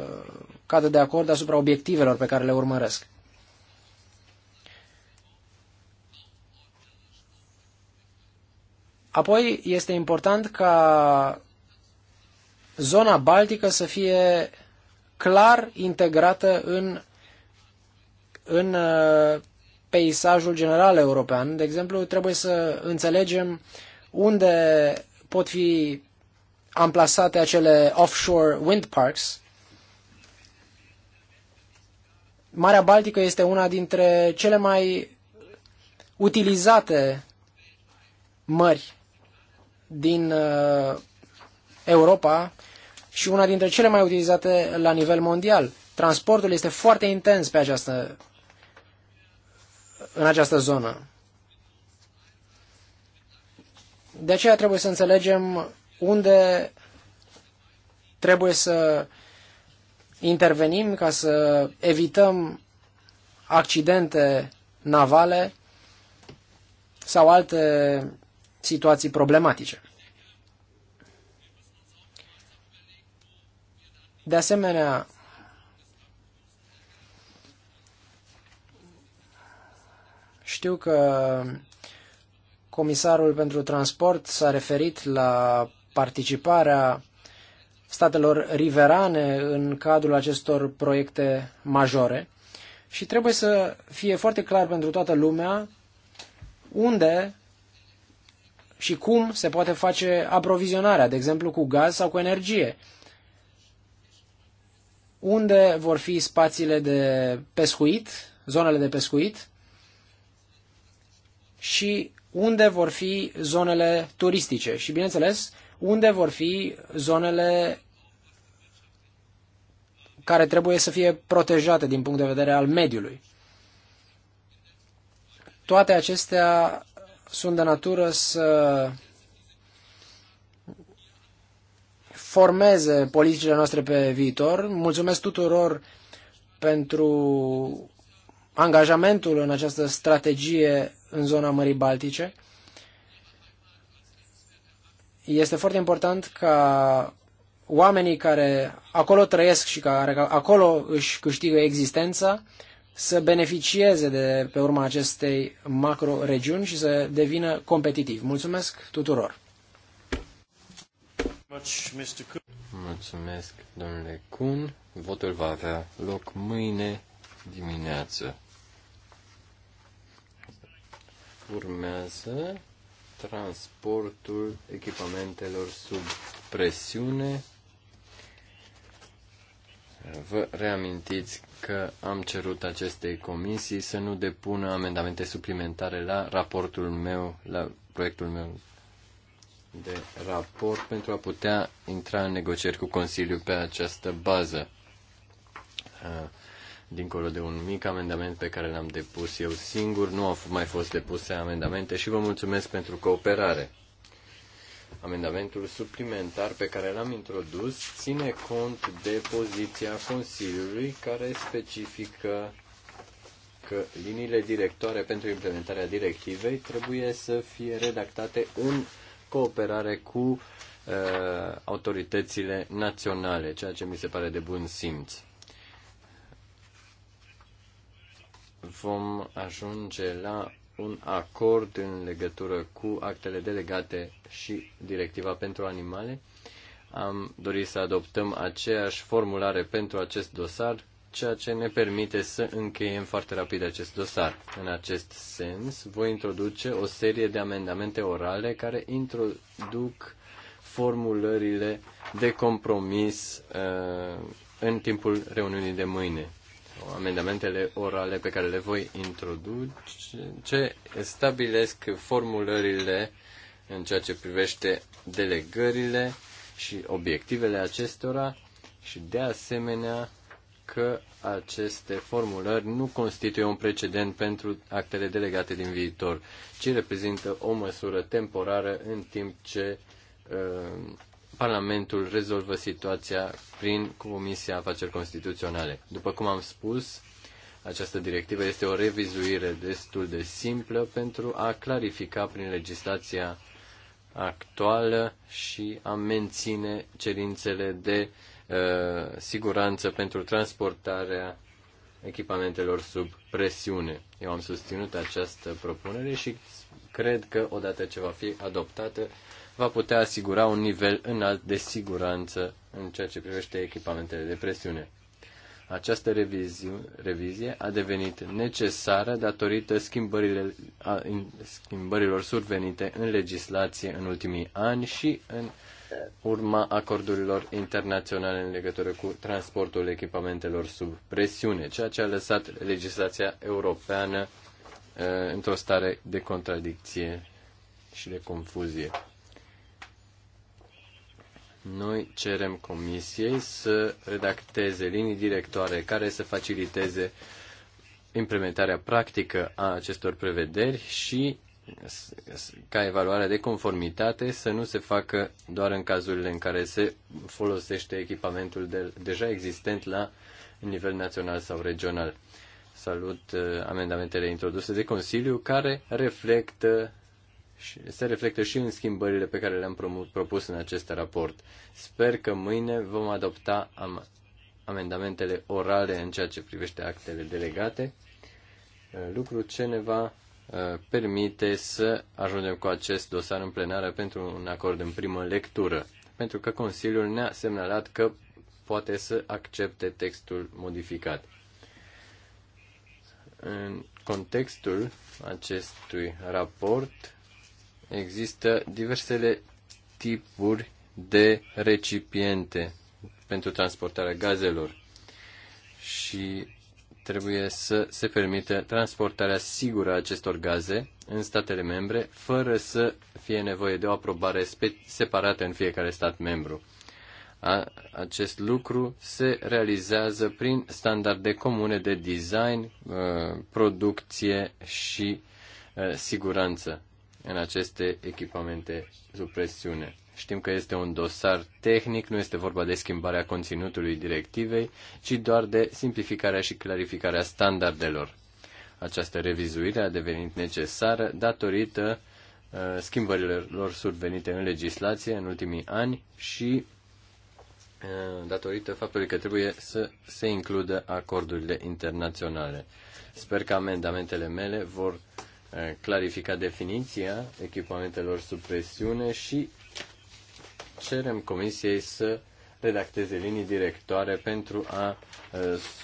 Speaker 2: cadă de acord asupra obiectivelor pe care le urmăresc. Apoi este important ca zona baltică să fie clar integrată în în uh, peisajul general european. De exemplu, trebuie să înțelegem unde pot fi amplasate acele offshore wind parks. Marea Baltică este una dintre cele mai utilizate mări din uh, Europa și una dintre cele mai utilizate la nivel mondial. Transportul este foarte intens pe această în această zonă. De aceea trebuie să înțelegem unde trebuie să intervenim ca să evităm accidente navale sau alte situații problematice. De asemenea, Știu că comisarul pentru transport s-a referit la participarea statelor riverane în cadrul acestor proiecte majore și trebuie să fie foarte clar pentru toată lumea unde și cum se poate face aprovizionarea, de exemplu cu gaz sau cu energie. Unde vor fi spațiile de pescuit, zonele de pescuit, și unde vor fi zonele turistice și, bineînțeles, unde vor fi zonele care trebuie să fie protejate din punct de vedere al mediului. Toate acestea sunt de natură să formeze politicile noastre pe viitor. Mulțumesc tuturor pentru angajamentul în această strategie în zona Mării Baltice. Este foarte important ca oamenii care acolo trăiesc și care acolo își câștigă existența să beneficieze de pe urma acestei macro-regiuni și să devină competitivi. Mulțumesc tuturor!
Speaker 1: Mulțumesc, domnule Kun. Votul va avea loc mâine dimineață. Urmează transportul echipamentelor sub presiune. Vă reamintiți că am cerut acestei comisii să nu depună amendamente suplimentare la raportul meu, la proiectul meu de raport pentru a putea intra în negocieri cu Consiliul pe această bază dincolo de un mic amendament pe care l-am depus eu singur, nu au mai fost depuse amendamente și vă mulțumesc pentru cooperare. Amendamentul suplimentar pe care l-am introdus ține cont de poziția Consiliului care specifică că liniile directoare pentru implementarea directivei trebuie să fie redactate în cooperare cu uh, autoritățile naționale, ceea ce mi se pare de bun simț. vom ajunge la un acord în legătură cu actele delegate și directiva pentru animale. Am dorit să adoptăm aceeași formulare pentru acest dosar, ceea ce ne permite să încheiem foarte rapid acest dosar. În acest sens, voi introduce o serie de amendamente orale care introduc formulările de compromis uh, în timpul reuniunii de mâine amendamentele orale pe care le voi introduce stabilesc formulările în ceea ce privește delegările și obiectivele acestora și de asemenea că aceste formulări nu constituie un precedent pentru actele delegate din viitor, ci reprezintă o măsură temporară în timp ce uh, Parlamentul rezolvă situația prin Comisia Afaceri Constituționale. După cum am spus, această directivă este o revizuire destul de simplă pentru a clarifica prin legislația actuală și a menține cerințele de uh, siguranță pentru transportarea echipamentelor sub presiune. Eu am susținut această propunere și cred că odată ce va fi adoptată, va putea asigura un nivel înalt de siguranță în ceea ce privește echipamentele de presiune. Această reviziu, revizie a devenit necesară datorită schimbările, a, in, schimbărilor survenite în legislație în ultimii ani și în urma acordurilor internaționale în legătură cu transportul echipamentelor sub presiune, ceea ce a lăsat legislația europeană uh, într-o stare de contradicție și de confuzie. Noi cerem Comisiei să redacteze linii directoare care să faciliteze implementarea practică a acestor prevederi și ca evaluarea de conformitate să nu se facă doar în cazurile în care se folosește echipamentul de, deja existent la nivel național sau regional. Salut eh, amendamentele introduse de Consiliu care reflectă și se reflectă și în schimbările pe care le-am propus în acest raport. Sper că mâine vom adopta am- amendamentele orale în ceea ce privește actele delegate, uh, lucru ce ne va uh, permite să ajungem cu acest dosar în plenară pentru un acord în primă lectură, pentru că Consiliul ne-a semnalat că poate să accepte textul modificat. În contextul acestui raport, există diversele tipuri de recipiente pentru transportarea gazelor și trebuie să se permită transportarea sigură a acestor gaze în statele membre, fără să fie nevoie de o aprobare separată în fiecare stat membru. A, acest lucru se realizează prin standarde comune de design, uh, producție și uh, siguranță în aceste echipamente sub presiune. Știm că este un dosar tehnic, nu este vorba de schimbarea conținutului directivei, ci doar de simplificarea și clarificarea standardelor. Această revizuire a devenit necesară datorită uh, schimbărilor lor survenite în legislație în ultimii ani și uh, datorită faptului că trebuie să se includă acordurile internaționale. Sper că amendamentele mele vor clarifica definiția echipamentelor sub presiune și cerem Comisiei să redacteze linii directoare pentru a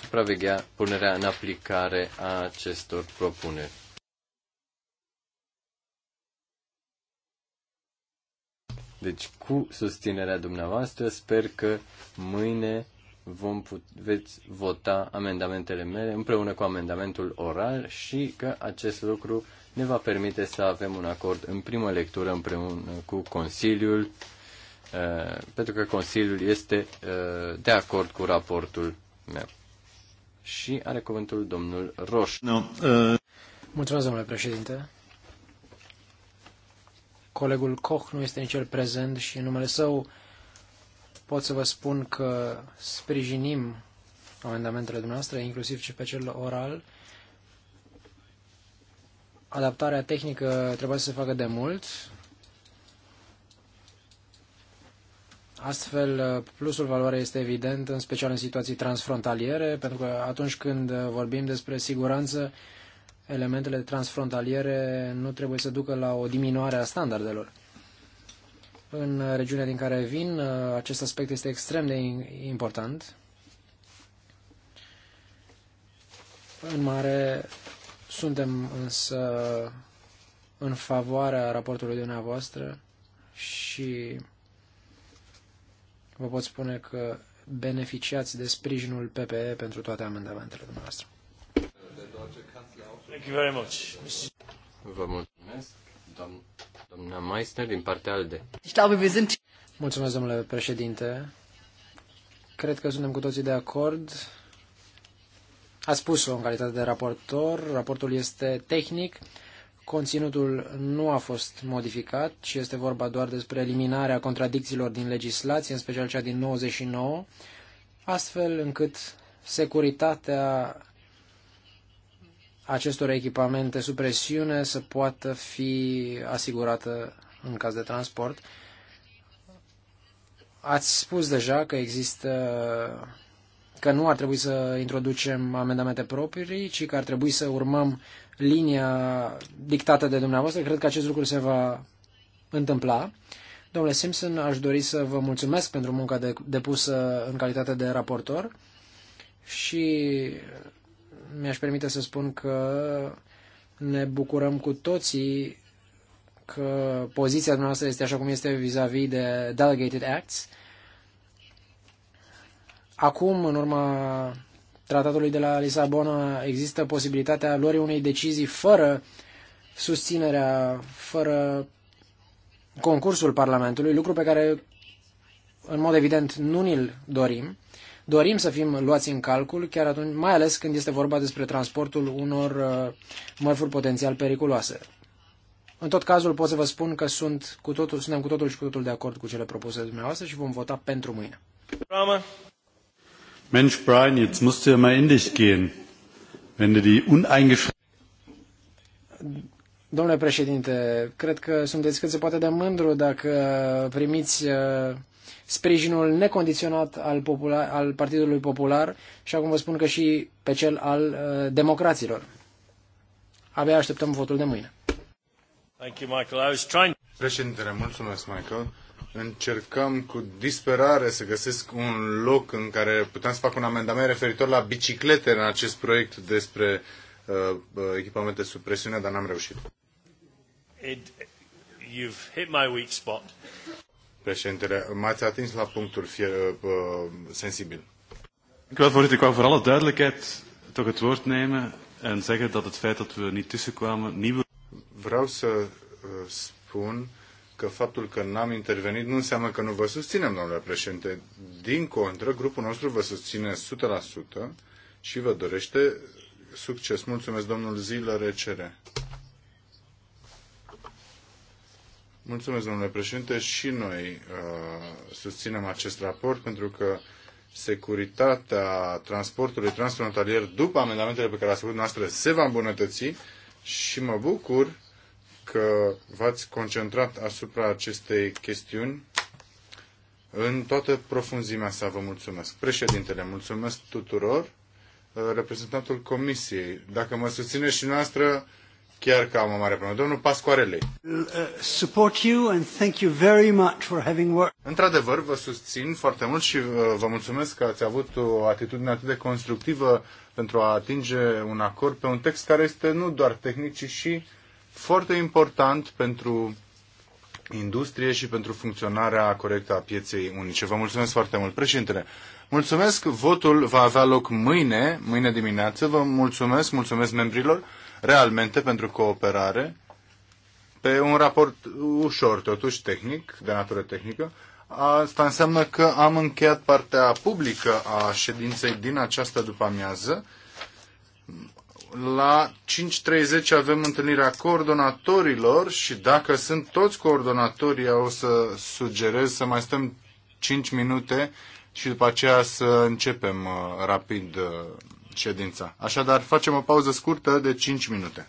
Speaker 1: supraveghea punerea în aplicare a acestor propuneri. Deci, cu susținerea dumneavoastră, sper că mâine vom put, veți vota amendamentele mele împreună cu amendamentul oral și că acest lucru ne va permite să avem un acord în primă lectură împreună cu Consiliul, uh, pentru că Consiliul este uh, de acord cu raportul meu. Și are cuvântul domnul Roș.
Speaker 2: No, uh... Mulțumesc, domnule președinte. Colegul Koch nu este nici el prezent și în numele său pot să vă spun că sprijinim amendamentele dumneavoastră, inclusiv și pe cel oral. Adaptarea tehnică trebuie să se facă de mult. Astfel, plusul valoare este evident, în special în situații transfrontaliere, pentru că atunci când vorbim despre siguranță, elementele transfrontaliere nu trebuie să ducă la o diminuare a standardelor. În regiunea din care vin, uh, acest aspect este extrem de important. În mare, suntem însă în favoarea raportului dumneavoastră și vă pot spune că beneficiați de sprijinul PPE pentru toate amendamentele dumneavoastră.
Speaker 1: Vă mulțumesc, doamnă. Doamna Meissner, din partea ALDE.
Speaker 2: Mulțumesc, domnule președinte. Cred că suntem cu toții de acord. A spus-o în calitate de raportor. Raportul este tehnic. Conținutul nu a fost modificat, ci este vorba doar despre eliminarea contradicțiilor din legislație, în special cea din 99, astfel încât securitatea acestor echipamente sub presiune să poată fi asigurată în caz de transport. Ați spus deja că există că nu ar trebui să introducem amendamente proprii, ci că ar trebui să urmăm linia dictată de dumneavoastră. Cred că acest lucru se va întâmpla. Domnule Simpson, aș dori să vă mulțumesc pentru munca depusă în calitate de raportor și mi-aș permite să spun că ne bucurăm cu toții că poziția noastră este așa cum este vis-a-vis -vis de Delegated Acts. Acum, în urma tratatului de la Lisabona, există posibilitatea luării unei decizii fără susținerea, fără concursul Parlamentului, lucru pe care, în mod evident, nu ni-l dorim dorim să fim luați în calcul, chiar atunci, mai ales când este vorba despre transportul unor uh, mărfuri potențial periculoase. În tot cazul pot să vă spun că sunt cu totul, suntem cu totul și cu totul de acord cu cele propuse de dumneavoastră și vom vota pentru mâine. Brahma.
Speaker 3: Mensch, Brian, jetzt musst du ja mal in dich gehen. Wenn du die uneingeschränkte...
Speaker 2: Domnule președinte, cred că sunteți cât se poate de mândru dacă primiți uh, sprijinul necondiționat al, popular, al Partidului Popular și acum vă spun că și pe cel al uh, democraților. Abia așteptăm votul de mâine.
Speaker 3: Thank you, Michael. I was trying... Președintele, mulțumesc, Michael. Încercam cu disperare să găsesc un loc în care putem să fac un amendament referitor la biciclete în acest proiect despre uh, uh echipamente sub presiune, dar n-am reușit. It, you've hit my weak spot. Președintele, m-ați atins la punctul fie, uh, uh sensibil. Ik wil, voorzitter, ik wou voor alle duidelijkheid toch het woord nemen en zeggen dat het feit dat we niet tussenkwamen niet... Vrouw ze uh, spun că faptul că n-am intervenit nu înseamnă că nu vă susținem, domnule președinte. Din contră, grupul nostru vă susține 100% și vă dorește succes. Mulțumesc, domnul Zilă, recere. Mulțumesc, domnule președinte. Și noi uh, susținem acest raport pentru că securitatea transportului transfrontalier după amendamentele pe care le-ați făcut noastră se va îmbunătăți și mă bucur că v-ați concentrat asupra acestei chestiuni în toată profunzimea sa. Vă mulțumesc. Președintele, mulțumesc tuturor. Uh, reprezentantul Comisiei, dacă mă susțineți și noastră, chiar că am o mare problemă. Domnul Pascoarele. Uh, support you and thank you very much for having worked. Într-adevăr, vă susțin foarte mult și uh, vă mulțumesc că ați avut o atitudine atât de constructivă pentru a atinge un acord pe un text care este nu doar tehnic, ci și foarte important pentru industrie și pentru funcționarea corectă a pieței unice. Vă mulțumesc foarte mult, președintele. Mulțumesc, votul va avea loc mâine, mâine dimineață. Vă mulțumesc, mulțumesc membrilor realmente pentru cooperare, pe un raport ușor, totuși tehnic, de natură tehnică. Asta înseamnă că am încheiat partea publică a ședinței din această după-amiază. La 5.30 avem întâlnirea coordonatorilor și dacă sunt toți coordonatorii, o să sugerez să mai stăm 5 minute și după aceea să începem uh, rapid uh, ședința. Așadar, facem o pauză scurtă de 5 minute.